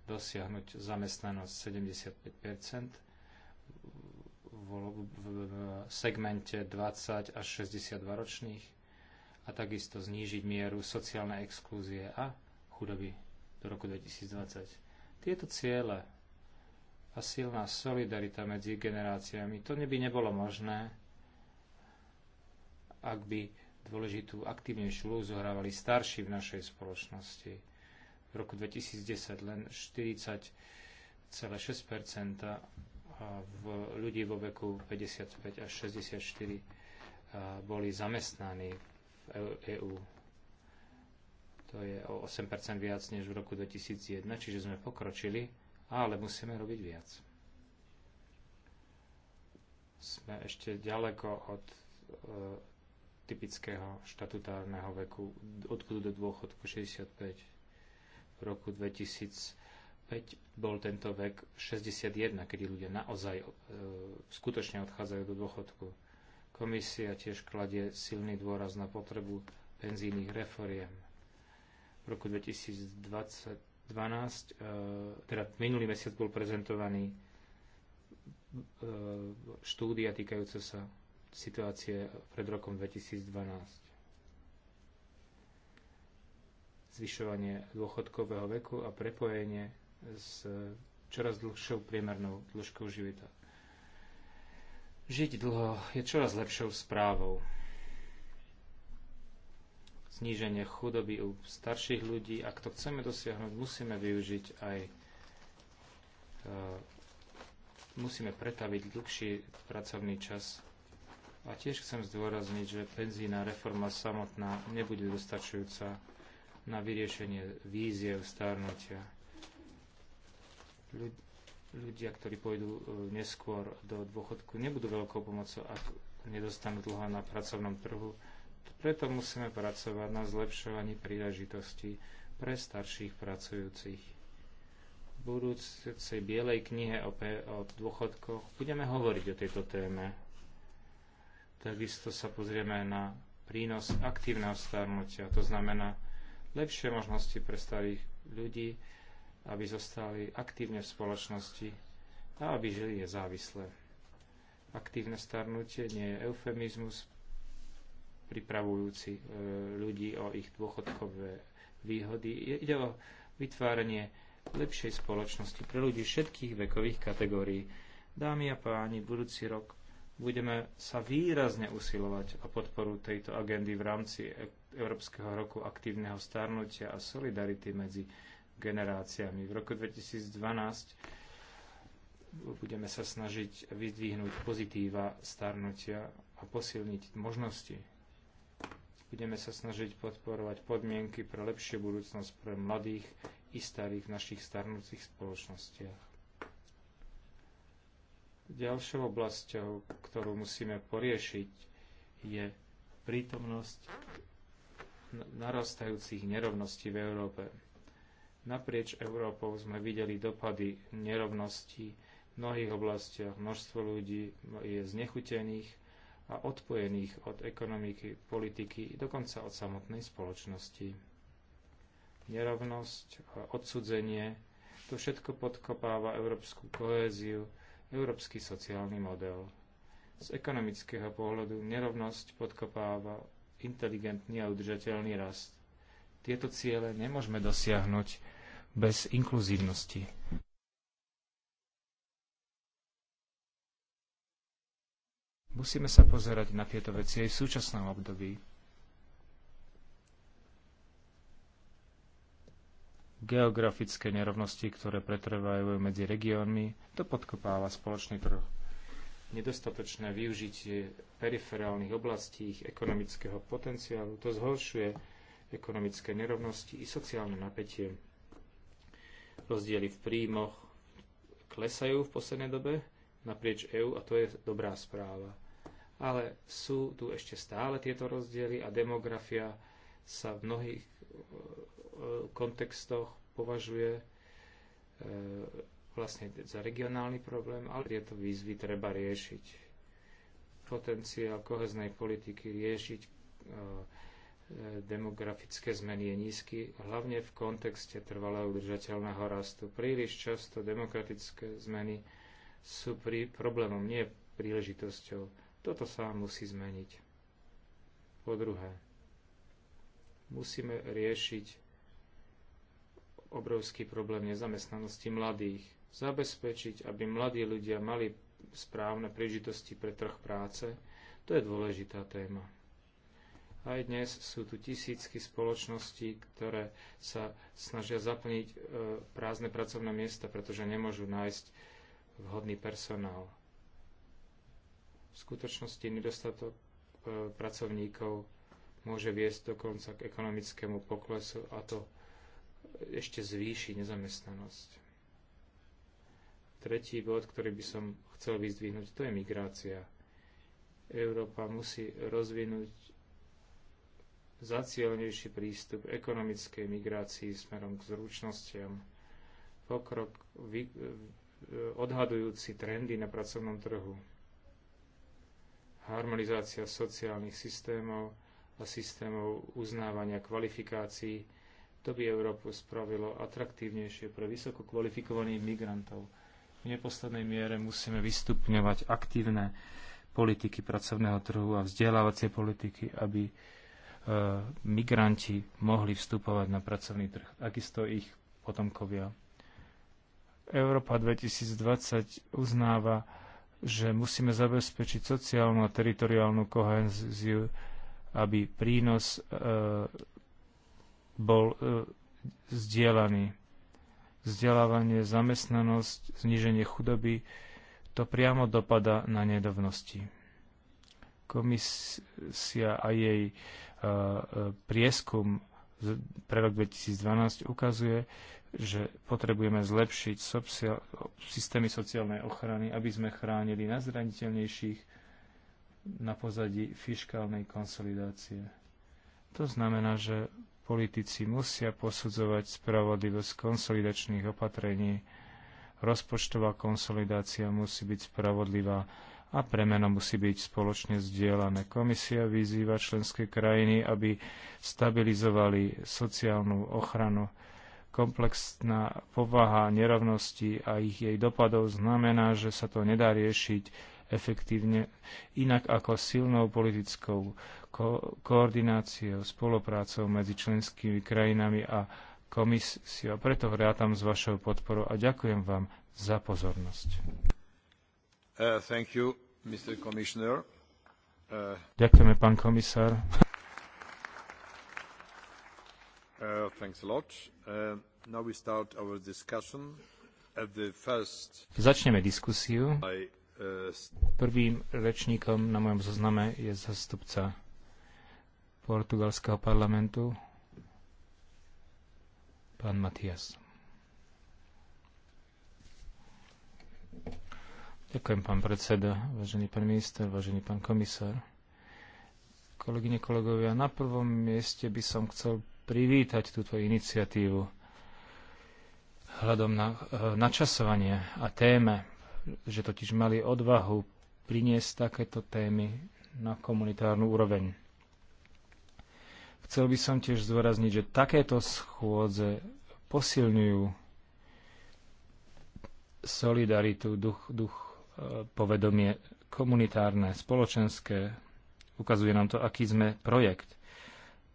dosiahnuť zamestnanosť 75 v segmente 20 až 62 ročných a takisto znížiť mieru sociálnej exklúzie a chudoby do roku 2020. Tieto ciele a silná solidarita medzi generáciami, to by nebolo možné, ak by dôležitú aktívnejšiu úlohu zohrávali starší v našej spoločnosti. V roku 2010 len 40,6 v ľudí vo veku 55 až 64 boli zamestnaní v EÚ. To je o 8 viac než v roku 2001, čiže sme pokročili, ale musíme robiť viac. Sme ešte ďaleko od e, typického štatutárneho veku odkudu do dôchodku 65 v roku 2000 bol tento vek 61, kedy ľudia naozaj e, skutočne odchádzajú do dôchodku. Komisia tiež kladie silný dôraz na potrebu penzijných reforiem. V roku 2012, e, teda minulý mesiac bol prezentovaný e, štúdia týkajúca sa situácie pred rokom 2012 zvyšovanie dôchodkového veku a prepojenie s čoraz dlhšou priemernou dĺžkou života. Žiť dlho je čoraz lepšou správou. Zníženie chudoby u starších ľudí, ak to chceme dosiahnuť, musíme využiť aj e, musíme pretaviť dlhší pracovný čas. A tiež chcem zdôrazniť, že penzína reforma samotná nebude dostačujúca na vyriešenie víziev starnutia ľudia, ktorí pôjdu e, neskôr do dôchodku, nebudú veľkou pomocou, ak nedostanú dlho na pracovnom trhu. Preto musíme pracovať na zlepšovaní príležitostí pre starších pracujúcich. V budúcej bielej knihe o, o dôchodkoch budeme hovoriť o tejto téme. Takisto sa pozrieme na prínos aktívneho starnutia, to znamená lepšie možnosti pre starých ľudí, aby zostali aktívne v spoločnosti a aby žili závislé. Aktívne starnutie nie je eufemizmus pripravujúci e, ľudí o ich dôchodkové výhody. Ide o vytváranie lepšej spoločnosti pre ľudí všetkých vekových kategórií. Dámy a páni, budúci rok budeme sa výrazne usilovať o podporu tejto agendy v rámci e- Európskeho roku aktívneho starnutia a solidarity medzi generáciami. V roku 2012 budeme sa snažiť vyzdvihnúť pozitíva starnutia a posilniť možnosti. Budeme sa snažiť podporovať podmienky pre lepšiu budúcnosť pre mladých i starých v našich starnúcich spoločnostiach. Ďalšou oblasťou, ktorú musíme poriešiť, je prítomnosť narastajúcich nerovností v Európe. Naprieč Európou sme videli dopady nerovností v mnohých oblastiach. Množstvo ľudí je znechutených a odpojených od ekonomiky, politiky, dokonca od samotnej spoločnosti. Nerovnosť, a odsudzenie, to všetko podkopáva európsku kohéziu, európsky sociálny model. Z ekonomického pohľadu nerovnosť podkopáva inteligentný a udržateľný rast tieto ciele nemôžeme dosiahnuť bez inkluzívnosti. Musíme sa pozerať na tieto veci aj v súčasnom období. Geografické nerovnosti, ktoré pretrvajú medzi regiónmi, to podkopáva spoločný trh. Nedostatočné využitie periferálnych oblastí ich ekonomického potenciálu to zhoršuje ekonomické nerovnosti i sociálne napätie. Rozdiely v príjmoch klesajú v poslednej dobe naprieč EÚ a to je dobrá správa. Ale sú tu ešte stále tieto rozdiely a demografia sa v mnohých eh, kontextoch považuje eh, vlastne za regionálny problém, ale tieto výzvy treba riešiť. Potenciál koheznej politiky riešiť eh, E, demografické zmeny je nízky, hlavne v kontexte trvalého udržateľného rastu. Príliš často demokratické zmeny sú pri problémom, nie príležitosťou. Toto sa musí zmeniť. Po druhé, musíme riešiť obrovský problém nezamestnanosti mladých. Zabezpečiť, aby mladí ľudia mali správne príležitosti pre trh práce, to je dôležitá téma. Aj dnes sú tu tisícky spoločností, ktoré sa snažia zaplniť e, prázdne pracovné miesta, pretože nemôžu nájsť vhodný personál. V skutočnosti nedostatok e, pracovníkov môže viesť dokonca k ekonomickému poklesu a to ešte zvýši nezamestnanosť. Tretí bod, ktorý by som chcel vyzdvihnúť, to je migrácia. Európa musí rozvinúť zacielenejší prístup ekonomickej migrácii smerom k zručnostiam, pokrok vy, e, odhadujúci trendy na pracovnom trhu, harmonizácia sociálnych systémov a systémov uznávania kvalifikácií, to by Európu spravilo atraktívnejšie pre vysoko kvalifikovaných migrantov. V neposlednej miere musíme vystupňovať aktívne politiky pracovného trhu a vzdelávacie politiky, aby E, migranti mohli vstupovať na pracovný trh, takisto ich potomkovia. Európa 2020 uznáva, že musíme zabezpečiť sociálnu a teritoriálnu koheziu, aby prínos e, bol e, zdieľaný. Vzdelávanie, zamestnanosť, zníženie chudoby, to priamo dopada na nedovnosti. Komisia a jej e, e, prieskum pre rok 2012 ukazuje, že potrebujeme zlepšiť systémy sociálnej ochrany, aby sme chránili najzraniteľnejších na pozadí fiškálnej konsolidácie. To znamená, že politici musia posudzovať spravodlivosť konsolidačných opatrení. Rozpočtová konsolidácia musí byť spravodlivá a premena musí byť spoločne zdieľané. Komisia vyzýva členské krajiny, aby stabilizovali sociálnu ochranu. Komplexná povaha nerovnosti a ich jej dopadov znamená, že sa to nedá riešiť efektívne inak ako silnou politickou ko- koordináciou, spoluprácou medzi členskými krajinami a komisiou. Preto hrátam s vašou podporou a ďakujem vám za pozornosť. Uh, uh, Ďakujeme, pán komisár. Uh, Začneme diskusiu. Prvým rečníkom na mojom zozname je zastupca portugalského parlamentu, pán Matias. Ďakujem, pán predseda, vážený pán minister, vážený pán komisár. Kolegyne, kolegovia, na prvom mieste by som chcel privítať túto iniciatívu hľadom na eh, načasovanie a téme, že totiž mali odvahu priniesť takéto témy na komunitárnu úroveň. Chcel by som tiež zdôrazniť, že takéto schôdze posilňujú solidaritu, duch, duch povedomie komunitárne, spoločenské. Ukazuje nám to, aký sme projekt.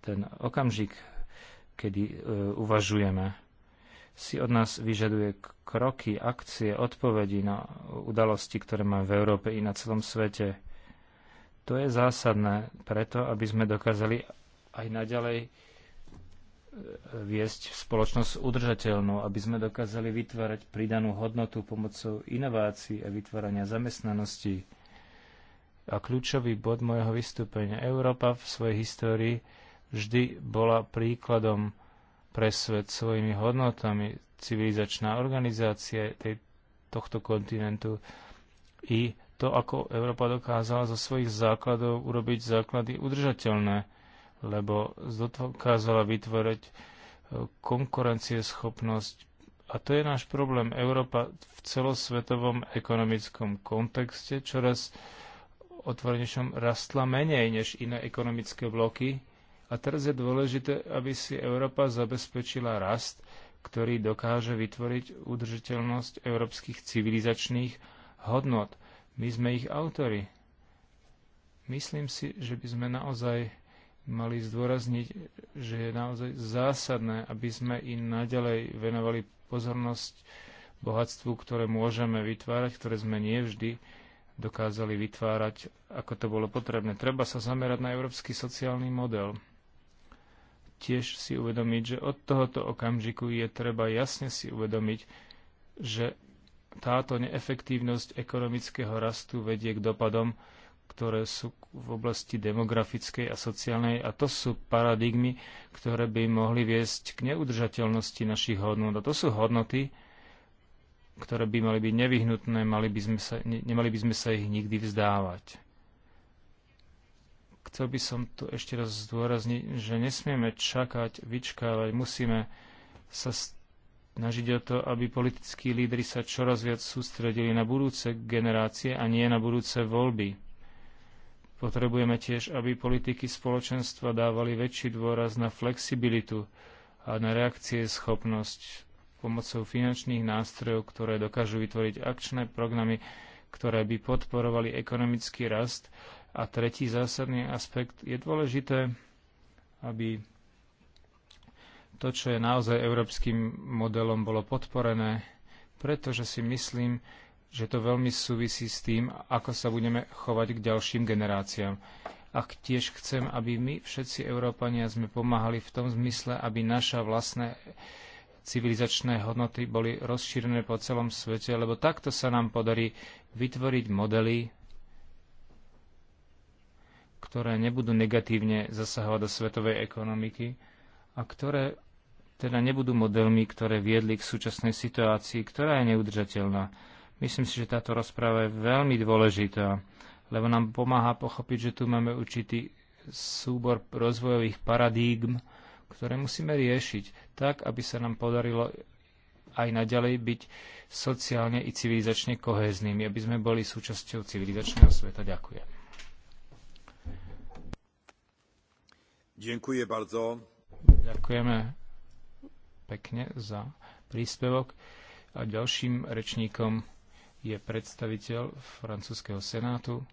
Ten okamžik, kedy e, uvažujeme, si od nás vyžaduje kroky, akcie, odpovedi na udalosti, ktoré máme v Európe i na celom svete. To je zásadné preto, aby sme dokázali aj naďalej viesť spoločnosť udržateľnú, aby sme dokázali vytvárať pridanú hodnotu pomocou inovácií a vytvárania zamestnanosti. A kľúčový bod môjho vystúpenia Európa v svojej histórii vždy bola príkladom pre svet svojimi hodnotami. Civilizačná organizácia tej, tohto kontinentu i to, ako Európa dokázala zo svojich základov urobiť základy udržateľné lebo dokázala vytvoriť e, konkurencieschopnosť. A to je náš problém. Európa v celosvetovom ekonomickom kontexte čoraz otvorenejšom rastla menej než iné ekonomické bloky. A teraz je dôležité, aby si Európa zabezpečila rast, ktorý dokáže vytvoriť udržiteľnosť európskych civilizačných hodnot. My sme ich autory. Myslím si, že by sme naozaj mali zdôrazniť, že je naozaj zásadné, aby sme i naďalej venovali pozornosť bohatstvu, ktoré môžeme vytvárať, ktoré sme nie vždy dokázali vytvárať, ako to bolo potrebné. Treba sa zamerať na európsky sociálny model. Tiež si uvedomiť, že od tohoto okamžiku je treba jasne si uvedomiť, že táto neefektívnosť ekonomického rastu vedie k dopadom, ktoré sú v oblasti demografickej a sociálnej a to sú paradigmy, ktoré by mohli viesť k neudržateľnosti našich hodnot. A to sú hodnoty, ktoré by mali byť nevyhnutné, mali by sme sa, ne, nemali by sme sa ich nikdy vzdávať. Chcel by som tu ešte raz zdôrazniť, že nesmieme čakať, vyčkávať, musíme sa snažiť o to, aby politickí lídry sa čoraz viac sústredili na budúce generácie a nie na budúce voľby Potrebujeme tiež, aby politiky spoločenstva dávali väčší dôraz na flexibilitu a na reakcie schopnosť pomocou finančných nástrojov, ktoré dokážu vytvoriť akčné programy, ktoré by podporovali ekonomický rast. A tretí zásadný aspekt je dôležité, aby to, čo je naozaj európskym modelom, bolo podporené, pretože si myslím, že to veľmi súvisí s tým, ako sa budeme chovať k ďalším generáciám. A tiež chcem, aby my všetci Európania sme pomáhali v tom zmysle, aby naša vlastné civilizačné hodnoty boli rozšírené po celom svete, lebo takto sa nám podarí vytvoriť modely, ktoré nebudú negatívne zasahovať do svetovej ekonomiky a ktoré teda nebudú modelmi, ktoré viedli k súčasnej situácii, ktorá je neudržateľná. Myslím si, že táto rozpráva je veľmi dôležitá, lebo nám pomáha pochopiť, že tu máme určitý súbor rozvojových paradigm, ktoré musíme riešiť tak, aby sa nám podarilo aj naďalej byť sociálne i civilizačne koheznými, aby sme boli súčasťou civilizačného sveta. Ďakujem. Ďakujem bardzo. Ďakujeme pekne za príspevok. A ďalším rečníkom je predstaviteľ francúzského senátu,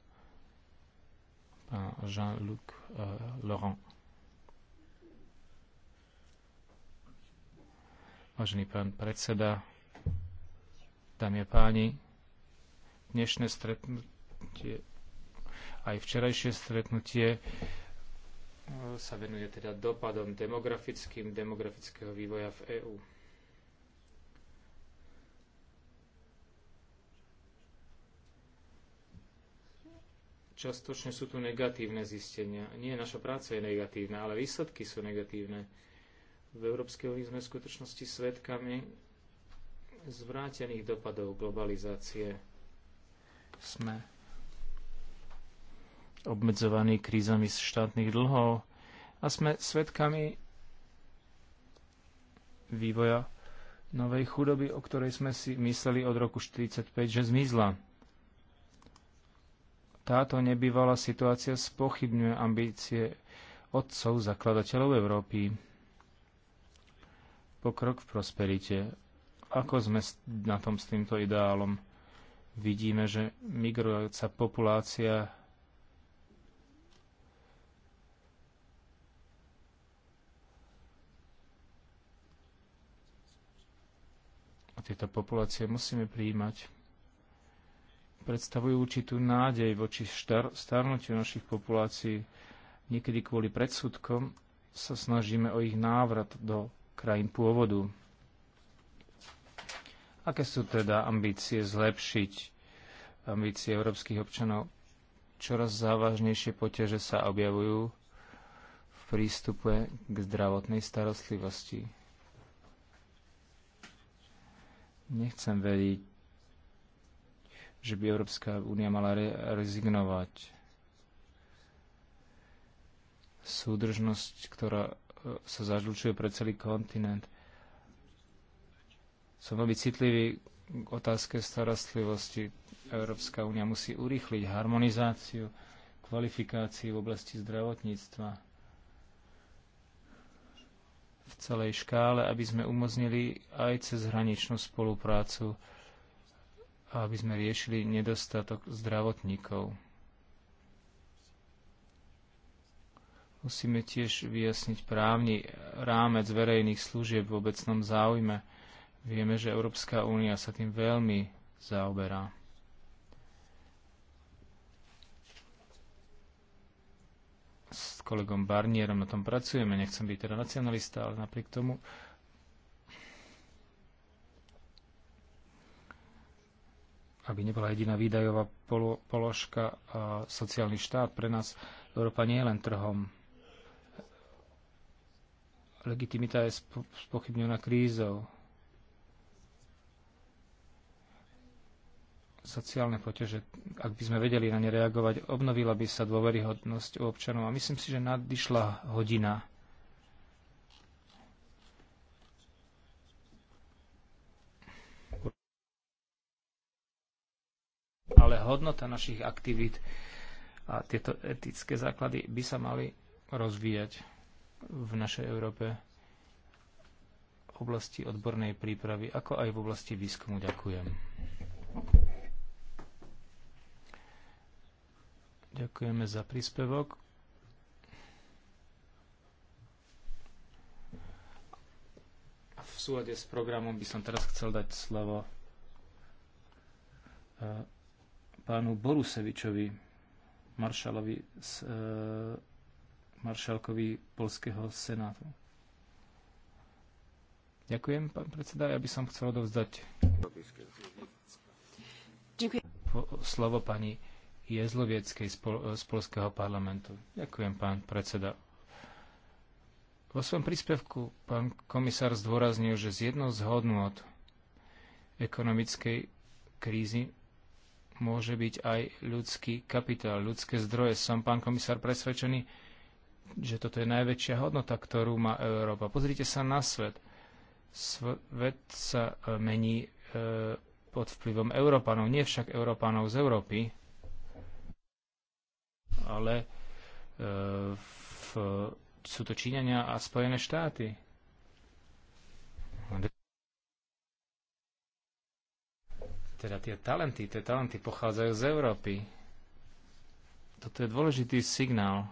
pán Jean-Luc eh, Laurent. Vážený pán predseda, dámy a páni, dnešné stretnutie, aj včerajšie stretnutie eh, sa venuje teda dopadom demografickým, demografického vývoja v EÚ. Častočne sú tu negatívne zistenia. Nie, naša práca je negatívna, ale výsledky sú negatívne. V Európskej únii sme v skutočnosti svetkami zvrátených dopadov globalizácie. Sme obmedzovaní krízami z štátnych dlhov a sme svetkami vývoja novej chudoby, o ktorej sme si mysleli od roku 1945, že zmizla. Táto nebývalá situácia spochybňuje ambície otcov zakladateľov Európy. Pokrok v prosperite. Ako sme na tom s týmto ideálom? Vidíme, že migrujúca populácia tieto populácie musíme prijímať predstavujú určitú nádej voči štar- starnutiu našich populácií. Niekedy kvôli predsudkom sa snažíme o ich návrat do krajín pôvodu. Aké sú teda ambície zlepšiť ambície európskych občanov? Čoraz závažnejšie poťaže sa objavujú v prístupe k zdravotnej starostlivosti. Nechcem veriť že by Európska únia mala re- rezignovať. Súdržnosť, ktorá e, sa zažlučuje pre celý kontinent. Som veľmi citlivý k otázke starostlivosti. Európska únia musí urýchliť harmonizáciu, kvalifikáciu v oblasti zdravotníctva v celej škále, aby sme umožnili aj cezhraničnú spoluprácu aby sme riešili nedostatok zdravotníkov. Musíme tiež vyjasniť právny rámec verejných služieb v obecnom záujme. Vieme, že Európska únia sa tým veľmi zaoberá. S kolegom Barnierom na tom pracujeme. Nechcem byť teda nacionalista, ale napriek tomu aby nebola jediná výdajová položka a sociálny štát. Pre nás Európa nie je len trhom. Legitimita je spochybňovaná krízou. sociálne poťaže, ak by sme vedeli na ne reagovať, obnovila by sa dôveryhodnosť u občanov. A myslím si, že nadišla hodina ale hodnota našich aktivít a tieto etické základy by sa mali rozvíjať v našej Európe v oblasti odbornej prípravy, ako aj v oblasti výskumu. Ďakujem. Ďakujeme za príspevok. V súlade s programom by som teraz chcel dať slovo e, pánu Borusevičovi, maršalovi, e, maršalkovi Polského senátu. Ďakujem, pán predseda. Ja by som chcel odovzdať slovo pani Jezlovieckej z, Pol- z Polského parlamentu. Ďakujem, pán predseda. Vo svojom príspevku pán komisár zdôraznil, že z jednou z hodnot ekonomickej krízy môže byť aj ľudský kapitál, ľudské zdroje. Som, pán komisár, presvedčený, že toto je najväčšia hodnota, ktorú má Európa. Pozrite sa na svet. Svet sa e, mení e, pod vplyvom Európanov, nie však Európanov z Európy, ale e, v, sú to Číňania a Spojené štáty. teda tie talenty, tie talenty pochádzajú z Európy. Toto je dôležitý signál.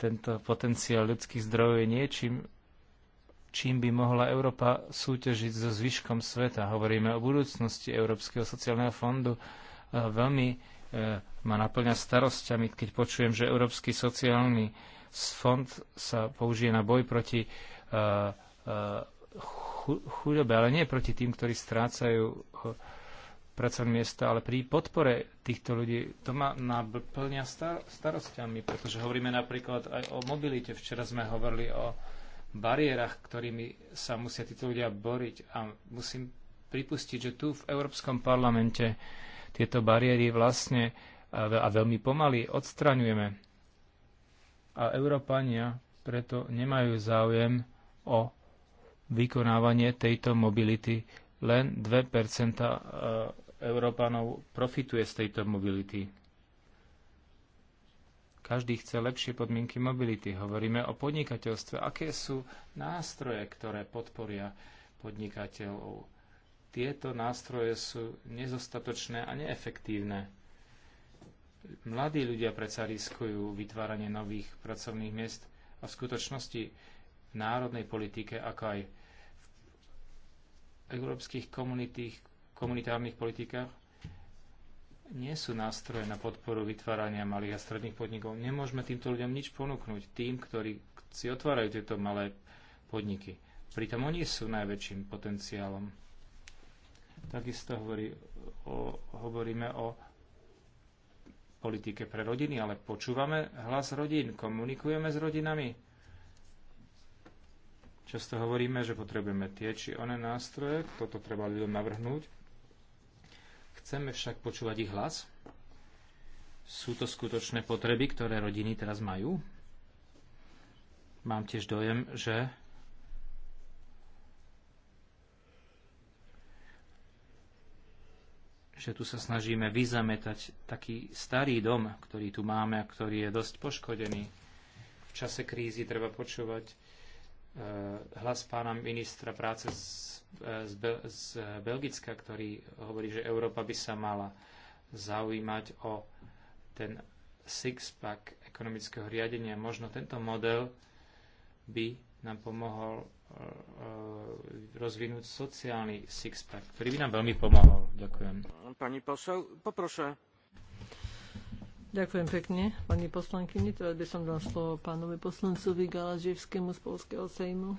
Tento potenciál ľudských zdrojov je niečím, čím by mohla Európa súťažiť so zvyškom sveta. Hovoríme o budúcnosti Európskeho sociálneho fondu. Veľmi e, ma naplňa starosťami, keď počujem, že Európsky sociálny fond sa použije na boj proti e, e, chudobe, ale nie proti tým, ktorí strácajú eh, pracovné miesta, ale pri podpore týchto ľudí to ma naplňa starostiami, pretože hovoríme napríklad aj o mobilite. Včera sme hovorili o bariérach, ktorými sa musia títo ľudia boriť a musím pripustiť, že tu v Európskom parlamente tieto bariéry vlastne a veľmi pomaly odstraňujeme. A Európania preto nemajú záujem o vykonávanie tejto mobility. Len 2 e, Európanov profituje z tejto mobility. Každý chce lepšie podmienky mobility. Hovoríme o podnikateľstve. Aké sú nástroje, ktoré podporia podnikateľov? Tieto nástroje sú nezostatočné a neefektívne. Mladí ľudia predsa riskujú vytváranie nových pracovných miest a v skutočnosti v národnej politike, ako aj v európskych komunitárnych politikách, nie sú nástroje na podporu vytvárania malých a stredných podnikov. Nemôžeme týmto ľuďom nič ponúknuť, tým, ktorí si otvárajú tieto malé podniky. Pritom oni sú najväčším potenciálom. Takisto hovorí o, hovoríme o politike pre rodiny, ale počúvame hlas rodín, komunikujeme s rodinami Často hovoríme, že potrebujeme tie či oné nástroje, toto treba ľuďom navrhnúť. Chceme však počúvať ich hlas. Sú to skutočné potreby, ktoré rodiny teraz majú? Mám tiež dojem, že že tu sa snažíme vyzametať taký starý dom, ktorý tu máme a ktorý je dosť poškodený. V čase krízy treba počúvať Eh, hlas pána ministra práce z, eh, z, Belgicka, ktorý hovorí, že Európa by sa mala zaujímať o ten six-pack ekonomického riadenia. Možno tento model by nám pomohol eh, rozvinúť sociálny six-pack, ktorý by nám veľmi pomohol. Ďakujem. Pani posel, Ďakujem pekne, pani poslankyni. Teraz by som dal slovo pánovi poslancovi Galaževskému z Polského sejmu.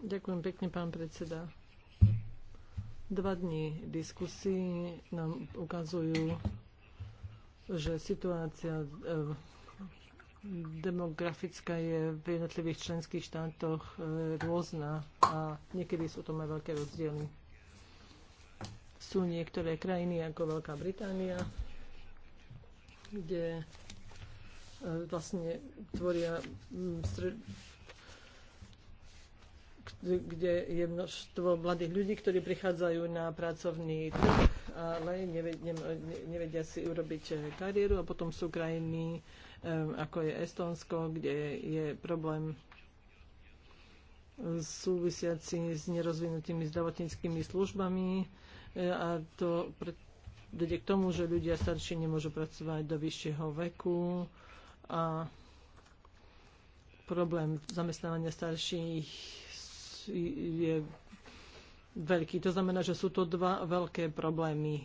Ďakujem pekne, pán predseda. Dva dní diskusí nám ukazujú, že situácia eh, demografická je v jednotlivých členských štátoch eh, rôzna a niekedy sú to aj veľké rozdiely. Sú niektoré krajiny ako Veľká Británia, kde e, vlastne tvoria mm, kde je množstvo mladých ľudí, ktorí prichádzajú na pracovný trh, ale nevedia, si urobiť e, kariéru a potom sú krajiny e, ako je Estónsko, kde je problém súvisiaci s nerozvinutými zdravotníckými službami a to preto dojde k tomu, že ľudia starší nemôžu pracovať do vyššieho veku a problém zamestnávania starších je veľký. To znamená, že sú to dva veľké problémy. E,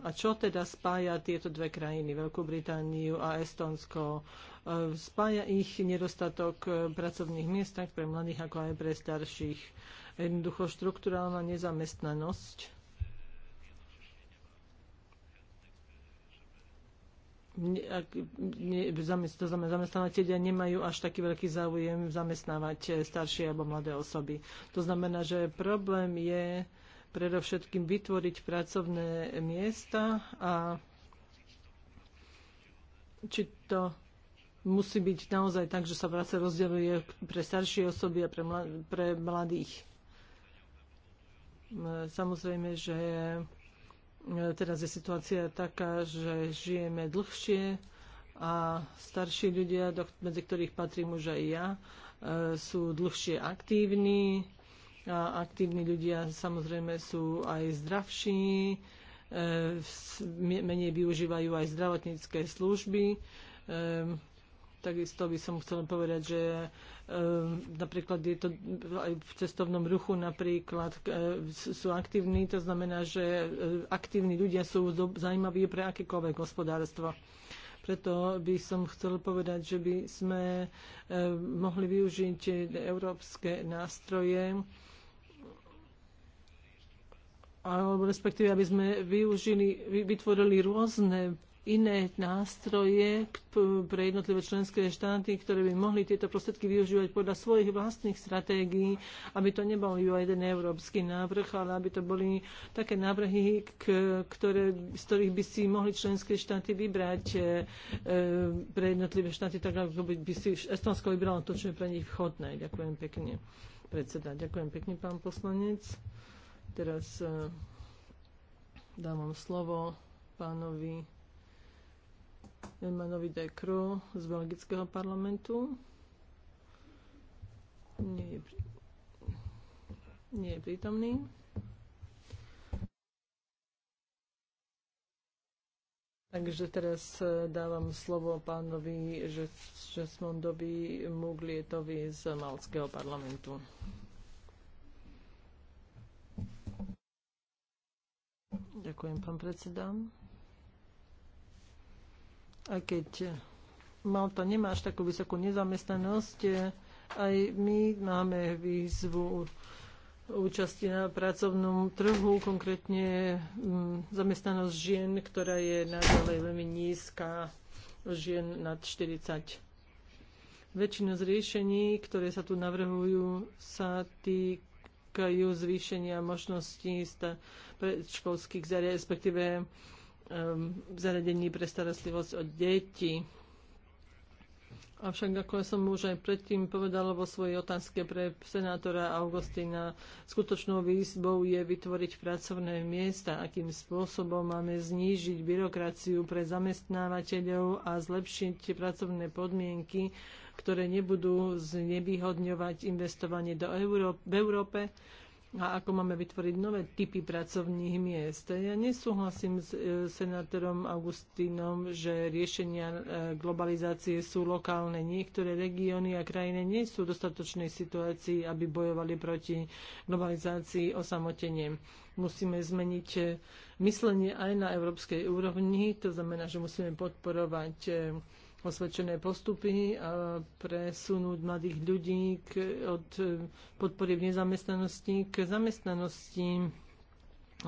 a čo teda spája tieto dve krajiny, Veľkú Britániu a Estonsko? E, spája ich nedostatok e, pracovných miest tak pre mladých, ako aj pre starších. Jednoducho štruktúrálna nezamestnanosť zamestnávateľia nemajú až taký veľký záujem zamestnávať e, staršie alebo mladé osoby. To znamená, že problém je predovšetkým vytvoriť pracovné miesta a či to musí byť naozaj tak, že sa práca rozdeľuje pre staršie osoby a pre, mladých. Samozrejme, že teraz je situácia taká, že žijeme dlhšie a starší ľudia, medzi ktorých patrím už aj ja, e, sú dlhšie aktívni a aktívni ľudia samozrejme sú aj zdravší, e, menej využívajú aj zdravotnícke služby e, Takisto by som chcela povedať, že e, napríklad je to aj v cestovnom ruchu napríklad e, sú aktívni, to znamená, že e, aktívni ľudia sú do, zaujímaví pre akékoľvek hospodárstvo. Preto by som chcel povedať, že by sme e, mohli využiť európske nástroje, alebo respektíve, aby sme využili, vytvorili rôzne iné nástroje pre jednotlivé členské štáty, ktoré by mohli tieto prostriedky využívať podľa svojich vlastných stratégií, aby to nebol iba jeden európsky návrh, ale aby to boli také návrhy, ktoré, z ktorých by si mohli členské štáty vybrať e, e, pre jednotlivé štáty, tak ako by si Estonsko vybralo to, čo je pre nich vhodné. Ďakujem pekne, predseda. Ďakujem pekne, pán poslanec. Teraz e, dávam slovo pánovi Manovi Dekru Kru z belgického parlamentu. Nie je, nie je prítomný. Takže teraz eh, dávam slovo pánovi Žesmondovi Muglietovi z Malckého parlamentu. Ďakujem, pán predseda aj keď Malta nemá až takú vysokú nezamestnanosť, aj my máme výzvu účasti na pracovnom trhu, konkrétne mm, zamestnanosť žien, ktorá je naďalej veľmi nízka, žien nad 40. Väčšina z riešení, ktoré sa tu navrhujú, sa týkajú zvýšenia možností predškolských zariadení, respektíve Um, zariadení pre starostlivosť o deti. Avšak, ako som už aj predtým povedala vo svojej otázke pre senátora Augustína, skutočnou výzbou je vytvoriť pracovné miesta, akým spôsobom máme znížiť byrokraciu pre zamestnávateľov a zlepšiť pracovné podmienky, ktoré nebudú znevýhodňovať investovanie do Euró- v Európe, a ako máme vytvoriť nové typy pracovných miest. Ja nesúhlasím s e, senátorom Augustínom, že riešenia e, globalizácie sú lokálne. Niektoré regióny a krajiny nie sú v dostatočnej situácii, aby bojovali proti globalizácii osamotenie. Musíme zmeniť e, myslenie aj na európskej úrovni, to znamená, že musíme podporovať osvedčené postupy a presunúť mladých ľudí k, od e, podpory v nezamestnanosti k zamestnanosti,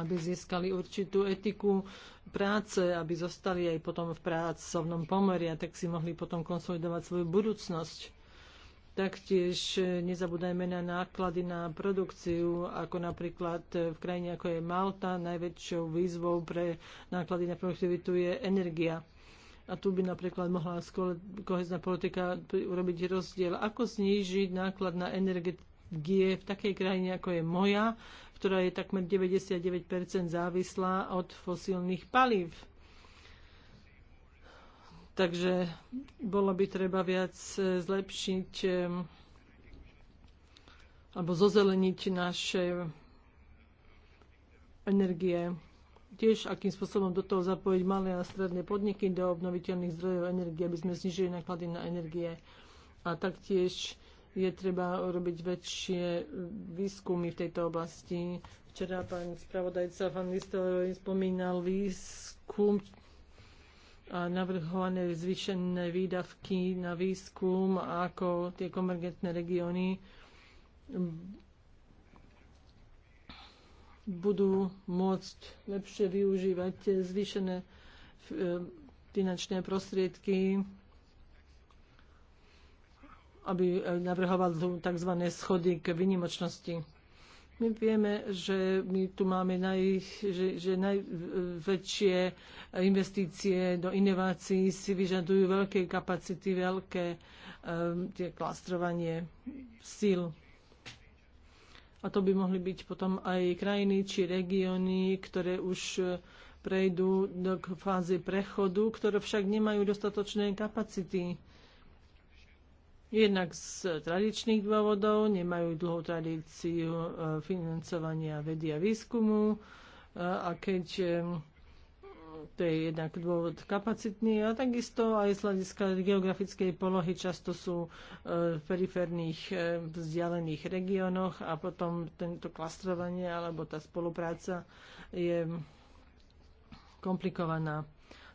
aby získali určitú etiku práce, aby zostali aj potom v prácovnom pomeri a tak si mohli potom konsolidovať svoju budúcnosť. Taktiež e, nezabúdajme na náklady na produkciu, ako napríklad e, v krajine ako je Malta, najväčšou výzvou pre náklady na produktivitu je energia a tu by napríklad mohla kohezná politika urobiť rozdiel. Ako znížiť náklad na energie v takej krajine, ako je moja, ktorá je takmer 99% závislá od fosílnych palív. Takže bolo by treba viac e, zlepšiť e, alebo zozeleniť naše energie tiež, akým spôsobom do toho zapojiť malé a stredné podniky do obnoviteľných zdrojov energie, aby sme znižili náklady na energie. A taktiež je treba robiť väčšie mm, výskumy v tejto oblasti. Včera pán spravodajca Van Nistelrooy spomínal výskum a navrhované zvýšené výdavky na výskum, ako tie konvergentné regióny budú môcť lepšie využívať zvýšené eh, finančné prostriedky, aby eh, navrhoval tzv. schody k vynimočnosti. My vieme, že my tu máme naj, že, že najväčšie investície do inovácií si vyžadujú veľké kapacity, veľké um, tie klastrovanie síl. A to by mohli byť potom aj krajiny či regióny, ktoré už e, prejdú do fázy prechodu, ktoré však nemajú dostatočné kapacity. Jednak z tradičných dôvodov nemajú dlhú tradíciu e, financovania vedy a výskumu e, a keď to je jednak dôvod kapacitný a takisto aj z hľadiska geografickej polohy často sú e, v periférnych e, vzdialených regiónoch a potom tento klastrovanie alebo tá spolupráca je komplikovaná.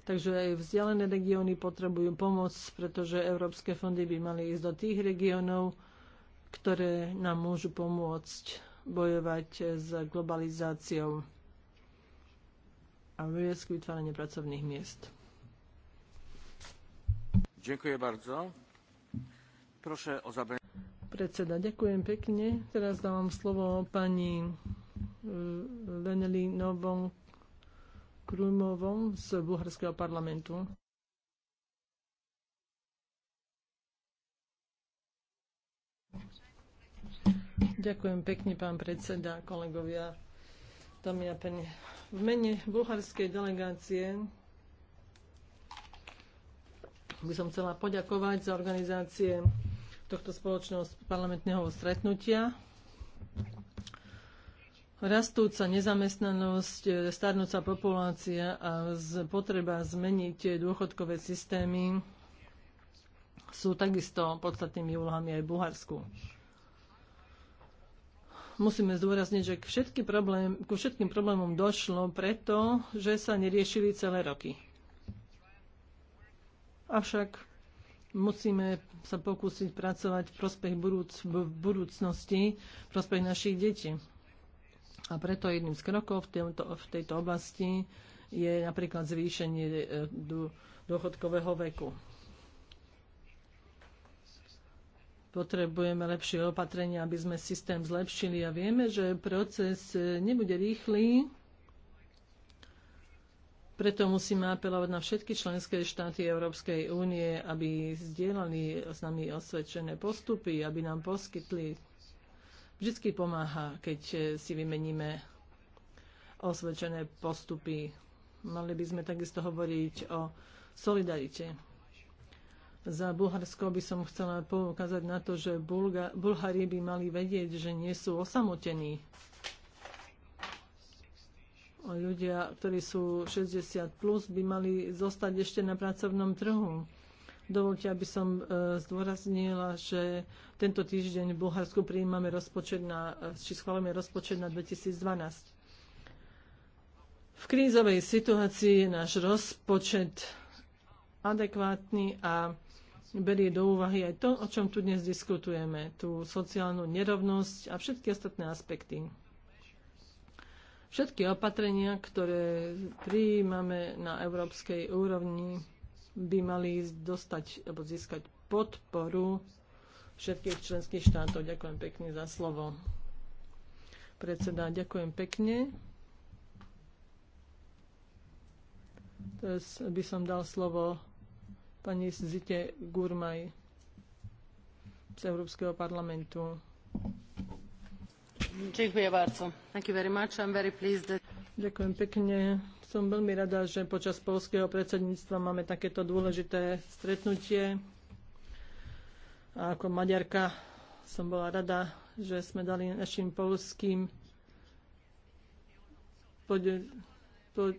Takže aj vzdialené regióny potrebujú pomoc, pretože európske fondy by mali ísť do tých regiónov, ktoré nám môžu pomôcť bojovať s globalizáciou a viesť k vytváraniu pracovných miest. Ďakujem bardzo. Proszę o zabranie. Predseda, ďakujem pekne. Teraz dávam slovo pani e, Leneli Novom Krumovom z Bulharského parlamentu. Ďakujem pekne, pán predseda, kolegovia, dámy a pani v mene bulharskej delegácie by som chcela poďakovať za organizácie tohto spoločného parlamentného stretnutia. Rastúca nezamestnanosť, starnúca populácia a potreba zmeniť dôchodkové systémy sú takisto podstatnými úlohami aj v Bulharsku musíme zdôrazniť, že k všetky problém, ku všetkým problémom došlo preto, že sa neriešili celé roky. Avšak musíme sa pokúsiť pracovať v prospech budúc, v budúcnosti, v prospech našich detí. A preto jedným z krokov v, tejto, v tejto oblasti je napríklad zvýšenie eh, dôchodkového veku. potrebujeme lepšie opatrenia, aby sme systém zlepšili a vieme, že proces e, nebude rýchly, preto musíme apelovať na všetky členské štáty Európskej únie, aby zdieľali s nami osvedčené postupy, aby nám poskytli. Vždycky pomáha, keď e, si vymeníme osvedčené postupy. Mali by sme takisto hovoriť o solidarite. Za Bulharsko by som chcela poukázať na to, že Bulga- Bulhári by mali vedieť, že nie sú osamotení. Ľudia, ktorí sú 60 plus, by mali zostať ešte na pracovnom trhu. Dovolte, aby som e, zdôraznila, že tento týždeň v Bulharsku prijímame rozpočet na, či schválime rozpočet na 2012. V krízovej situácii je náš rozpočet adekvátny a berie do úvahy aj to, o čom tu dnes diskutujeme, tú sociálnu nerovnosť a všetky ostatné aspekty. Všetky opatrenia, ktoré prijímame na európskej úrovni, by mali dostať alebo získať podporu všetkých členských štátov. Ďakujem pekne za slovo. Predseda, ďakujem pekne. Teraz by som dal slovo pani Zite Gurmaj z Európskeho parlamentu. Ďakujem pekne. Som veľmi rada, že počas polského predsedníctva máme takéto dôležité stretnutie. A ako Maďarka som bola rada, že sme dali našim polským pod, pod,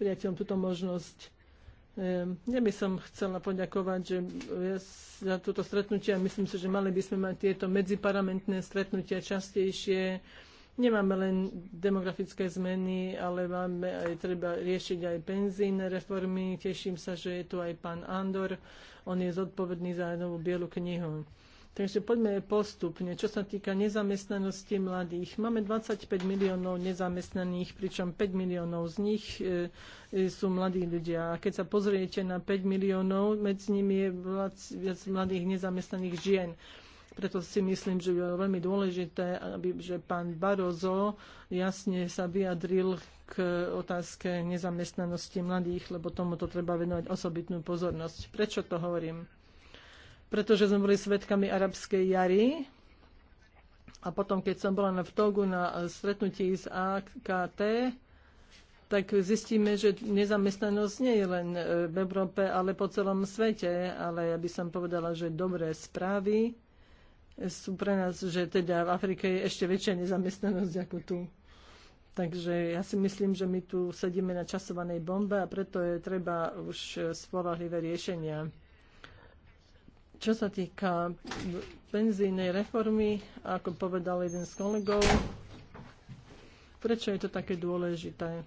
priateľom túto možnosť. Ehm, ja by som chcela poďakovať že eh, za toto stretnutie a myslím si, že mali by sme mať tieto medziparlamentné stretnutia častejšie. Nemáme len demografické zmeny, ale máme aj, treba riešiť aj penzíne reformy. Teším sa, že je tu aj pán Andor. On je zodpovedný za novú bielu knihu. Takže poďme postupne. Čo sa týka nezamestnanosti mladých, máme 25 miliónov nezamestnaných, pričom 5 miliónov z nich e, e, sú mladí ľudia. A keď sa pozriete na 5 miliónov, medzi nimi je viac mladých nezamestnaných žien. Preto si myslím, že je veľmi dôležité, aby, že pán Barozo jasne sa vyjadril k otázke nezamestnanosti mladých, lebo tomuto treba venovať osobitnú pozornosť. Prečo to hovorím? pretože sme boli svetkami arabskej jary. A potom, keď som bola na vtogu na stretnutí z AKT, tak zistíme, že nezamestnanosť nie je len e, v Európe, ale po celom svete. Ale ja by som povedala, že dobré správy sú pre nás, že teda v Afrike je ešte väčšia nezamestnanosť ako tu. Takže ja si myslím, že my tu sedíme na časovanej bombe a preto je treba už spolahlivé riešenia. Čo sa týka penzijnej reformy, ako povedal jeden z kolegov, prečo je to také dôležité?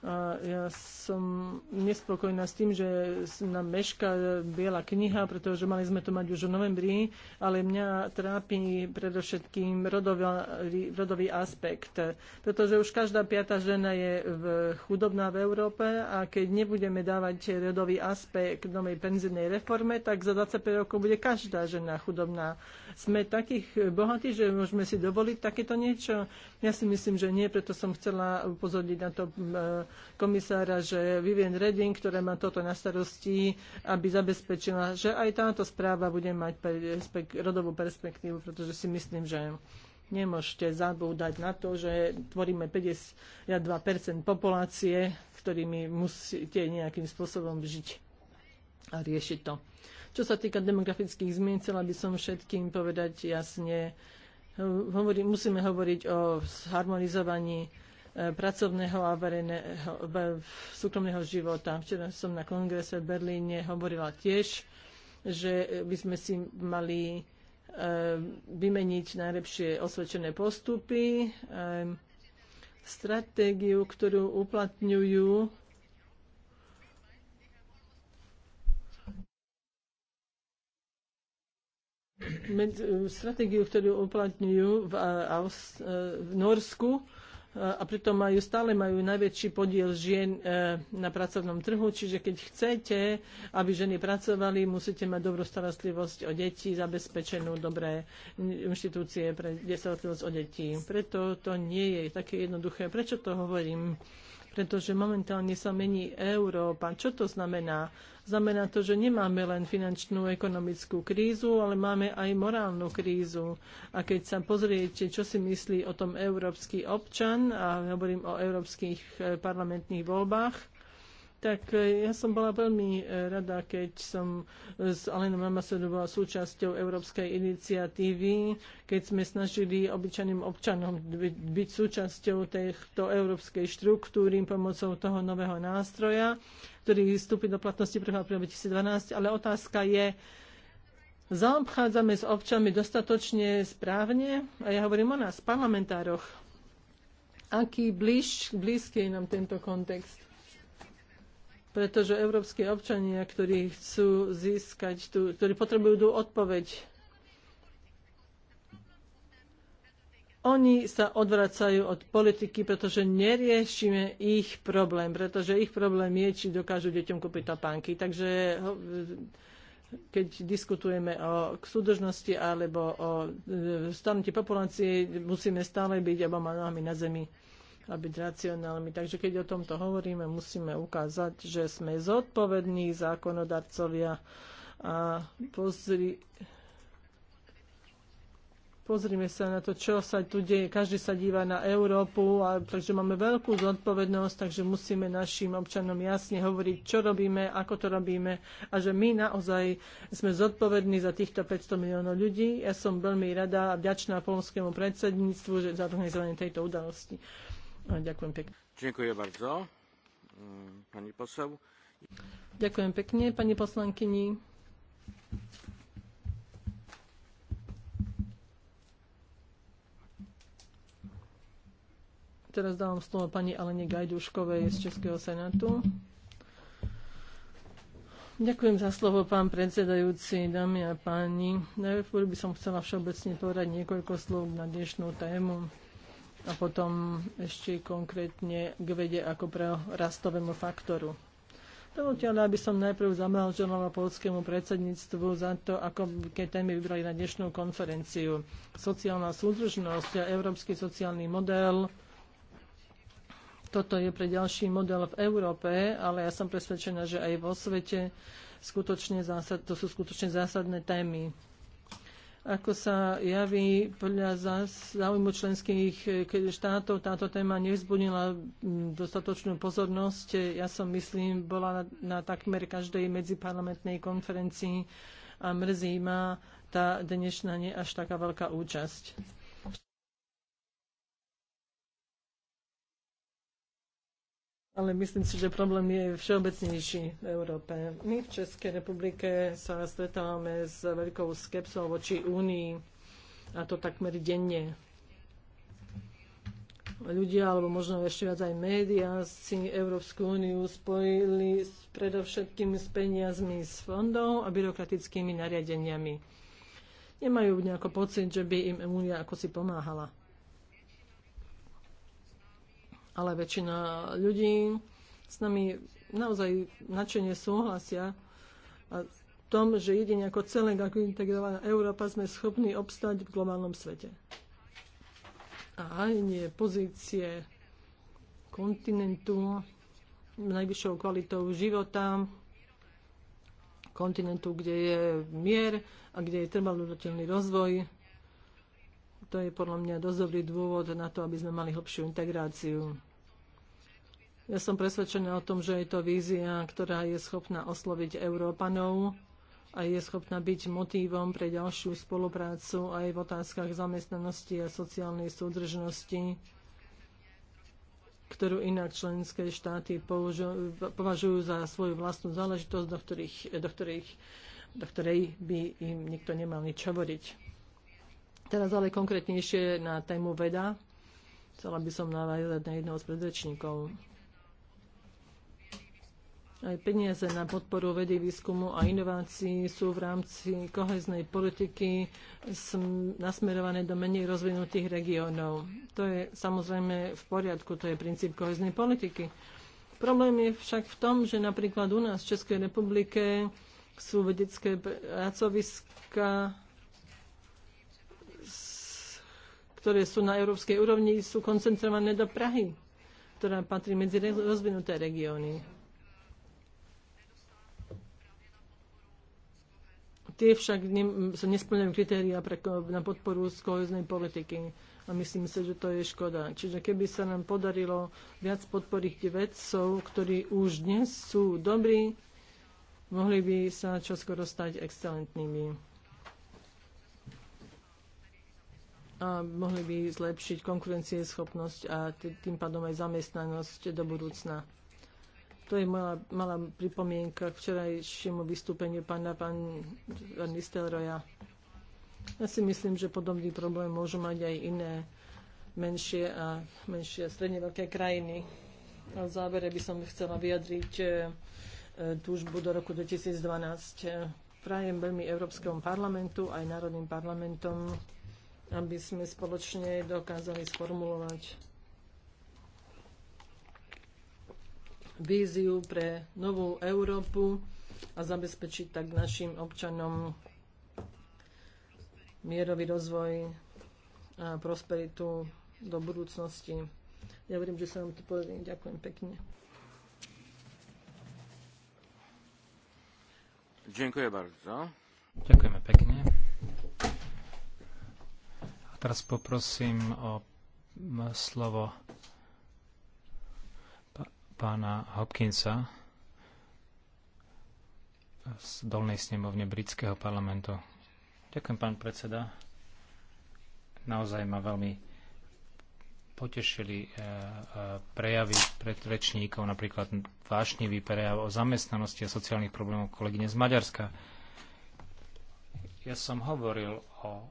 A ja som nespokojná s tým, že nám meška biela kniha, pretože mali sme to mať už v novembri, ale mňa trápi predovšetkým rodový, rodový aspekt, pretože už každá piata žena je v, chudobná v Európe a keď nebudeme dávať rodový aspekt novej penzijnej reforme, tak za 25 rokov bude každá žena chudobná. Sme takých bohatí, že môžeme si dovoliť takéto niečo? Ja si myslím, že nie, preto som chcela upozorniť na to komisára, že Vivian Redding, ktorá má toto na starosti, aby zabezpečila, že aj táto správa bude mať perspek- rodovú perspektívu, pretože si myslím, že nemôžete zabúdať na to, že tvoríme 52% populácie, ktorými musíte nejakým spôsobom žiť a riešiť to. Čo sa týka demografických zmien, chcela by som všetkým povedať jasne, hovorí, musíme hovoriť o harmonizovaní E, pracovného a verejného, súkromného života. Včera som na kongrese v Berlíne hovorila tiež, že by sme si mali e, vymeniť najlepšie osvedčené postupy, e, stratégiu, ktorú uplatňujú stratégiu, ktorú uplatňujú v, v Norsku, a pritom majú, stále majú najväčší podiel žien e, na pracovnom trhu, čiže keď chcete, aby ženy pracovali, musíte mať dobrú starostlivosť o deti, zabezpečenú dobré inštitúcie pre starostlivosť o deti. Preto to nie je také jednoduché. Prečo to hovorím? pretože momentálne sa mení Európa. Čo to znamená? Znamená to, že nemáme len finančnú ekonomickú krízu, ale máme aj morálnu krízu. A keď sa pozriete, čo si myslí o tom európsky občan, a hovorím o európskych eh, parlamentných voľbách, tak e, ja som bola veľmi e, rada, keď som e, s Alenom Lamassou bola súčasťou Európskej iniciatívy, keď sme snažili obyčajným občanom byť, byť súčasťou tejto európskej štruktúry pomocou toho nového nástroja, ktorý vstúpi do platnosti 1. apríla 2012. Ale otázka je, zaobchádzame s občanmi dostatočne správne? A ja hovorím o nás, parlamentároch. Aký blíž, blízky je nám tento kontext? pretože európske občania, ktorí chcú získať, tú, ktorí potrebujú tú odpoveď, oni sa odvracajú od politiky, pretože neriešime ich problém, pretože ich problém je, či dokážu deťom kúpiť topánky. Takže keď diskutujeme o súdržnosti alebo o e, stanutí populácie, musíme stále byť oboma nohami na zemi a byť racionálmi. Takže keď o tomto hovoríme, musíme ukázať, že sme zodpovední zákonodarcovia a pozri, pozrime sa na to, čo sa tu deje. Každý sa díva na Európu, a, takže máme veľkú zodpovednosť, takže musíme našim občanom jasne hovoriť, čo robíme, ako to robíme a že my naozaj sme zodpovední za týchto 500 miliónov ľudí. Ja som veľmi rada a vďačná polskému predsedníctvu že za organizovanie tejto udalosti. No, ďakujem pekne. Ďakujem bardzo. Mm, pani poseł. Ďakujem pekne, pani poslankyni. Teraz dávam slovo pani Alene Gajduškovej z Českého senátu. Ďakujem za slovo, pán predsedajúci, dámy a páni. Najprv by som chcela všeobecne povedať niekoľko slov na dnešnú tému a potom ešte konkrétne k vede ako pre rastovému faktoru. Dovolte, ale aby som najprv zamlažovala polskému predsedníctvu za to, ako keď témy vybrali na dnešnú konferenciu. Sociálna súdržnosť a európsky sociálny model. Toto je pre ďalší model v Európe, ale ja som presvedčená, že aj vo svete skutočne zásad, to sú skutočne zásadné témy. Ako sa javí podľa záujmu členských eh, štátov, táto téma nevzbudila mm, dostatočnú pozornosť. Ja som, myslím, bola na, na takmer každej medziparlamentnej konferencii a mrzí ma tá dnešná nie až taká veľká účasť. ale myslím si, že problém je všeobecnejší v Európe. My v Českej republike sa stretávame s veľkou skepsou voči Únii a to takmer denne. Ľudia, alebo možno ešte viac aj médiá, si Európsku úniu spojili s, predovšetkým s peniazmi z fondov a byrokratickými nariadeniami. Nemajú nejako pocit, že by im Únia ako si pomáhala ale väčšina ľudí s nami naozaj nadšenie súhlasia a v tom, že jedine ako celé, ako integrovaná Európa sme schopní obstať v globálnom svete. A nie pozície kontinentu najvyššou kvalitou života, kontinentu, kde je mier a kde je trvalodateľný rozvoj. To je podľa mňa dosť dobrý dôvod na to, aby sme mali hlbšiu integráciu. Ja som presvedčená o tom, že je to vízia, ktorá je schopná osloviť Európanov a je schopná byť motívom pre ďalšiu spoluprácu aj v otázkach zamestnanosti a sociálnej súdržnosti, ktorú inak členské štáty považujú za svoju vlastnú záležitosť, do, ktorých, do, ktorých, do ktorej by im nikto nemal nič hovoriť. Teraz ale konkrétnejšie na tému veda. Chcela by som navázať na jedného z predrečníkov aj peniaze na podporu vedy, výskumu a inovácií sú v rámci koheznej politiky nasmerované do menej rozvinutých regiónov. To je samozrejme v poriadku, to je princíp koheznej politiky. Problém je však v tom, že napríklad u nás v Českej republike sú vedecké pracoviska, ktoré sú na európskej úrovni, sú koncentrované do Prahy, ktorá patrí medzi rozvinuté regióny tie však ne, sa nesplňujú kritéria pre, na podporu z koheznej politiky. A myslím si, že to je škoda. Čiže keby sa nám podarilo viac podporiť vedcov, ktorí už dnes sú dobrí, mohli by sa čoskoro stať excelentnými. a mohli by zlepšiť konkurencieschopnosť a tým pádom aj zamestnanosť do budúcna. To je malá, malá pripomienka k včerajšiemu vystúpeniu pána pán, Nistelroja. Ja si myslím, že podobný problém môžu mať aj iné menšie a menšie a stredne veľké krajiny. A v závere by som chcela vyjadriť e, e, túžbu do roku 2012. Prajem veľmi Európskom parlamentu aj Národným parlamentom, aby sme spoločne dokázali sformulovať víziu pre novú Európu a zabezpečiť tak našim občanom mierový rozvoj a prosperitu do budúcnosti. Ja verím, že sa vám to podarí. Ďakujem pekne. Ďakujem bardzo. Ďakujeme pekne. A teraz poprosím o slovo pána Hopkinsa z dolnej snemovne britského parlamentu. Ďakujem, pán predseda. Naozaj ma veľmi potešili eh, eh, prejavy predrečníkov, napríklad vášnivý prejav o zamestnanosti a sociálnych problémov kolegyne z Maďarska. Ja som hovoril o eh,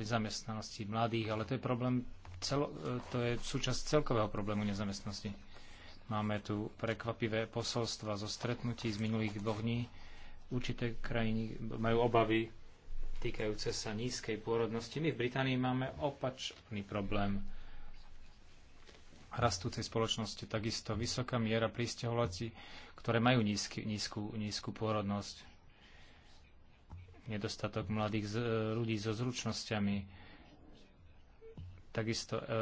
nezamestnanosti mladých, ale to je problém, celo, to je súčasť celkového problému nezamestnanosti Máme tu prekvapivé posolstva zo stretnutí z minulých dvoch dní. Určité krajiny majú obavy týkajúce sa nízkej pôrodnosti. My v Británii máme opačný problém rastúcej spoločnosti, takisto vysoká miera pristahovací, ktoré majú nízky, nízku, nízku pôrodnosť, nedostatok mladých z, e, ľudí so zručnosťami, takisto e, e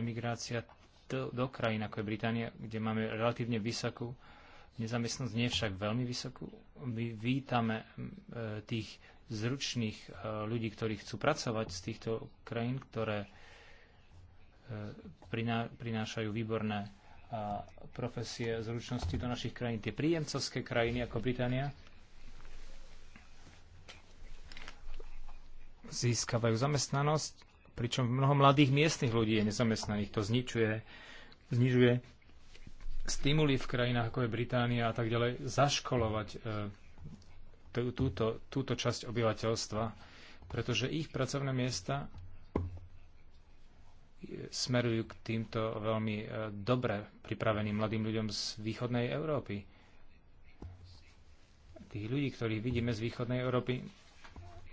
emigrácia do, do krajín ako je Británia, kde máme relatívne vysokú nezamestnosť, nie však veľmi vysokú. My vítame e, tých zručných e, ľudí, ktorí chcú pracovať z týchto krajín, ktoré e, prinášajú výborné profesie zručnosti do našich krajín. Tie príjemcovské krajiny ako Británia získavajú zamestnanosť Pričom mnoho mladých miestnych ľudí je nezamestnaných. To zničuje, znižuje stimuly v krajinách ako je Británia a tak ďalej zaškolovať e, túto, túto časť obyvateľstva, pretože ich pracovné miesta e, smerujú k týmto veľmi e, dobre pripraveným mladým ľuďom z východnej Európy. Tých ľudí, ktorých vidíme z východnej Európy,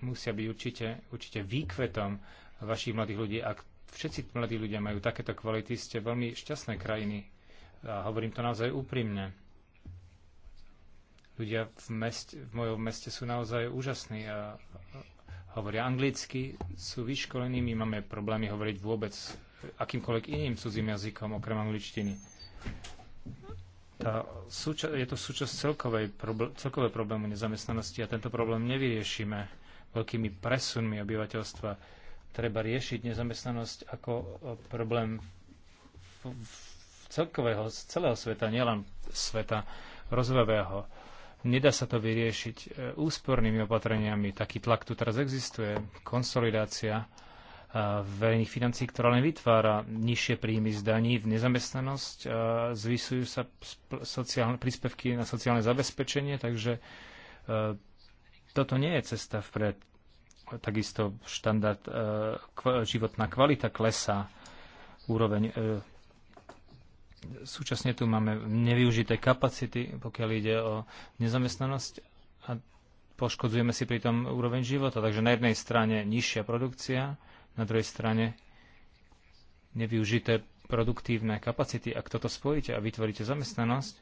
musia byť určite, určite výkvetom vašich mladých ľudí. Ak všetci mladí ľudia majú takéto kvality, ste veľmi šťastné krajiny. A hovorím to naozaj úprimne. Ľudia v, meste, v mojom meste sú naozaj úžasní a hovoria anglicky, sú vyškolení, my máme problémy hovoriť vôbec akýmkoľvek iným cudzím jazykom okrem angličtiny. Tá súča- je to súčasť probl- celkového problému nezamestnanosti a tento problém nevyriešime veľkými presunmi obyvateľstva treba riešiť nezamestnanosť ako e, problém celkového, z celého sveta, nielen sveta rozvojového. Nedá sa to vyriešiť e, úspornými opatreniami. Taký tlak tu teraz existuje. Konsolidácia e, verejných financí, ktorá len vytvára nižšie príjmy z daní, nezamestnanosť, zvisujú sa sociálne, príspevky na sociálne zabezpečenie, takže toto nie je cesta vpred takisto štandard, e, životná kvalita klesá, úroveň. E, súčasne tu máme nevyužité kapacity, pokiaľ ide o nezamestnanosť a poškodzujeme si pritom úroveň života. Takže na jednej strane nižšia produkcia, na druhej strane nevyužité produktívne kapacity. Ak toto spojíte a vytvoríte zamestnanosť, e,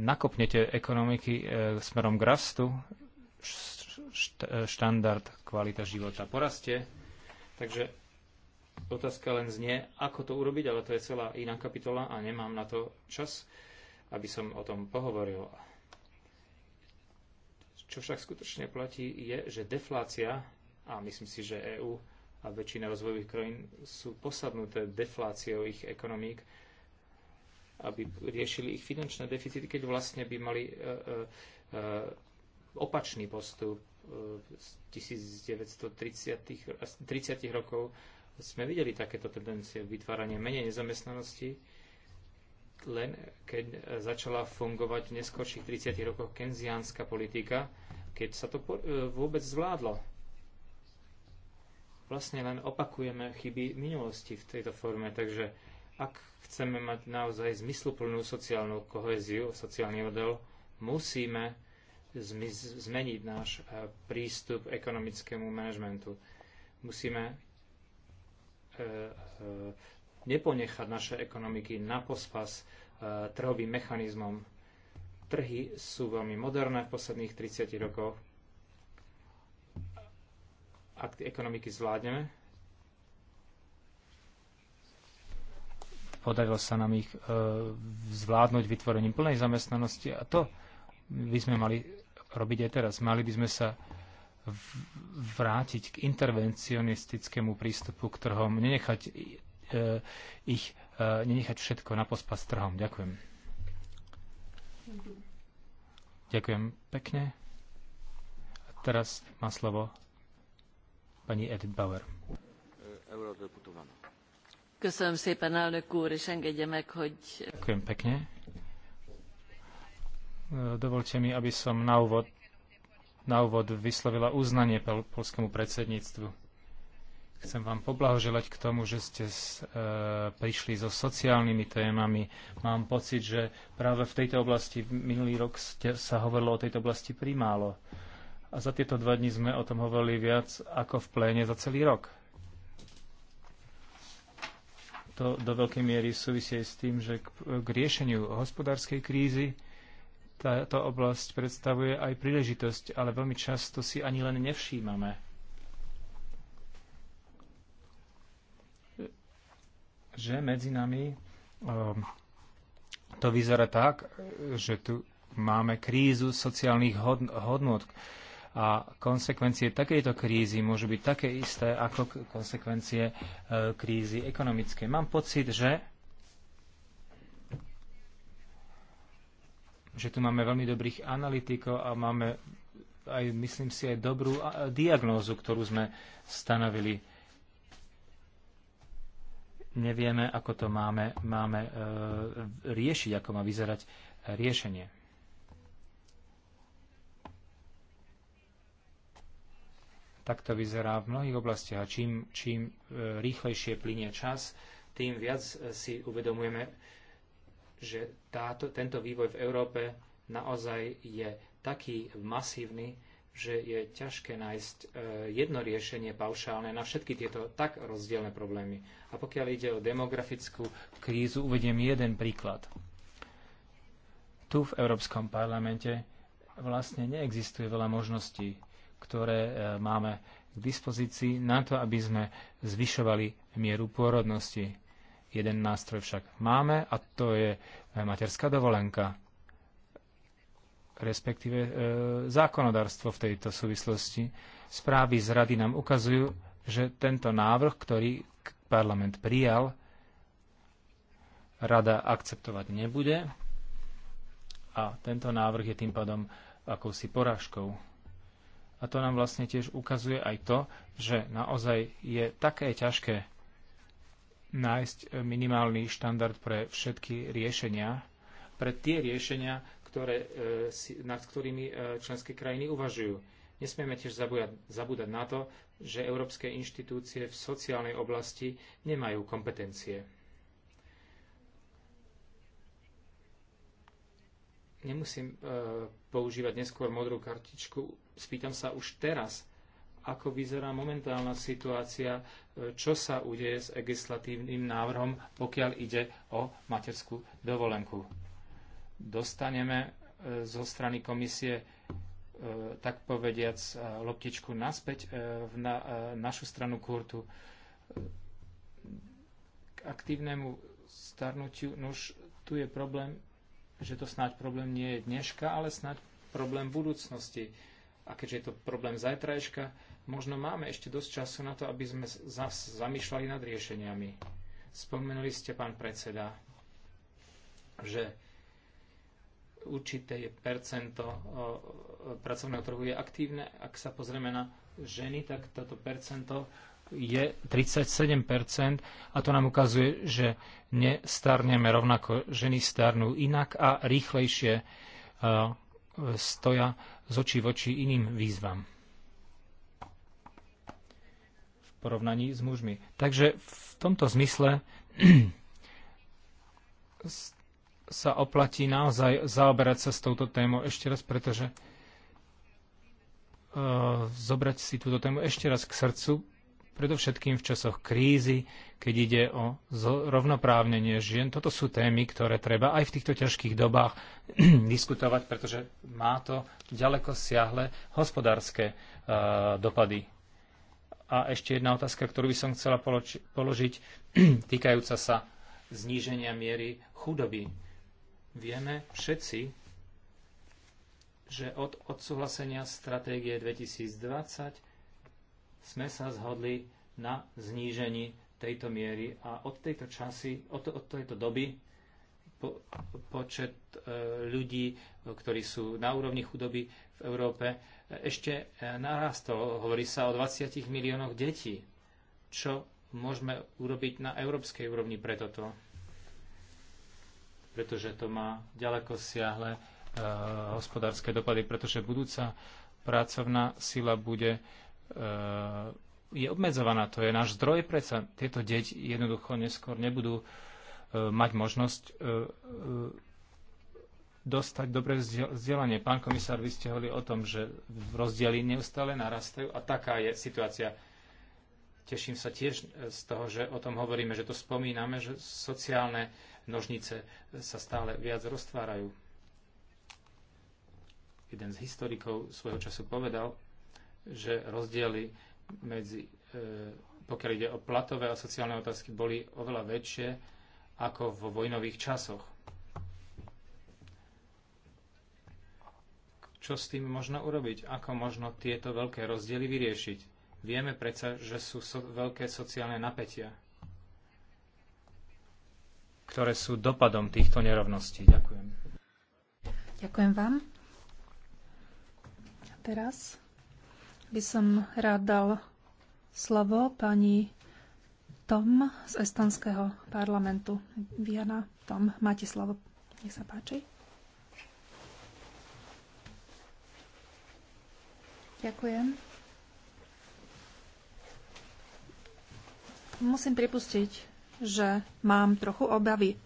nakopnete ekonomiky smerom k rastu, št- e, štandard kvalita života porastie. Takže otázka len znie, ako to urobiť, ale to je celá iná kapitola a nemám na to čas, aby som o tom pohovoril. Čo však skutočne platí, je, že deflácia, a myslím si, že EÚ a väčšina rozvojových krajín sú posadnuté defláciou ich ekonomík, aby riešili ich finančné deficity, keď vlastne by mali e, e, e opačný postup. 1930 rokov sme videli takéto tendencie, vytváranie menej nezamestnanosti, len keď začala fungovať v neskorších 30 rokoch kenziánska politika, keď sa to e, vôbec zvládlo. Vlastne len opakujeme chyby minulosti v tejto forme, takže ak chceme mať naozaj zmysluplnú sociálnu koheziu, sociálny model, musíme zmeniť náš e, prístup k ekonomickému manažmentu. Musíme e, e, neponechať naše ekonomiky na pospas trhovým mechanizmom. Trhy sú veľmi moderné v posledných 30 rokoch. Ak ekonomiky zvládneme, podarilo sa nám ich zvládnuť vytvorením plnej zamestnanosti a to by sme mali robiť aj teraz. Mali by sme sa vrátiť k intervencionistickému prístupu k trhom, nenechať uh, ich, uh, nenechať všetko na pospas trhom. Ďakujem. Ďakujem pekne. A teraz má slovo pani Edith Bauer. Köszönöm szépen, elnök úr, és engedje meg, hogy... Ďakujem pekne. Dovolte mi, aby som na úvod, na úvod vyslovila uznanie pol- polskému predsedníctvu. Chcem vám poblahoželať k tomu, že ste s, e, prišli so sociálnymi témami. Mám pocit, že práve v tejto oblasti minulý rok ste, sa hovorilo o tejto oblasti primálo. A za tieto dva dní sme o tom hovorili viac ako v pléne za celý rok. To do veľkej miery súvisie s tým, že k, k riešeniu hospodárskej krízy táto oblasť predstavuje aj príležitosť, ale veľmi často si ani len nevšímame. Že medzi nami um, to vyzerá tak, že tu máme krízu sociálnych hodnot a konsekvencie takejto krízy môžu byť také isté ako konsekvencie e, krízy ekonomickej. Mám pocit, že že tu máme veľmi dobrých analytikov a máme aj, myslím si, aj dobrú diagnózu, ktorú sme stanovili. Nevieme, ako to máme, máme e, riešiť, ako má vyzerať riešenie. Tak to vyzerá v mnohých oblastiach. A čím, čím e, rýchlejšie plinie čas, tým viac e, si uvedomujeme, že táto, tento vývoj v Európe naozaj je taký masívny, že je ťažké nájsť e, jedno riešenie paušálne na všetky tieto tak rozdielne problémy. A pokiaľ ide o demografickú krízu, uvediem jeden príklad. Tu v Európskom parlamente vlastne neexistuje veľa možností, ktoré e, máme k dispozícii na to, aby sme zvyšovali mieru pôrodnosti Jeden nástroj však máme a to je e, materská dovolenka, respektíve e, zákonodárstvo v tejto súvislosti. Správy z rady nám ukazujú, že tento návrh, ktorý parlament prijal, rada akceptovať nebude a tento návrh je tým pádom akousi porážkou. A to nám vlastne tiež ukazuje aj to, že naozaj je také ťažké nájsť minimálny štandard pre všetky riešenia, pre tie riešenia, ktoré, e, nad ktorými e, členské krajiny uvažujú. Nesmieme tiež zabúdať, zabúdať na to, že európske inštitúcie v sociálnej oblasti nemajú kompetencie. Nemusím e, používať neskôr modrú kartičku. Spýtam sa už teraz, ako vyzerá momentálna situácia, e, čo sa udeje s legislatívnym návrhom, pokiaľ ide o materskú dovolenku. Dostaneme e, zo strany komisie e, tak povediac loptičku naspäť v na, našu stranu kurtu k aktívnemu starnutiu. už tu je problém, že to snáď problém nie je dneška, ale snáď problém budúcnosti a keďže je to problém zajtrajška, možno máme ešte dosť času na to, aby sme zas zamýšľali nad riešeniami. Spomenuli ste, pán predseda, že určité percento pracovného trhu je aktívne. Ak sa pozrieme na ženy, tak toto percento je 37 a to nám ukazuje, že nestarneme rovnako. Ženy starnú inak a rýchlejšie stoja z očí oči iným výzvam v porovnaní s mužmi. Takže v tomto zmysle [CLEARS THROAT] sa oplatí naozaj zaoberať sa s touto témou ešte raz, pretože e, zobrať si túto tému ešte raz k srdcu, predovšetkým v časoch krízy, keď ide o rovnoprávnenie žien. Toto sú témy, ktoré treba aj v týchto ťažkých dobách [CLEARS THROAT] diskutovať, pretože má to ďaleko siahle hospodárske uh, dopady. A ešte jedna otázka, ktorú by som chcela poloči- položiť, [CLEARS THROAT] týkajúca sa zníženia miery chudoby. Vieme všetci, že od odsúhlasenia stratégie 2020 sme sa zhodli na znížení tejto miery a od tejto časy, od, od tejto doby po, počet e, ľudí, ktorí sú na úrovni chudoby v Európe, e, ešte e, narastol. Hovorí sa o 20 miliónoch detí. Čo môžeme urobiť na európskej úrovni pre toto? Pretože to má ďaleko siahle e, hospodárske dopady, pretože budúca pracovná sila bude E, je obmedzovaná. To je náš zdroj, predsa tieto deti jednoducho neskôr nebudú e, mať možnosť e, dostať dobré vzdelanie. Pán komisár, vy ste hovorili o tom, že rozdiely neustále narastajú a taká je situácia. Teším sa tiež z toho, že o tom hovoríme, že to spomíname, že sociálne nožnice sa stále viac roztvárajú. Jeden z historikov svojho času povedal, že rozdiely medzi, e, pokiaľ ide o platové a sociálne otázky, boli oveľa väčšie ako vo vojnových časoch. Čo s tým možno urobiť? Ako možno tieto veľké rozdiely vyriešiť? Vieme predsa, že sú so- veľké sociálne napätia, ktoré sú dopadom týchto nerovností. Ďakujem. Ďakujem vám. A teraz by som rád dal slovo pani Tom z Estonského parlamentu. Viana Tom, máte slovo. Nech sa páči. Ďakujem. Musím pripustiť, že mám trochu obavy.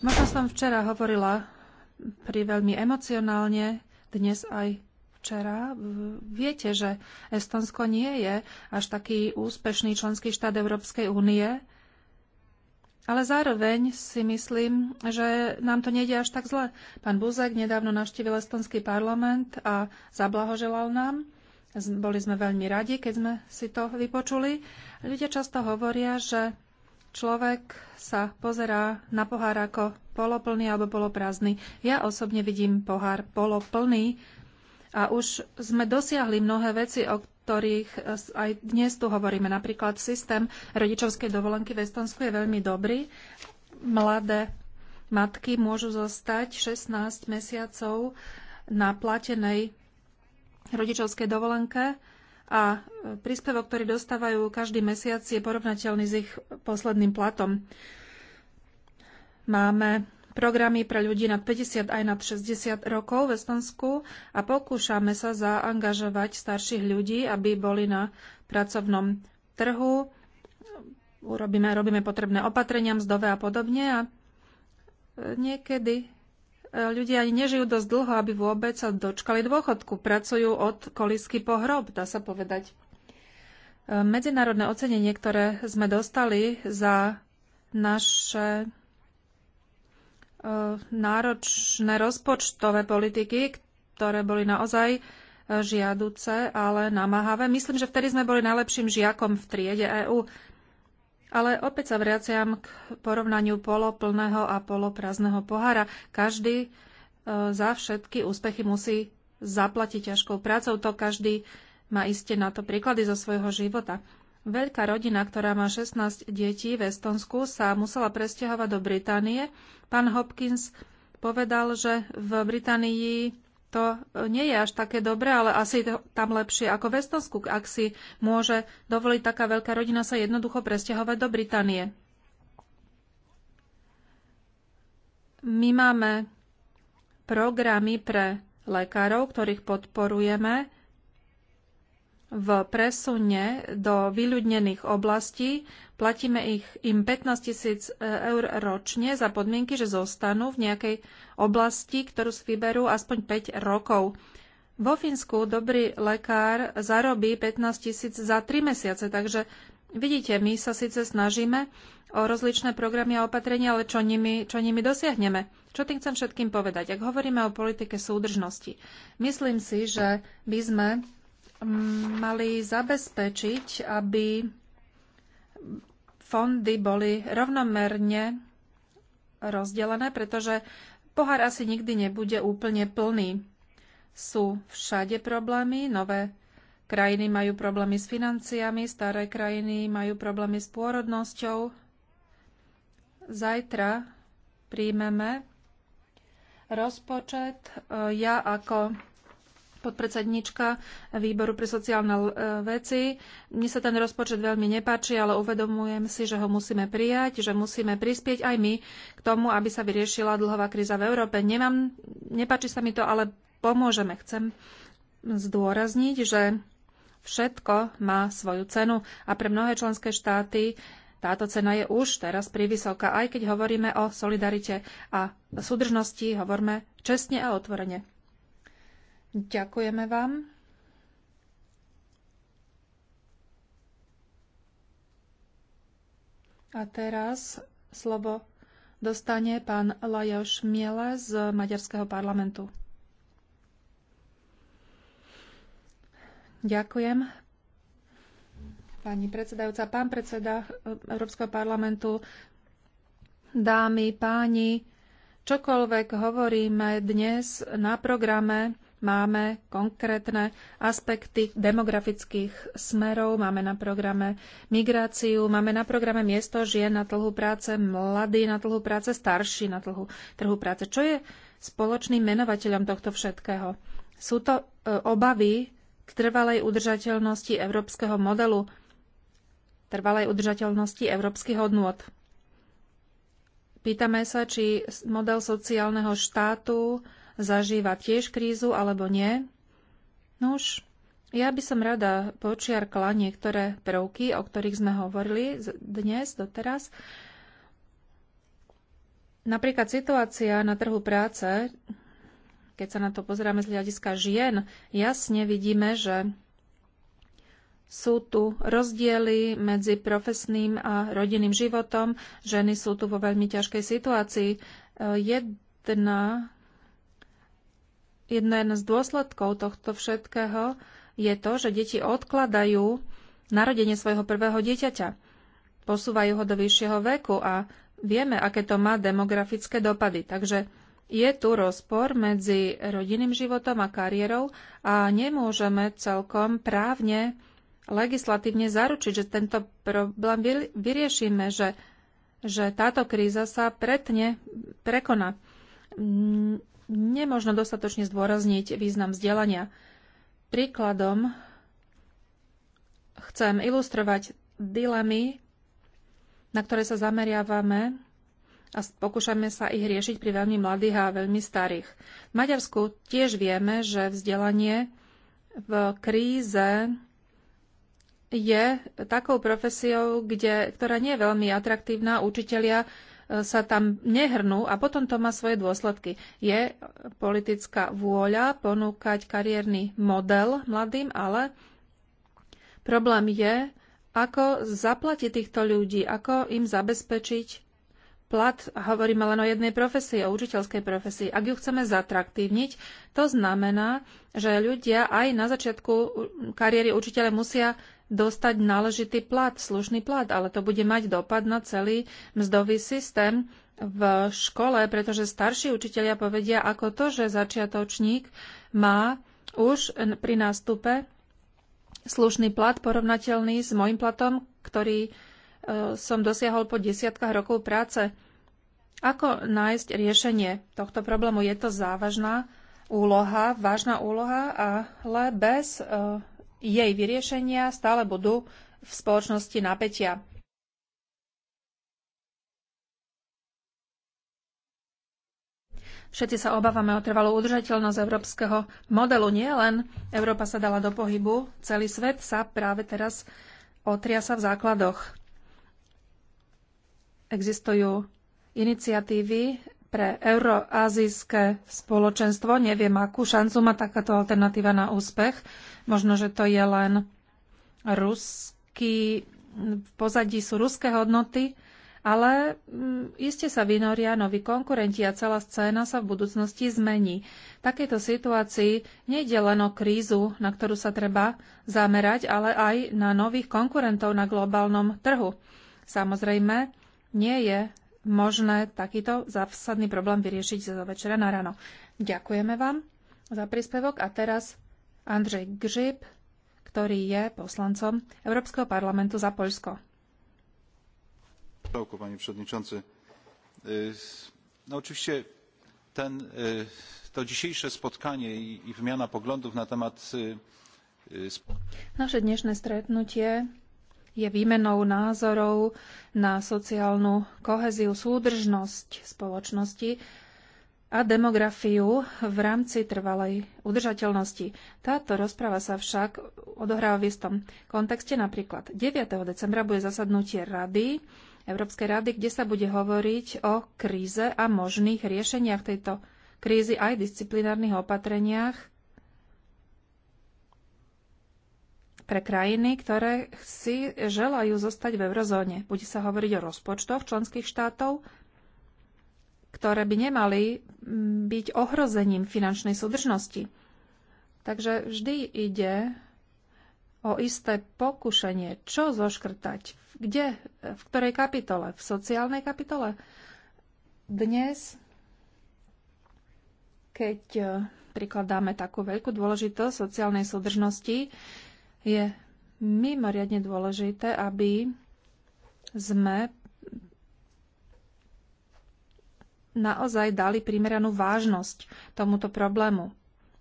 Možno som včera hovorila pri veľmi emocionálne, dnes aj včera. Viete, že Estonsko nie je až taký úspešný členský štát Európskej únie, ale zároveň si myslím, že nám to nejde až tak zle. Pán Buzek nedávno navštívil Estonský parlament a zablahoželal nám. Boli sme veľmi radi, keď sme si to vypočuli. Ľudia často hovoria, že človek sa pozerá na pohár ako poloplný alebo poloprázdny. Ja osobne vidím pohár poloplný a už sme dosiahli mnohé veci, o ktorých eh, aj dnes tu hovoríme. Napríklad systém rodičovskej dovolenky v Estonsku je veľmi dobrý. Mladé matky môžu zostať 16 mesiacov na platenej rodičovskej dovolenke a eh, príspevok, ktorý dostávajú každý mesiac, je porovnateľný s ich posledným platom. Máme programy pre ľudí nad 50 aj nad 60 rokov v Estonsku a pokúšame sa zaangažovať starších ľudí, aby boli na pracovnom trhu. Urobíme, robíme potrebné opatrenia mzdové a podobne a e, niekedy e, ľudia ani nežijú dosť dlho, aby vôbec sa dočkali dôchodku. Pracujú od kolisky po hrob, dá sa povedať. E, medzinárodné ocenenie, ktoré sme dostali za naše E, náročné rozpočtové politiky, ktoré boli naozaj e, žiaduce, ale namáhavé. Myslím, že vtedy sme boli najlepším žiakom v triede EÚ. Ale opäť sa vraciam k porovnaniu poloplného a poloprázdneho pohára. Každý e, za všetky úspechy musí zaplatiť ťažkou prácou. To každý má iste na to príklady zo svojho života. Veľká rodina, ktorá má 16 detí v Estonsku, sa musela presťahovať do Británie. Pán Hopkins povedal, že v Británii to nie je až také dobré, ale asi tam lepšie ako v Estonsku, ak si môže dovoliť taká veľká rodina sa jednoducho presťahovať do Británie. My máme programy pre lekárov, ktorých podporujeme v presune do vyľudnených oblastí. Platíme ich, im 15 tisíc e, eur ročne za podmienky, že zostanú v nejakej oblasti, ktorú si vyberú aspoň 5 rokov. Vo Fínsku dobrý lekár zarobí 15 tisíc za 3 mesiace, takže vidíte, my sa síce snažíme o rozličné programy a opatrenia, ale čo nimi, čo nimi dosiahneme? Čo tým chcem všetkým povedať? Ak hovoríme o politike súdržnosti, myslím si, že by sme mali zabezpečiť, aby fondy boli rovnomerne rozdelené, pretože pohár asi nikdy nebude úplne plný. Sú všade problémy, nové krajiny majú problémy s financiami, staré krajiny majú problémy s pôrodnosťou. Zajtra príjmeme rozpočet. Ja ako podpredsednička Výboru pre sociálne e, veci. Mne sa ten rozpočet veľmi nepáči, ale uvedomujem si, že ho musíme prijať, že musíme prispieť aj my k tomu, aby sa vyriešila dlhová kríza v Európe. Nemám, nepáči sa mi to, ale pomôžeme. Chcem zdôrazniť, že všetko má svoju cenu a pre mnohé členské štáty táto cena je už teraz privysoká, aj keď hovoríme o solidarite a súdržnosti, hovorme čestne a otvorene. Ďakujeme vám. A teraz slovo dostane pán Lajos Miele z Maďarského parlamentu. Ďakujem. Pani predsedajúca, pán predseda Európskeho parlamentu, dámy, páni, čokoľvek hovoríme dnes na programe, máme konkrétne aspekty demografických smerov, máme na programe migráciu, máme na programe miesto žien na trhu práce, mladí na trhu práce, starší na trhu, trhu práce. Čo je spoločným menovateľom tohto všetkého? Sú to e, obavy k trvalej udržateľnosti európskeho modelu, trvalej udržateľnosti európskych hodnôt. Pýtame sa, či model sociálneho štátu zažíva tiež krízu alebo nie? Nuž, no ja by som rada počiarkla niektoré prvky, o ktorých sme hovorili dnes, doteraz. Napríklad situácia na trhu práce, keď sa na to pozeráme z hľadiska žien, jasne vidíme, že sú tu rozdiely medzi profesným a rodinným životom. Ženy sú tu vo veľmi ťažkej situácii. Jedna Jedna, z dôsledkov tohto všetkého je to, že deti odkladajú narodenie svojho prvého dieťaťa. Posúvajú ho do vyššieho veku a vieme, aké to má demografické dopady. Takže je tu rozpor medzi rodinným životom a kariérou a nemôžeme celkom právne legislatívne zaručiť, že tento problém vyriešime, že, že táto kríza sa pretne, prekoná mm, nemožno dostatočne zdôrazniť význam vzdelania. Príkladom chcem ilustrovať dilemy, na ktoré sa zameriavame a pokúšame sa ich riešiť pri veľmi mladých a veľmi starých. V Maďarsku tiež vieme, že vzdelanie v kríze je takou profesiou, kde, ktorá nie je veľmi atraktívna. Učitelia E, sa tam nehrnú a potom to má svoje dôsledky. Je politická vôľa ponúkať kariérny model mladým, ale problém je, ako zaplatiť týchto ľudí, ako im zabezpečiť plat, hovoríme len o jednej profesii, o učiteľskej profesii. Ak ju chceme zatraktívniť, to znamená, že ľudia aj na začiatku kariéry učiteľa musia dostať náležitý plat, slušný plat, ale to bude mať dopad na celý mzdový systém v škole, pretože starší učitelia povedia, ako to, že začiatočník má už pri nástupe slušný plat porovnateľný s môjim platom, ktorý e, som dosiahol po desiatkách rokov práce. Ako nájsť riešenie tohto problému? Je to závažná úloha, vážna úloha, ale bez e, jej vyriešenia stále budú v spoločnosti napätia. Všetci sa obávame o trvalú udržateľnosť európskeho modelu. Nie len Európa sa dala do pohybu, celý svet sa práve teraz otriasa v základoch. Existujú iniciatívy pre euroazijské spoločenstvo. Neviem, akú šancu má takáto alternatíva na úspech. Možno, že to je len ruský, v pozadí sú ruské hodnoty, ale mm, iste sa vynoria noví konkurenti a celá scéna sa v budúcnosti zmení. V takejto situácii nejde len o krízu, na ktorú sa treba zamerať, ale aj na nových konkurentov na globálnom trhu. Samozrejme, nie je možné takýto zásadný problém vyriešiť zo večera na ráno. Ďakujeme vám za príspevok a teraz Andrzej Grzyb, ktorý je poslancom Európskeho parlamentu za Poľsko. Panie przewodniczący, no oczywiście ten, to dzisiejsze spotkanie i, i wymiana poglądów na temat. Naše dnešné stretnutie je výmenou názorov na sociálnu koheziu, súdržnosť spoločnosti a demografiu v rámci trvalej udržateľnosti. Táto rozpráva sa však odohráva v istom kontexte. Napríklad 9. decembra bude zasadnutie Rady, Európskej rady, kde sa bude hovoriť o kríze a možných riešeniach tejto krízy aj disciplinárnych opatreniach pre krajiny, ktoré si želajú zostať v eurozóne. Bude sa hovoriť o rozpočtoch členských štátov, ktoré by nemali mm, byť ohrozením finančnej súdržnosti. Takže vždy ide o isté pokušenie, čo zoškrtať, kde, v ktorej kapitole, v sociálnej kapitole. Dnes, keď e, prikladáme takú veľkú dôležitosť sociálnej súdržnosti, je mimoriadne dôležité, aby sme naozaj dali primeranú vážnosť tomuto problému.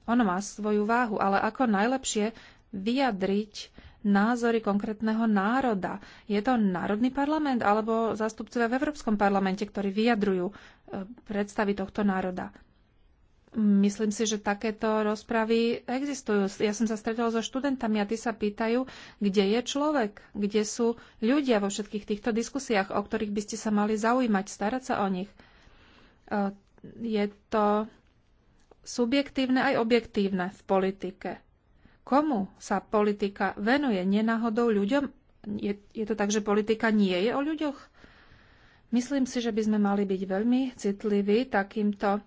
On má svoju váhu, ale ako najlepšie vyjadriť názory konkrétneho národa. Je to Národný parlament alebo zástupcovia v Európskom parlamente, ktorí vyjadrujú e, predstavy tohto národa? Myslím si, že takéto rozpravy existujú. Ja som sa stretol so študentami a tí sa pýtajú, kde je človek, kde sú ľudia vo všetkých týchto diskusiách, o ktorých by ste sa mali zaujímať, starať sa o nich. E, je to subjektívne aj objektívne v politike. Komu sa politika venuje? Nenáhodou ľuďom? Je, je to tak, že politika nie je o ľuďoch? Myslím si, že by sme mali byť veľmi citliví takýmto, e,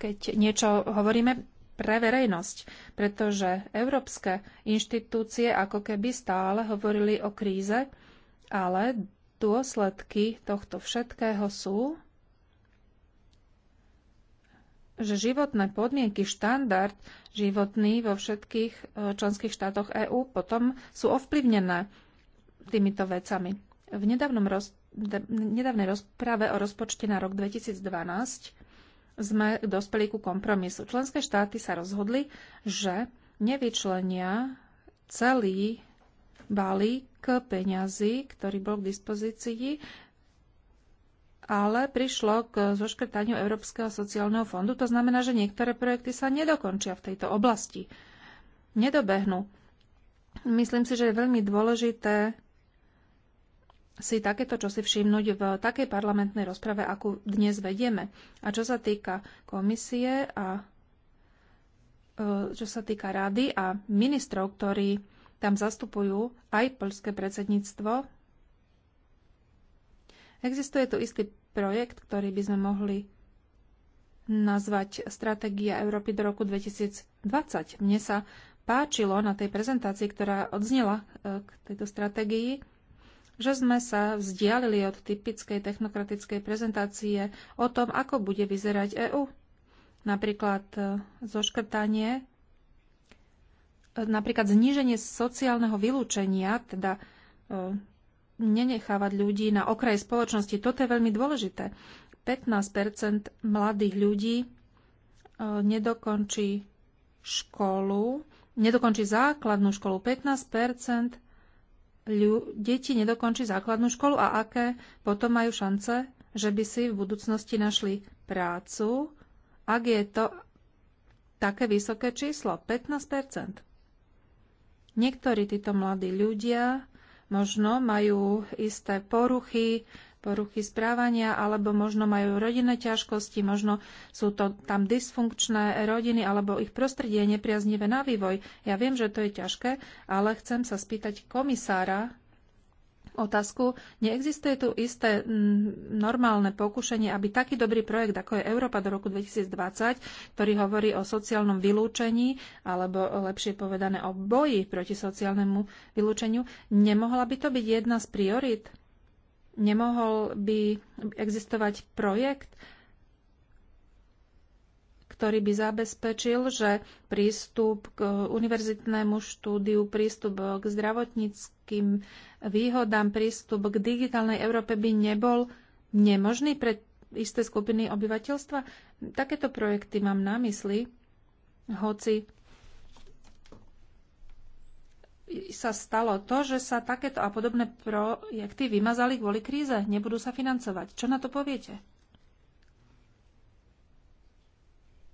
keď niečo hovoríme pre verejnosť, pretože európske inštitúcie ako keby stále hovorili o kríze, ale dôsledky tohto všetkého sú, že životné podmienky, štandard životný vo všetkých e, členských štátoch EÚ potom sú ovplyvnené týmito vecami. V nedávnom roz, nedávnej rozprave o rozpočte na rok 2012 sme dospeli ku kompromisu. Členské štáty sa rozhodli, že nevyčlenia celý balík peňazí, ktorý bol k dispozícii ale prišlo k zoškrtaniu Európskeho sociálneho fondu. To znamená, že niektoré projekty sa nedokončia v tejto oblasti. Nedobehnú. Myslím si, že je veľmi dôležité si takéto čosi všimnúť v takej parlamentnej rozprave, akú dnes vedieme. A čo sa týka komisie a e, čo sa týka rady a ministrov, ktorí tam zastupujú aj poľské predsedníctvo, existuje tu istý projekt, ktorý by sme mohli nazvať Stratégia Európy do roku 2020. Mne sa páčilo na tej prezentácii, ktorá odznela e, k tejto stratégii, že sme sa vzdialili od typickej technokratickej prezentácie o tom, ako bude vyzerať EÚ. Napríklad e, zoškrtanie, e, napríklad zníženie sociálneho vylúčenia, teda nenechávať ľudí na okraji spoločnosti. Toto je veľmi dôležité. 15 mladých ľudí e, nedokončí školu, nedokončí základnú školu. 15 ľu- nedokončí základnú školu a aké potom majú šance, že by si v budúcnosti našli prácu, ak je to také vysoké číslo, 15 Niektorí títo mladí ľudia možno majú isté poruchy, poruchy správania, alebo možno majú rodinné ťažkosti, možno sú to tam dysfunkčné rodiny, alebo ich prostredie je nepriaznivé na vývoj. Ja viem, že to je ťažké, ale chcem sa spýtať komisára otázku, neexistuje tu isté mm, normálne pokušenie, aby taký dobrý projekt, ako je Európa do roku 2020, ktorý hovorí o sociálnom vylúčení, alebo lepšie povedané o boji proti sociálnemu vylúčeniu, nemohla by to byť jedna z priorit? Nemohol by existovať projekt, ktorý by zabezpečil, že prístup k univerzitnému štúdiu, prístup k zdravotníckým všetkým výhodám prístup k digitálnej Európe by nebol nemožný pre isté skupiny obyvateľstva? Takéto projekty mám na mysli, hoci sa stalo to, že sa takéto a podobné projekty vymazali kvôli kríze, nebudú sa financovať. Čo na to poviete?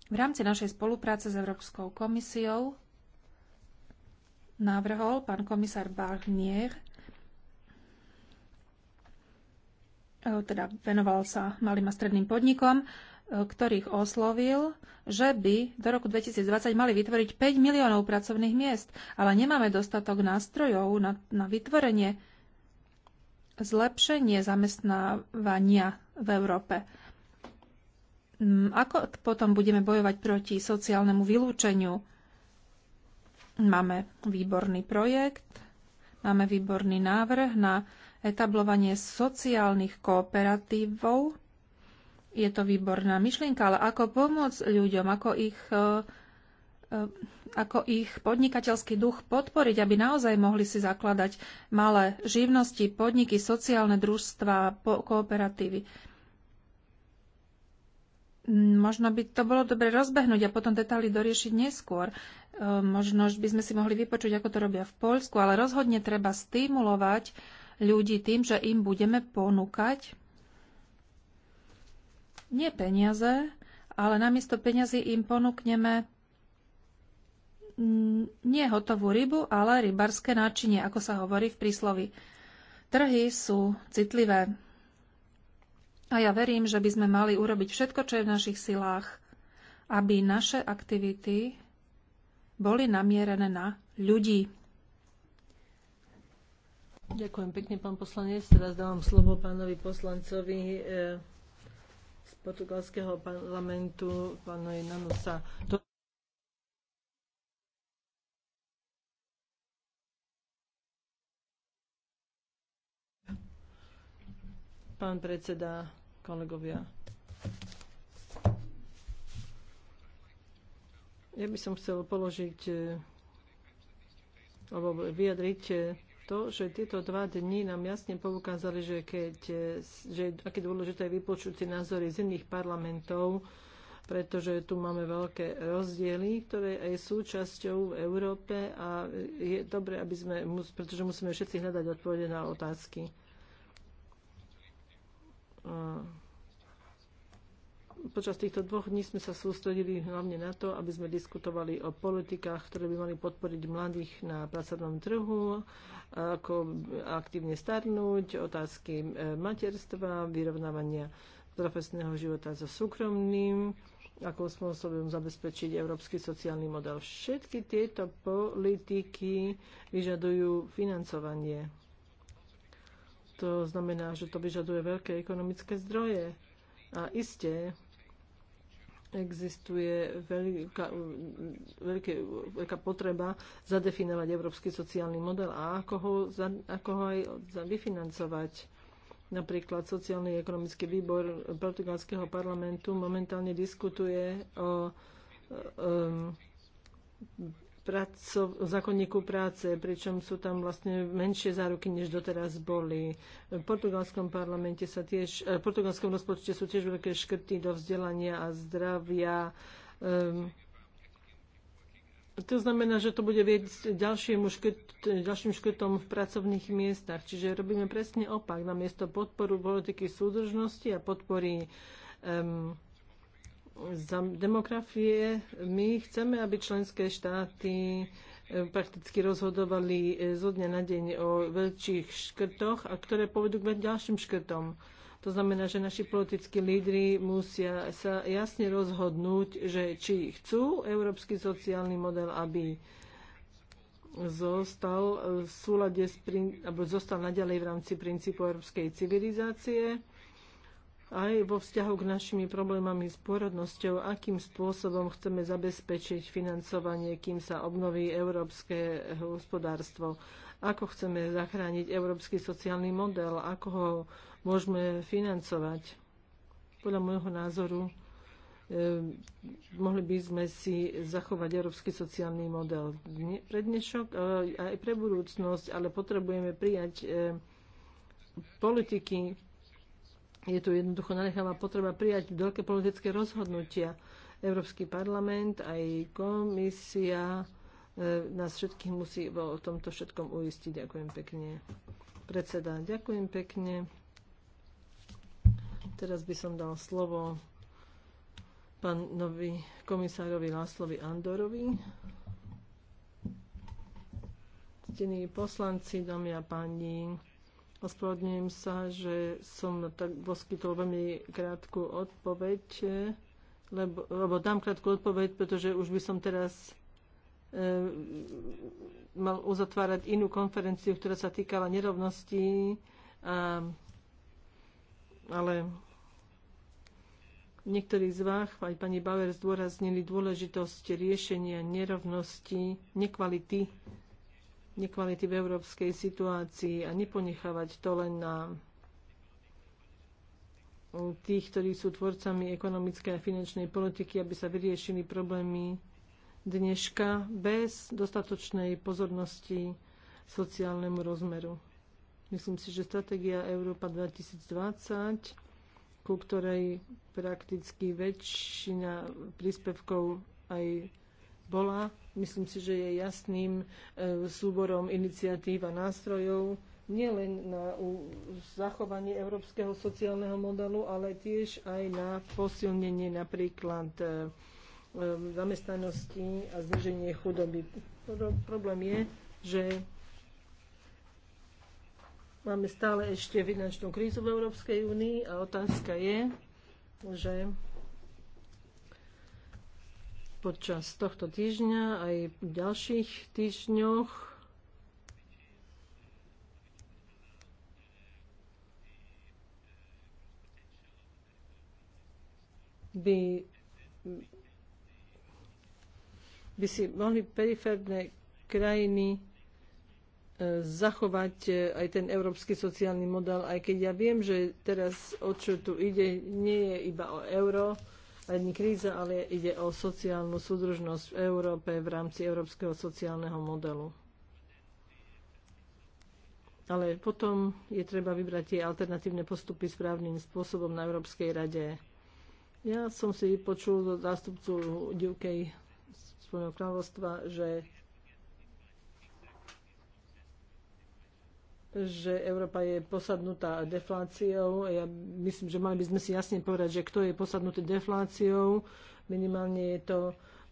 V rámci našej spolupráce s Európskou komisiou navrhol pán komisár Barnier, e, teda venoval sa malým a stredným podnikom, e, ktorých oslovil, že by do roku 2020 mali vytvoriť 5 miliónov pracovných miest, ale nemáme dostatok nástrojov na, na vytvorenie zlepšenie zamestnávania v Európe. Mm, ako potom budeme bojovať proti sociálnemu vylúčeniu? Máme výborný projekt, máme výborný návrh na etablovanie sociálnych kooperatívov. Je to výborná myšlienka, ale ako pomôcť ľuďom, ako ich, e, e, ako ich podnikateľský duch podporiť, aby naozaj mohli si zakladať malé živnosti, podniky, sociálne družstva, kooperatívy. Možno by to bolo dobre rozbehnúť a potom detaily doriešiť neskôr. E, možno by sme si mohli vypočuť, ako to robia v Poľsku, ale rozhodne treba stimulovať ľudí tým, že im budeme ponúkať nie peniaze, ale namiesto peňazí im ponúkneme nie hotovú rybu, ale rybarské náčinie, ako sa hovorí v príslovi. Trhy sú citlivé a ja verím, že by sme mali urobiť všetko, čo je v našich silách, aby naše aktivity boli namierené na ľudí. Ďakujem pekne, pán poslanec. Teraz dávam slovo pánovi poslancovi eh, z portugalského parlamentu, pánovi Nanusa. Pán predseda, kolegovia. Ja by som chcel položiť e, alebo vyjadriť e, to, že tieto dva dni nám jasne poukázali, že, keď, e, že aké dôležité je vypočuť si názory z iných parlamentov, pretože tu máme veľké rozdiely, ktoré je súčasťou v Európe a je dobré, aby sme, pretože musíme všetci hľadať odpovede na otázky počas týchto dvoch dní sme sa sústredili hlavne na to, aby sme diskutovali o politikách, ktoré by mali podporiť mladých na pracovnom trhu, ako aktívne starnúť, otázky e, materstva, vyrovnávania profesného života so súkromným, akým spôsobom zabezpečiť európsky sociálny model. Všetky tieto politiky vyžadujú financovanie to znamená, že to vyžaduje veľké ekonomické zdroje. A isté existuje veľká, veľké, veľká potreba zadefinovať európsky sociálny model a ako ho, za, ako ho aj za vyfinancovať. Napríklad sociálny ekonomický výbor portugalského parlamentu momentálne diskutuje o o um, pracov, zákonníku práce, pričom sú tam vlastne menšie záruky, než doteraz boli. V portugalskom parlamente sa tiež, v portugalskom rozpočte sú tiež veľké škrty do vzdelania a zdravia. Um, to znamená, že to bude viesť škrt, ďalším škrtom v pracovných miestach. Čiže robíme presne opak. Namiesto podporu politiky súdržnosti a podpory um, za demografie my chceme, aby členské štáty e, prakticky rozhodovali e, zo dňa na deň o väčších škrtoch, a ktoré povedú k ďalším škrtom. To znamená, že naši politickí lídry musia sa jasne rozhodnúť, že či chcú európsky sociálny model, aby zostal e, v súlade s, alebo zostal naďalej v rámci princípu európskej civilizácie, aj vo vzťahu k našimi problémami s pôrodnosťou, akým spôsobom chceme zabezpečiť financovanie, kým sa obnoví európske hospodárstvo, ako chceme zachrániť európsky sociálny model, ako ho môžeme financovať. Podľa môjho názoru e, mohli by sme si zachovať európsky sociálny model pre dnešok e, aj pre budúcnosť, ale potrebujeme prijať e, politiky, je tu jednoducho nanecháva potreba prijať veľké politické rozhodnutia. Európsky parlament, aj komisia e, nás všetkých musí o tomto všetkom uistiť. Ďakujem pekne. Predseda, ďakujem pekne. Teraz by som dal slovo pánovi komisárovi Láslovi Andorovi. Ctení poslanci, dámy a páni, Ospravedlňujem sa, že som tak poskytol veľmi krátku odpoveď, lebo, lebo dám krátku odpoveď, pretože už by som teraz e, mal uzatvárať inú konferenciu, ktorá sa týkala nerovností, a, ale Niektorí z vás, aj pani Bauer, zdôraznili dôležitosť riešenia nerovnosti, nekvality nekvality v európskej situácii a neponechávať to len na tých, ktorí sú tvorcami ekonomickej a finančnej politiky, aby sa vyriešili problémy dneška bez dostatočnej pozornosti sociálnemu rozmeru. Myslím si, že stratégia Európa 2020, ku ktorej prakticky väčšina príspevkov aj bola myslím si, že je jasným e, súborom iniciatív a nástrojov nielen na zachovanie európskeho sociálneho modelu, ale tiež aj na posilnenie napríklad e, e, zamestnanosti a zniženie chudoby. problém je, že máme stále ešte finančnú krízu v Európskej únii a otázka je, že počas tohto týždňa aj v ďalších týždňoch. by, by si mohli periférne krajiny e, zachovať e, aj ten európsky sociálny model, aj keď ja viem, že teraz o čo tu ide, nie je iba o euro, ani kríza, ale ide o sociálnu súdržnosť v Európe v rámci európskeho sociálneho modelu. Ale potom je treba vybrať tie alternatívne postupy správnym spôsobom na Európskej rade. Ja som si počul od zástupcu UK Spojeného kráľovstva, že že Európa je posadnutá defláciou. Ja myslím, že mali by sme si jasne povedať, že kto je posadnutý defláciou. Minimálne je to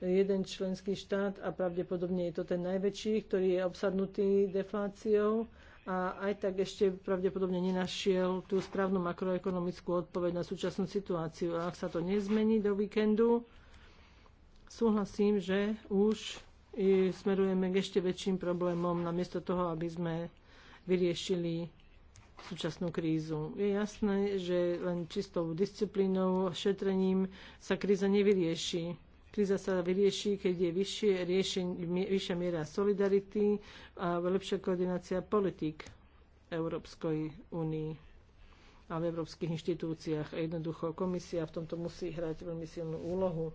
jeden členský štát a pravdepodobne je to ten najväčší, ktorý je obsadnutý defláciou a aj tak ešte pravdepodobne nenašiel tú správnu makroekonomickú odpoveď na súčasnú situáciu. A ak sa to nezmení do víkendu, súhlasím, že už smerujeme k ešte väčším problémom, namiesto toho, aby sme vyriešili súčasnú krízu. Je jasné, že len čistou disciplínou, šetrením sa kríza nevyrieši. Kríza sa vyrieši, keď je vyššie riešenie, vyššia miera solidarity a lepšia koordinácia v Európskej únii a v európskych inštitúciách. A Jednoducho komisia v tomto musí hrať veľmi silnú úlohu.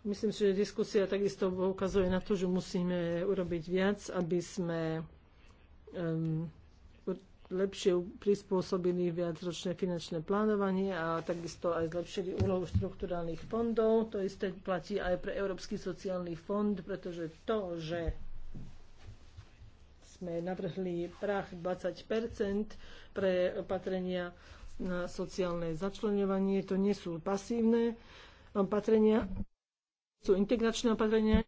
Myslím si, že diskusia takisto ukazuje na to, že musíme urobiť viac, aby sme um, lepšie prispôsobili viacročné finančné plánovanie a takisto aj zlepšili úlohu štruktúrálnych fondov. To isté platí aj pre Európsky sociálny fond, pretože to, že sme navrhli prach 20 pre opatrenia na sociálne začlenovanie, to nie sú pasívne opatrenia, sú integračné opatrenia,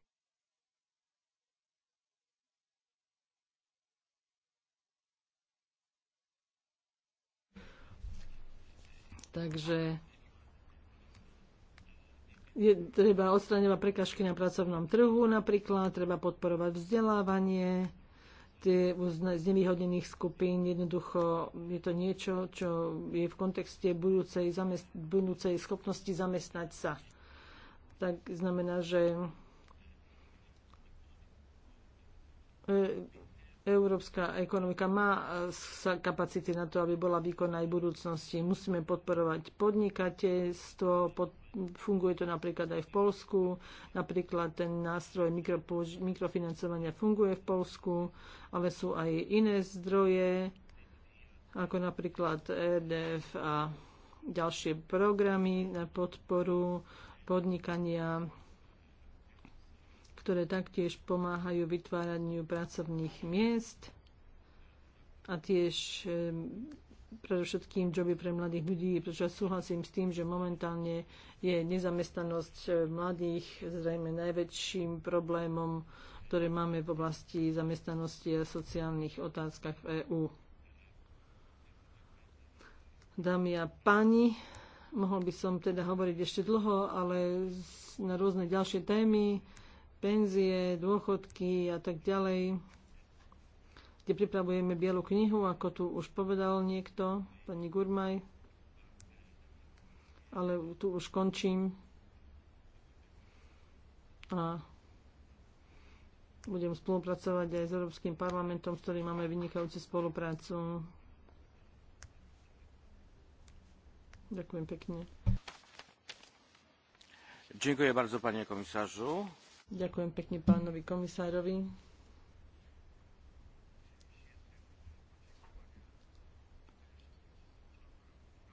Takže je, treba odstraňovať prekažky na pracovnom trhu napríklad, treba podporovať vzdelávanie tie nevýhodnených skupín. Jednoducho je to niečo, čo je v kontexte budúcej, zamest- budúcej schopnosti zamestnať sa tak znamená, že e, Európska ekonomika má e, sa kapacity na to, aby bola výkonná aj v budúcnosti. Musíme podporovať podnikateľstvo, pod, funguje to napríklad aj v Polsku, napríklad ten nástroj mikro, mikrofinancovania funguje v Polsku, ale sú aj iné zdroje, ako napríklad EDF a ďalšie programy na podporu podnikania, ktoré taktiež pomáhajú vytváraniu pracovných miest a tiež predovšetkým joby pre mladých ľudí, pretože súhlasím s tým, že momentálne je nezamestnanosť eh, mladých zrejme najväčším problémom, ktoré máme v oblasti zamestnanosti a sociálnych otázkach v EÚ. Dámy a páni, Mohol by som teda hovoriť ešte dlho, ale na rôzne ďalšie témy, penzie, dôchodky a tak ďalej, kde pripravujeme bielu knihu, ako tu už povedal niekto, pani Gurmaj. Ale tu už končím. A budem spolupracovať aj s Európskym parlamentom, s ktorým máme vynikajúcu spoluprácu. Ďakujem pekne. Ďakujem bardzo, panie komisarzu. Ďakujem pekne pánovi komisárovi.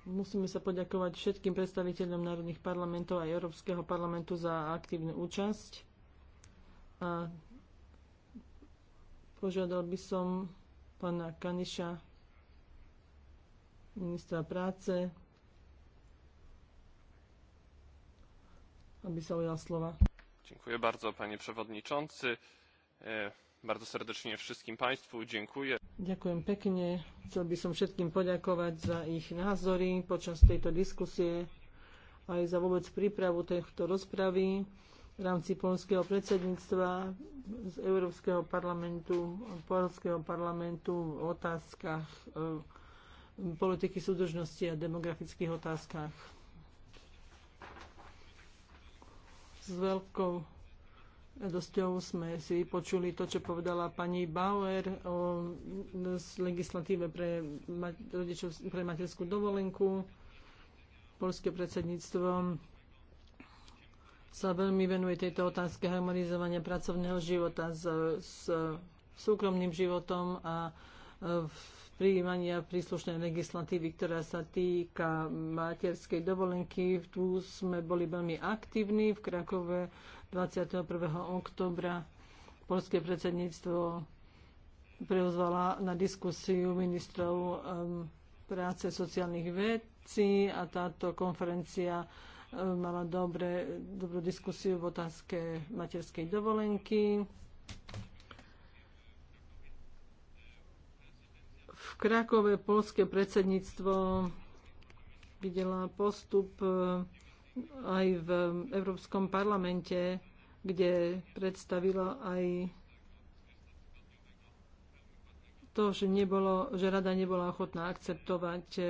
Musíme sa poďakovať všetkým predstaviteľom národných parlamentov a Európskeho parlamentu za aktívnu účasť. A požiadal by som pána Kaniša, ministra práce, aby sa ujal slova. Dziękuję bardzo, panie przewodniczący. E, bardzo serdecznie wszystkim państwu dziękuję. Ďakujem pekne. Chcel by som všetkým poďakovať za ich názory počas tejto diskusie aj za vôbec prípravu tejto rozpravy v rámci polského predsedníctva z Európskeho parlamentu, Polského parlamentu v otázkach e, politiky súdržnosti a demografických otázkach. s veľkou radosťou sme si počuli to, čo povedala pani Bauer o legislatíve pre, rodičov, pre materskú dovolenku. Polské predsedníctvo sa veľmi venuje tejto otázke harmonizovania pracovného života s, s súkromným životom a v prijímania príslušnej legislatívy, ktorá sa týka materskej dovolenky. Tu sme boli veľmi aktívni v Krakove 21. oktobra. Polské predsedníctvo preozvala na diskusiu ministrov um, práce sociálnych vecí a táto konferencia um, mala dobré, dobrú diskusiu v otázke materskej dovolenky. V Krakove polské predsedníctvo videla postup e, aj v Európskom parlamente, kde predstavila aj to, že, nebolo, že rada nebola ochotná akceptovať e,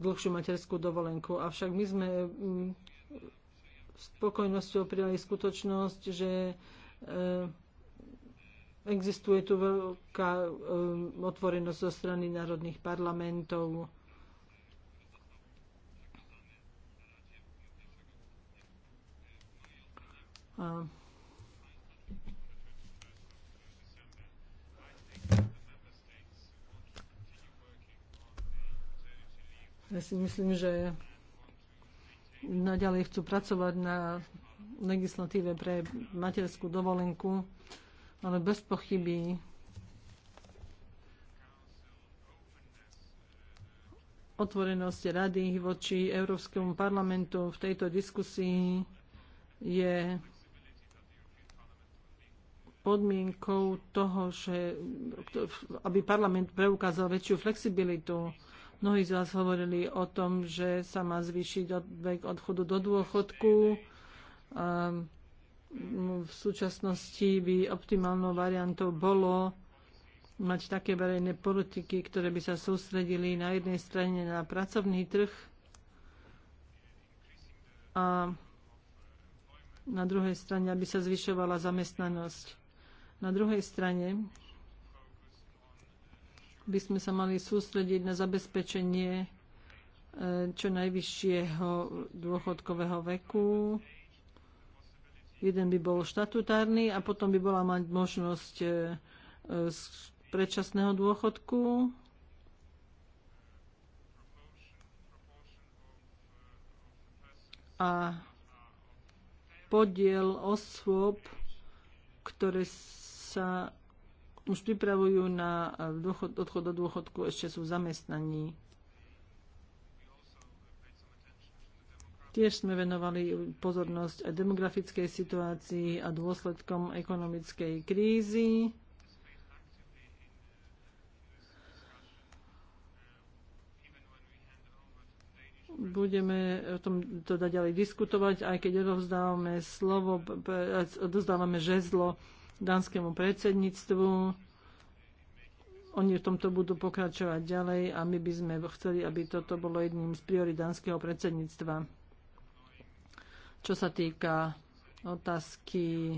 dlhšiu materskú dovolenku. Avšak my sme mm, spokojnosťou prijali skutočnosť, že e, Existuje tu veľká um, otvorenosť zo strany národných parlamentov. A Ja si myslím, že naďalej chcú pracovať na legislatíve pre materskú dovolenku ale bez pochyby otvorenosť rady voči Európskemu parlamentu v tejto diskusii je podmienkou toho, že, aby parlament preukázal väčšiu flexibilitu. Mnohí z vás hovorili o tom, že sa má zvýšiť vek odchodu do dôchodku. Um, v súčasnosti by optimálnou variantou bolo mať také verejné politiky, ktoré by sa sústredili na jednej strane na pracovný trh a na druhej strane, aby sa zvyšovala zamestnanosť. Na druhej strane by sme sa mali sústrediť na zabezpečenie eh, čo najvyššieho dôchodkového veku, Jeden by bol štatutárny a potom by bola mať možnosť e, e, predčasného dôchodku. A podiel osôb, ktoré sa už pripravujú na odchod do dôchodku, ešte sú v zamestnaní. Tiež sme venovali pozornosť aj demografickej situácii a dôsledkom ekonomickej krízy. budeme o tom teda ďalej diskutovať, aj keď odovzdávame slovo, odovzdávame žezlo dánskému predsedníctvu. Oni v tomto budú pokračovať ďalej a my by sme chceli, aby toto bolo jedným z priorit dánskeho predsedníctva čo sa týka otázky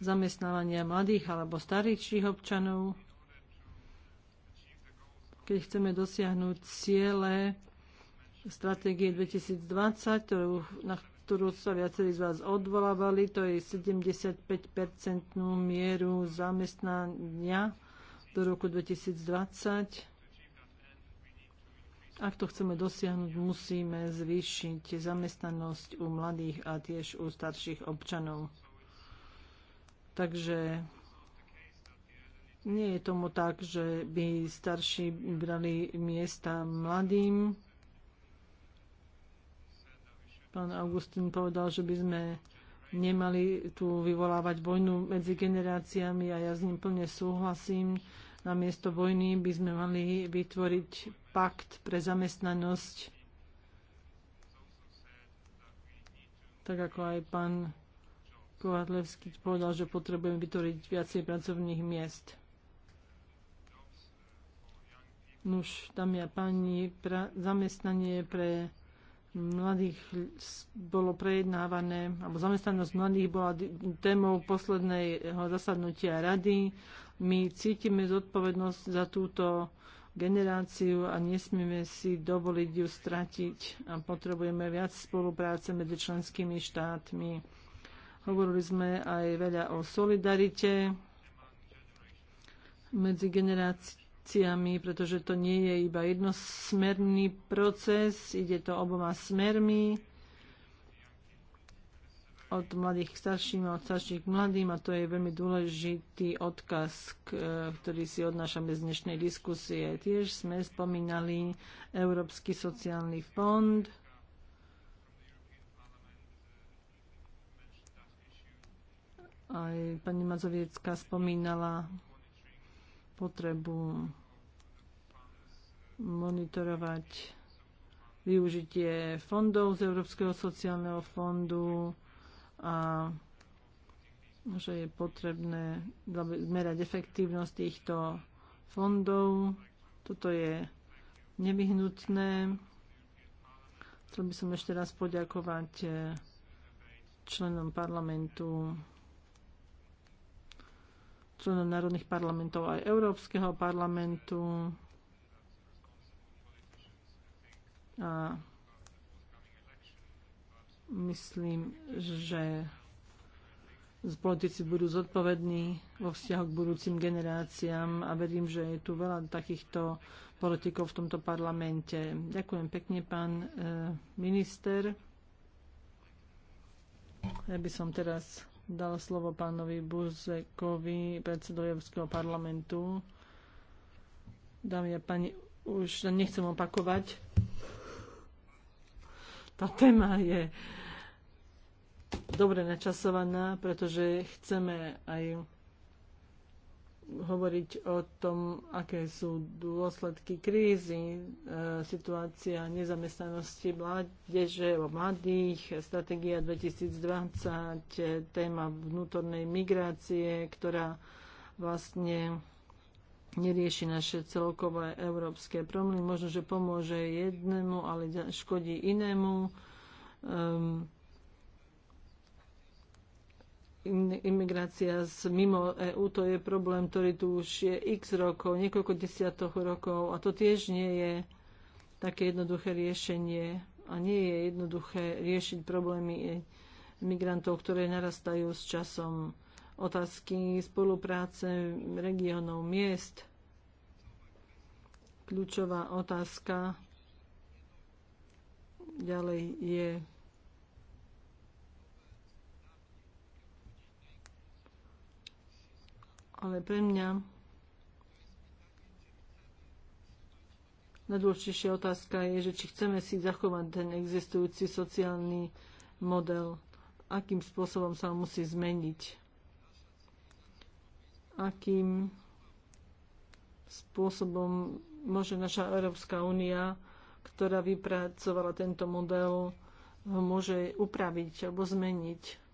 zamestnávania mladých alebo starých občanov. Keď chceme dosiahnuť ciele stratégie 2020, ktorú, na ktorú sa viacerí z vás odvolávali, to je 75-percentnú mieru zamestnania do roku 2020 ak to chceme dosiahnuť, musíme zvýšiť zamestnanosť u mladých a tiež u starších občanov. Takže nie je tomu tak, že by starší brali miesta mladým. Pán Augustín povedal, že by sme nemali tu vyvolávať vojnu medzi generáciami a ja s ním plne súhlasím. Namiesto vojny by sme mali vytvoriť pakt pre zamestnanosť, tak ako aj pán Kovatlevský povedal, že potrebujeme vytvoriť viacej pracovných miest. Nuž, tam ja pani, pra, zamestnanie pre mladých bolo prejednávané, alebo zamestnanosť mladých bola témou posledného zasadnutia rady. My cítime zodpovednosť za túto generáciu a nesmieme si dovoliť ju stratiť a potrebujeme viac spolupráce medzi členskými štátmi. Hovorili sme aj veľa o solidarite medzi generáciami, pretože to nie je iba jednosmerný proces, ide to oboma smermi od mladých k starším a od starších k mladým a to je veľmi dôležitý odkaz, e, ktorý si odnášame z dnešnej diskusie. Tiež sme spomínali Európsky sociálny fond. Aj pani Mazoviecka spomínala potrebu monitorovať využitie fondov z Európskeho sociálneho fondu a že je potrebné merať efektívnosť týchto fondov. Toto je nevyhnutné. Chcel by som ešte raz poďakovať eh, členom parlamentu, členom národných parlamentov aj Európskeho parlamentu. A Myslím, že politici budú zodpovední vo vzťahu k budúcim generáciám a verím, že je tu veľa takýchto politikov v tomto parlamente. Ďakujem pekne, pán eh, minister. Ja by som teraz dal slovo pánovi Buzekovi, predsedovi Európskeho parlamentu. Dámy a pani, už nechcem opakovať tá téma je dobre načasovaná, pretože chceme aj hovoriť o tom, aké sú dôsledky krízy, e, situácia nezamestnanosti mládeže o mladých, stratégia 2020, téma vnútornej migrácie, ktorá vlastne nerieši naše celkové európske problémy. Možno, že pomôže jednému, ale škodí inému. Um, imigrácia z mimo EÚ, to je problém, ktorý tu už je x rokov, niekoľko desiatok rokov a to tiež nie je také jednoduché riešenie a nie je jednoduché riešiť problémy migrantov, ktoré narastajú s časom otázky spolupráce regionov miest. Kľúčová otázka ďalej je ale pre mňa najdôležitejšia otázka je, že či chceme si zachovať ten existujúci sociálny model, akým spôsobom sa musí zmeniť akým spôsobom môže naša Európska únia, ktorá vypracovala tento model, ho môže upraviť alebo zmeniť.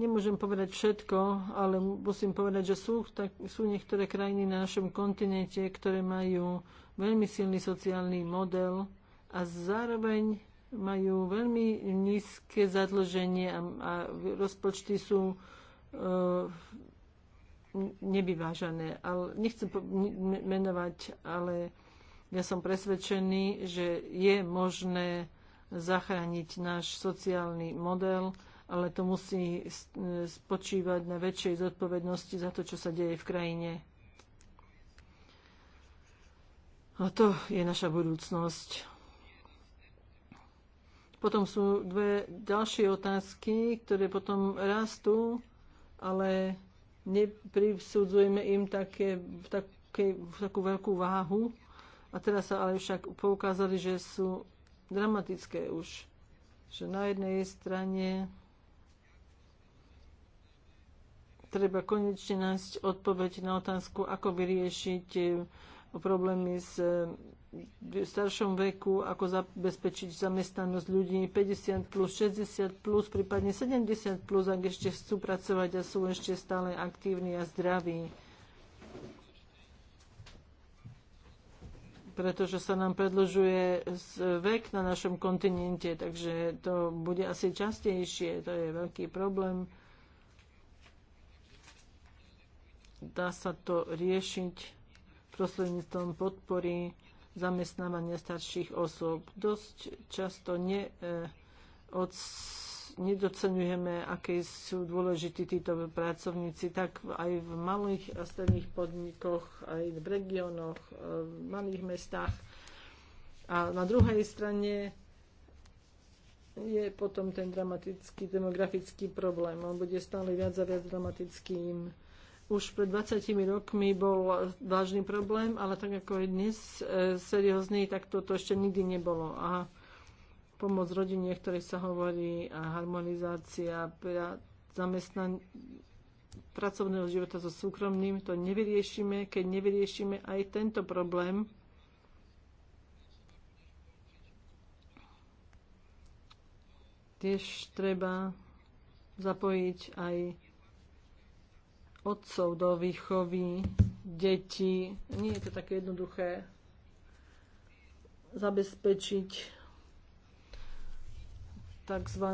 Nemôžem povedať všetko, ale musím povedať, že sú, tak, sú niektoré krajiny na našom kontinente, ktoré majú veľmi silný sociálny model a zároveň majú veľmi nízke zadlženie a, a rozpočty sú E, nevyvážané. Ale nechcem menovať, ale ja som presvedčený, že je možné zachrániť náš sociálny model, ale to musí spočívať na väčšej zodpovednosti za to, čo sa deje v krajine. A to je naša budúcnosť. Potom sú dve ďalšie otázky, ktoré potom rastú ale neprisudzujme im také, také, takú veľkú váhu. A teraz sa ale však poukázali, že sú dramatické už. Že na jednej strane treba konečne nájsť odpoveď na otázku, ako vyriešiť problémy s e, v staršom veku, ako zabezpečiť zamestnanosť ľudí 50 plus, 60 plus, prípadne 70 plus, ak ešte chcú pracovať a sú ešte stále aktívni a zdraví. pretože sa nám predlžuje vek na našom kontinente, takže to bude asi častejšie, to je veľký problém. Dá sa to riešiť prostredníctvom podpory zamestnávania starších osôb. Dosť často ne, e, od, nedocenujeme, aké sú dôležití títo pracovníci, tak aj v malých a stredných podnikoch, aj v regiónoch, e, v malých mestách. A na druhej strane je potom ten dramatický demografický problém. On bude stále viac a viac dramatickým už pred 20 rokmi bol vážny problém, ale tak ako je dnes e, seriózny, tak toto ešte nikdy nebolo. A pomoc rodine, ktorej sa hovorí, a harmonizácia zamestnan- pracovného života so súkromným, to nevyriešime, keď nevyriešime aj tento problém. Tiež treba zapojiť aj otcov do výchovy detí. Nie je to také jednoduché zabezpečiť tzv.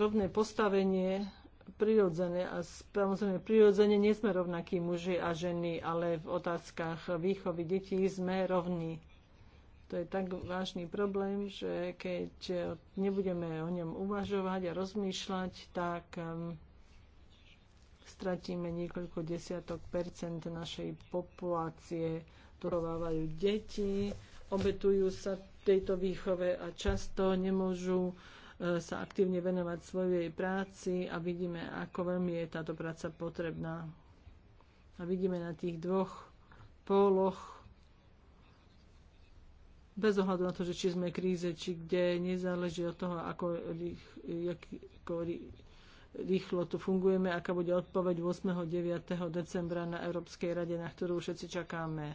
rovné postavenie prirodzené a samozrejme prirodzene nie sme rovnakí muži a ženy, ale v otázkach výchovy detí sme rovní. To je tak vážny problém, že keď nebudeme o ňom uvažovať a rozmýšľať, tak um, stratíme niekoľko desiatok percent našej populácie, torovávajú deti, obetujú sa tejto výchove a často nemôžu e, sa aktívne venovať svojej práci a vidíme, ako veľmi je táto práca potrebná. A vidíme na tých dvoch poloch bez ohľadu na to, že či sme kríze, či kde, nezáleží od toho, ako, ako rýchlo tu fungujeme, aká bude odpoveď 8. 9. decembra na Európskej rade, na ktorú všetci čakáme.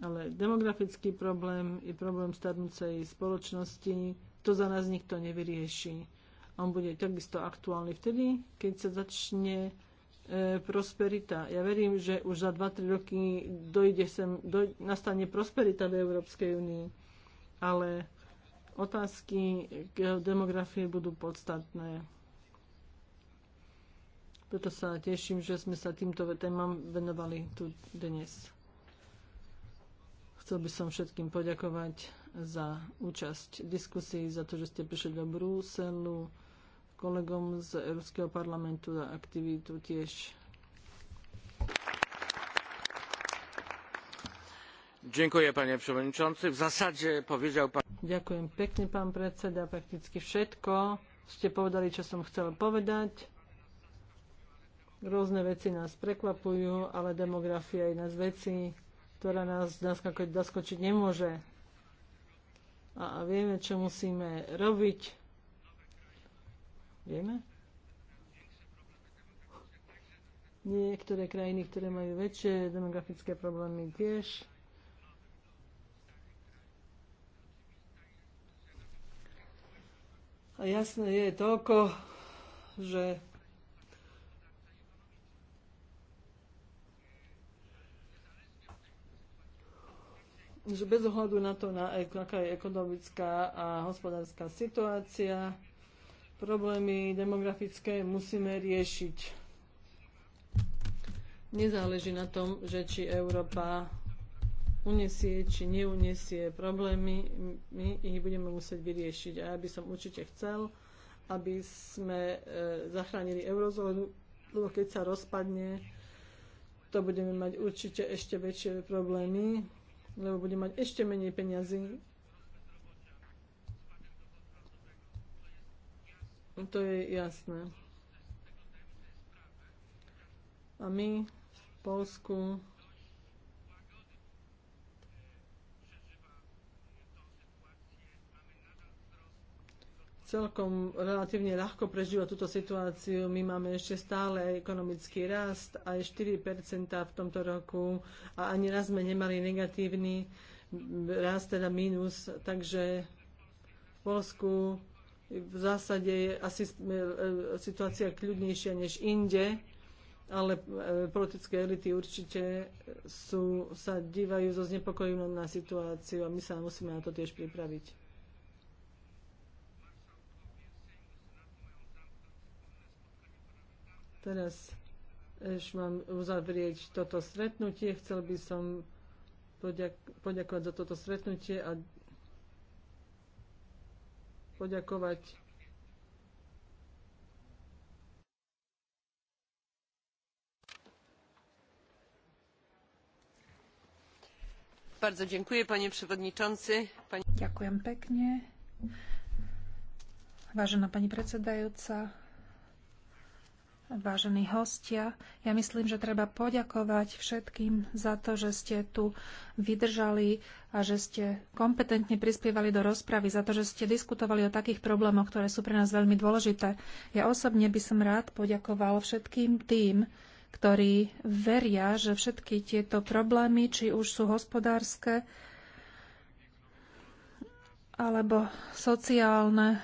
Ale demografický problém je problém starnúcej spoločnosti. To za nás nikto nevyrieši. On bude takisto aktuálny vtedy, keď sa začne e, prosperita. Ja verím, že už za 2-3 roky dojde sem, doj, nastane prosperita v Európskej únii, ale otázky k demografie budú podstatné. Preto sa teším, že sme sa týmto témam venovali tu dnes. Chcel by som všetkým poďakovať za účasť v diskusii, za to, že ste prišli do Bruselu, kolegom z Európskeho parlamentu za aktivitu tiež. Ďakujem pekne, pán predseda. Prakticky všetko ste povedali, čo som chcel povedať. Rôzne veci nás prekvapujú, ale demografia je jedna z vecí, ktorá nás zaskočiť nemôže. A, a vieme, čo musíme robiť. Vieme? Niektoré krajiny, ktoré majú väčšie demografické problémy tiež A jasné je toľko, že že bez ohľadu na to, na, aká je ekonomická a hospodárska situácia, problémy demografické musíme riešiť. Nezáleží na tom, že či Európa unesie či neunesie problémy, my ich budeme musieť vyriešiť. A ja by som určite chcel, aby sme e, zachránili eurozónu, lebo keď sa rozpadne, to budeme mať určite ešte väčšie problémy, lebo budeme mať ešte menej peňazí. To je jasné. A my v Polsku celkom relatívne ľahko prežíva túto situáciu. My máme ešte stále ekonomický rast aj 4% v tomto roku a ani raz sme nemali negatívny rast, teda mínus. Takže v Polsku v zásade je asi e, e, situácia kľudnejšia než inde, ale e, politické elity určite sú, sa dívajú so znepokojením na situáciu a my sa musíme na to tiež pripraviť. Teraz už mám uzavrieť toto stretnutie. Chcel by som poďak- poďakovať za toto stretnutie a poďakovať Bardzo dziękuję, panie przewodniczący. Pani... Ďakujem pekne. Vážená pani predsedajúca, vážení hostia. Ja myslím, že treba poďakovať všetkým za to, že ste tu vydržali a že ste kompetentne prispievali do rozpravy, za to, že ste diskutovali o takých problémoch, ktoré sú pre nás veľmi dôležité. Ja osobne by som rád poďakoval všetkým tým, ktorí veria, že všetky tieto problémy, či už sú hospodárske alebo sociálne,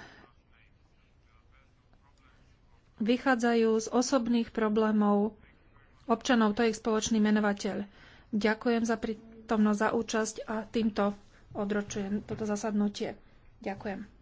vychádzajú z osobných problémov občanov. To je ich spoločný menovateľ. Ďakujem za prítomnosť, za účasť a týmto odročujem toto zasadnutie. Ďakujem.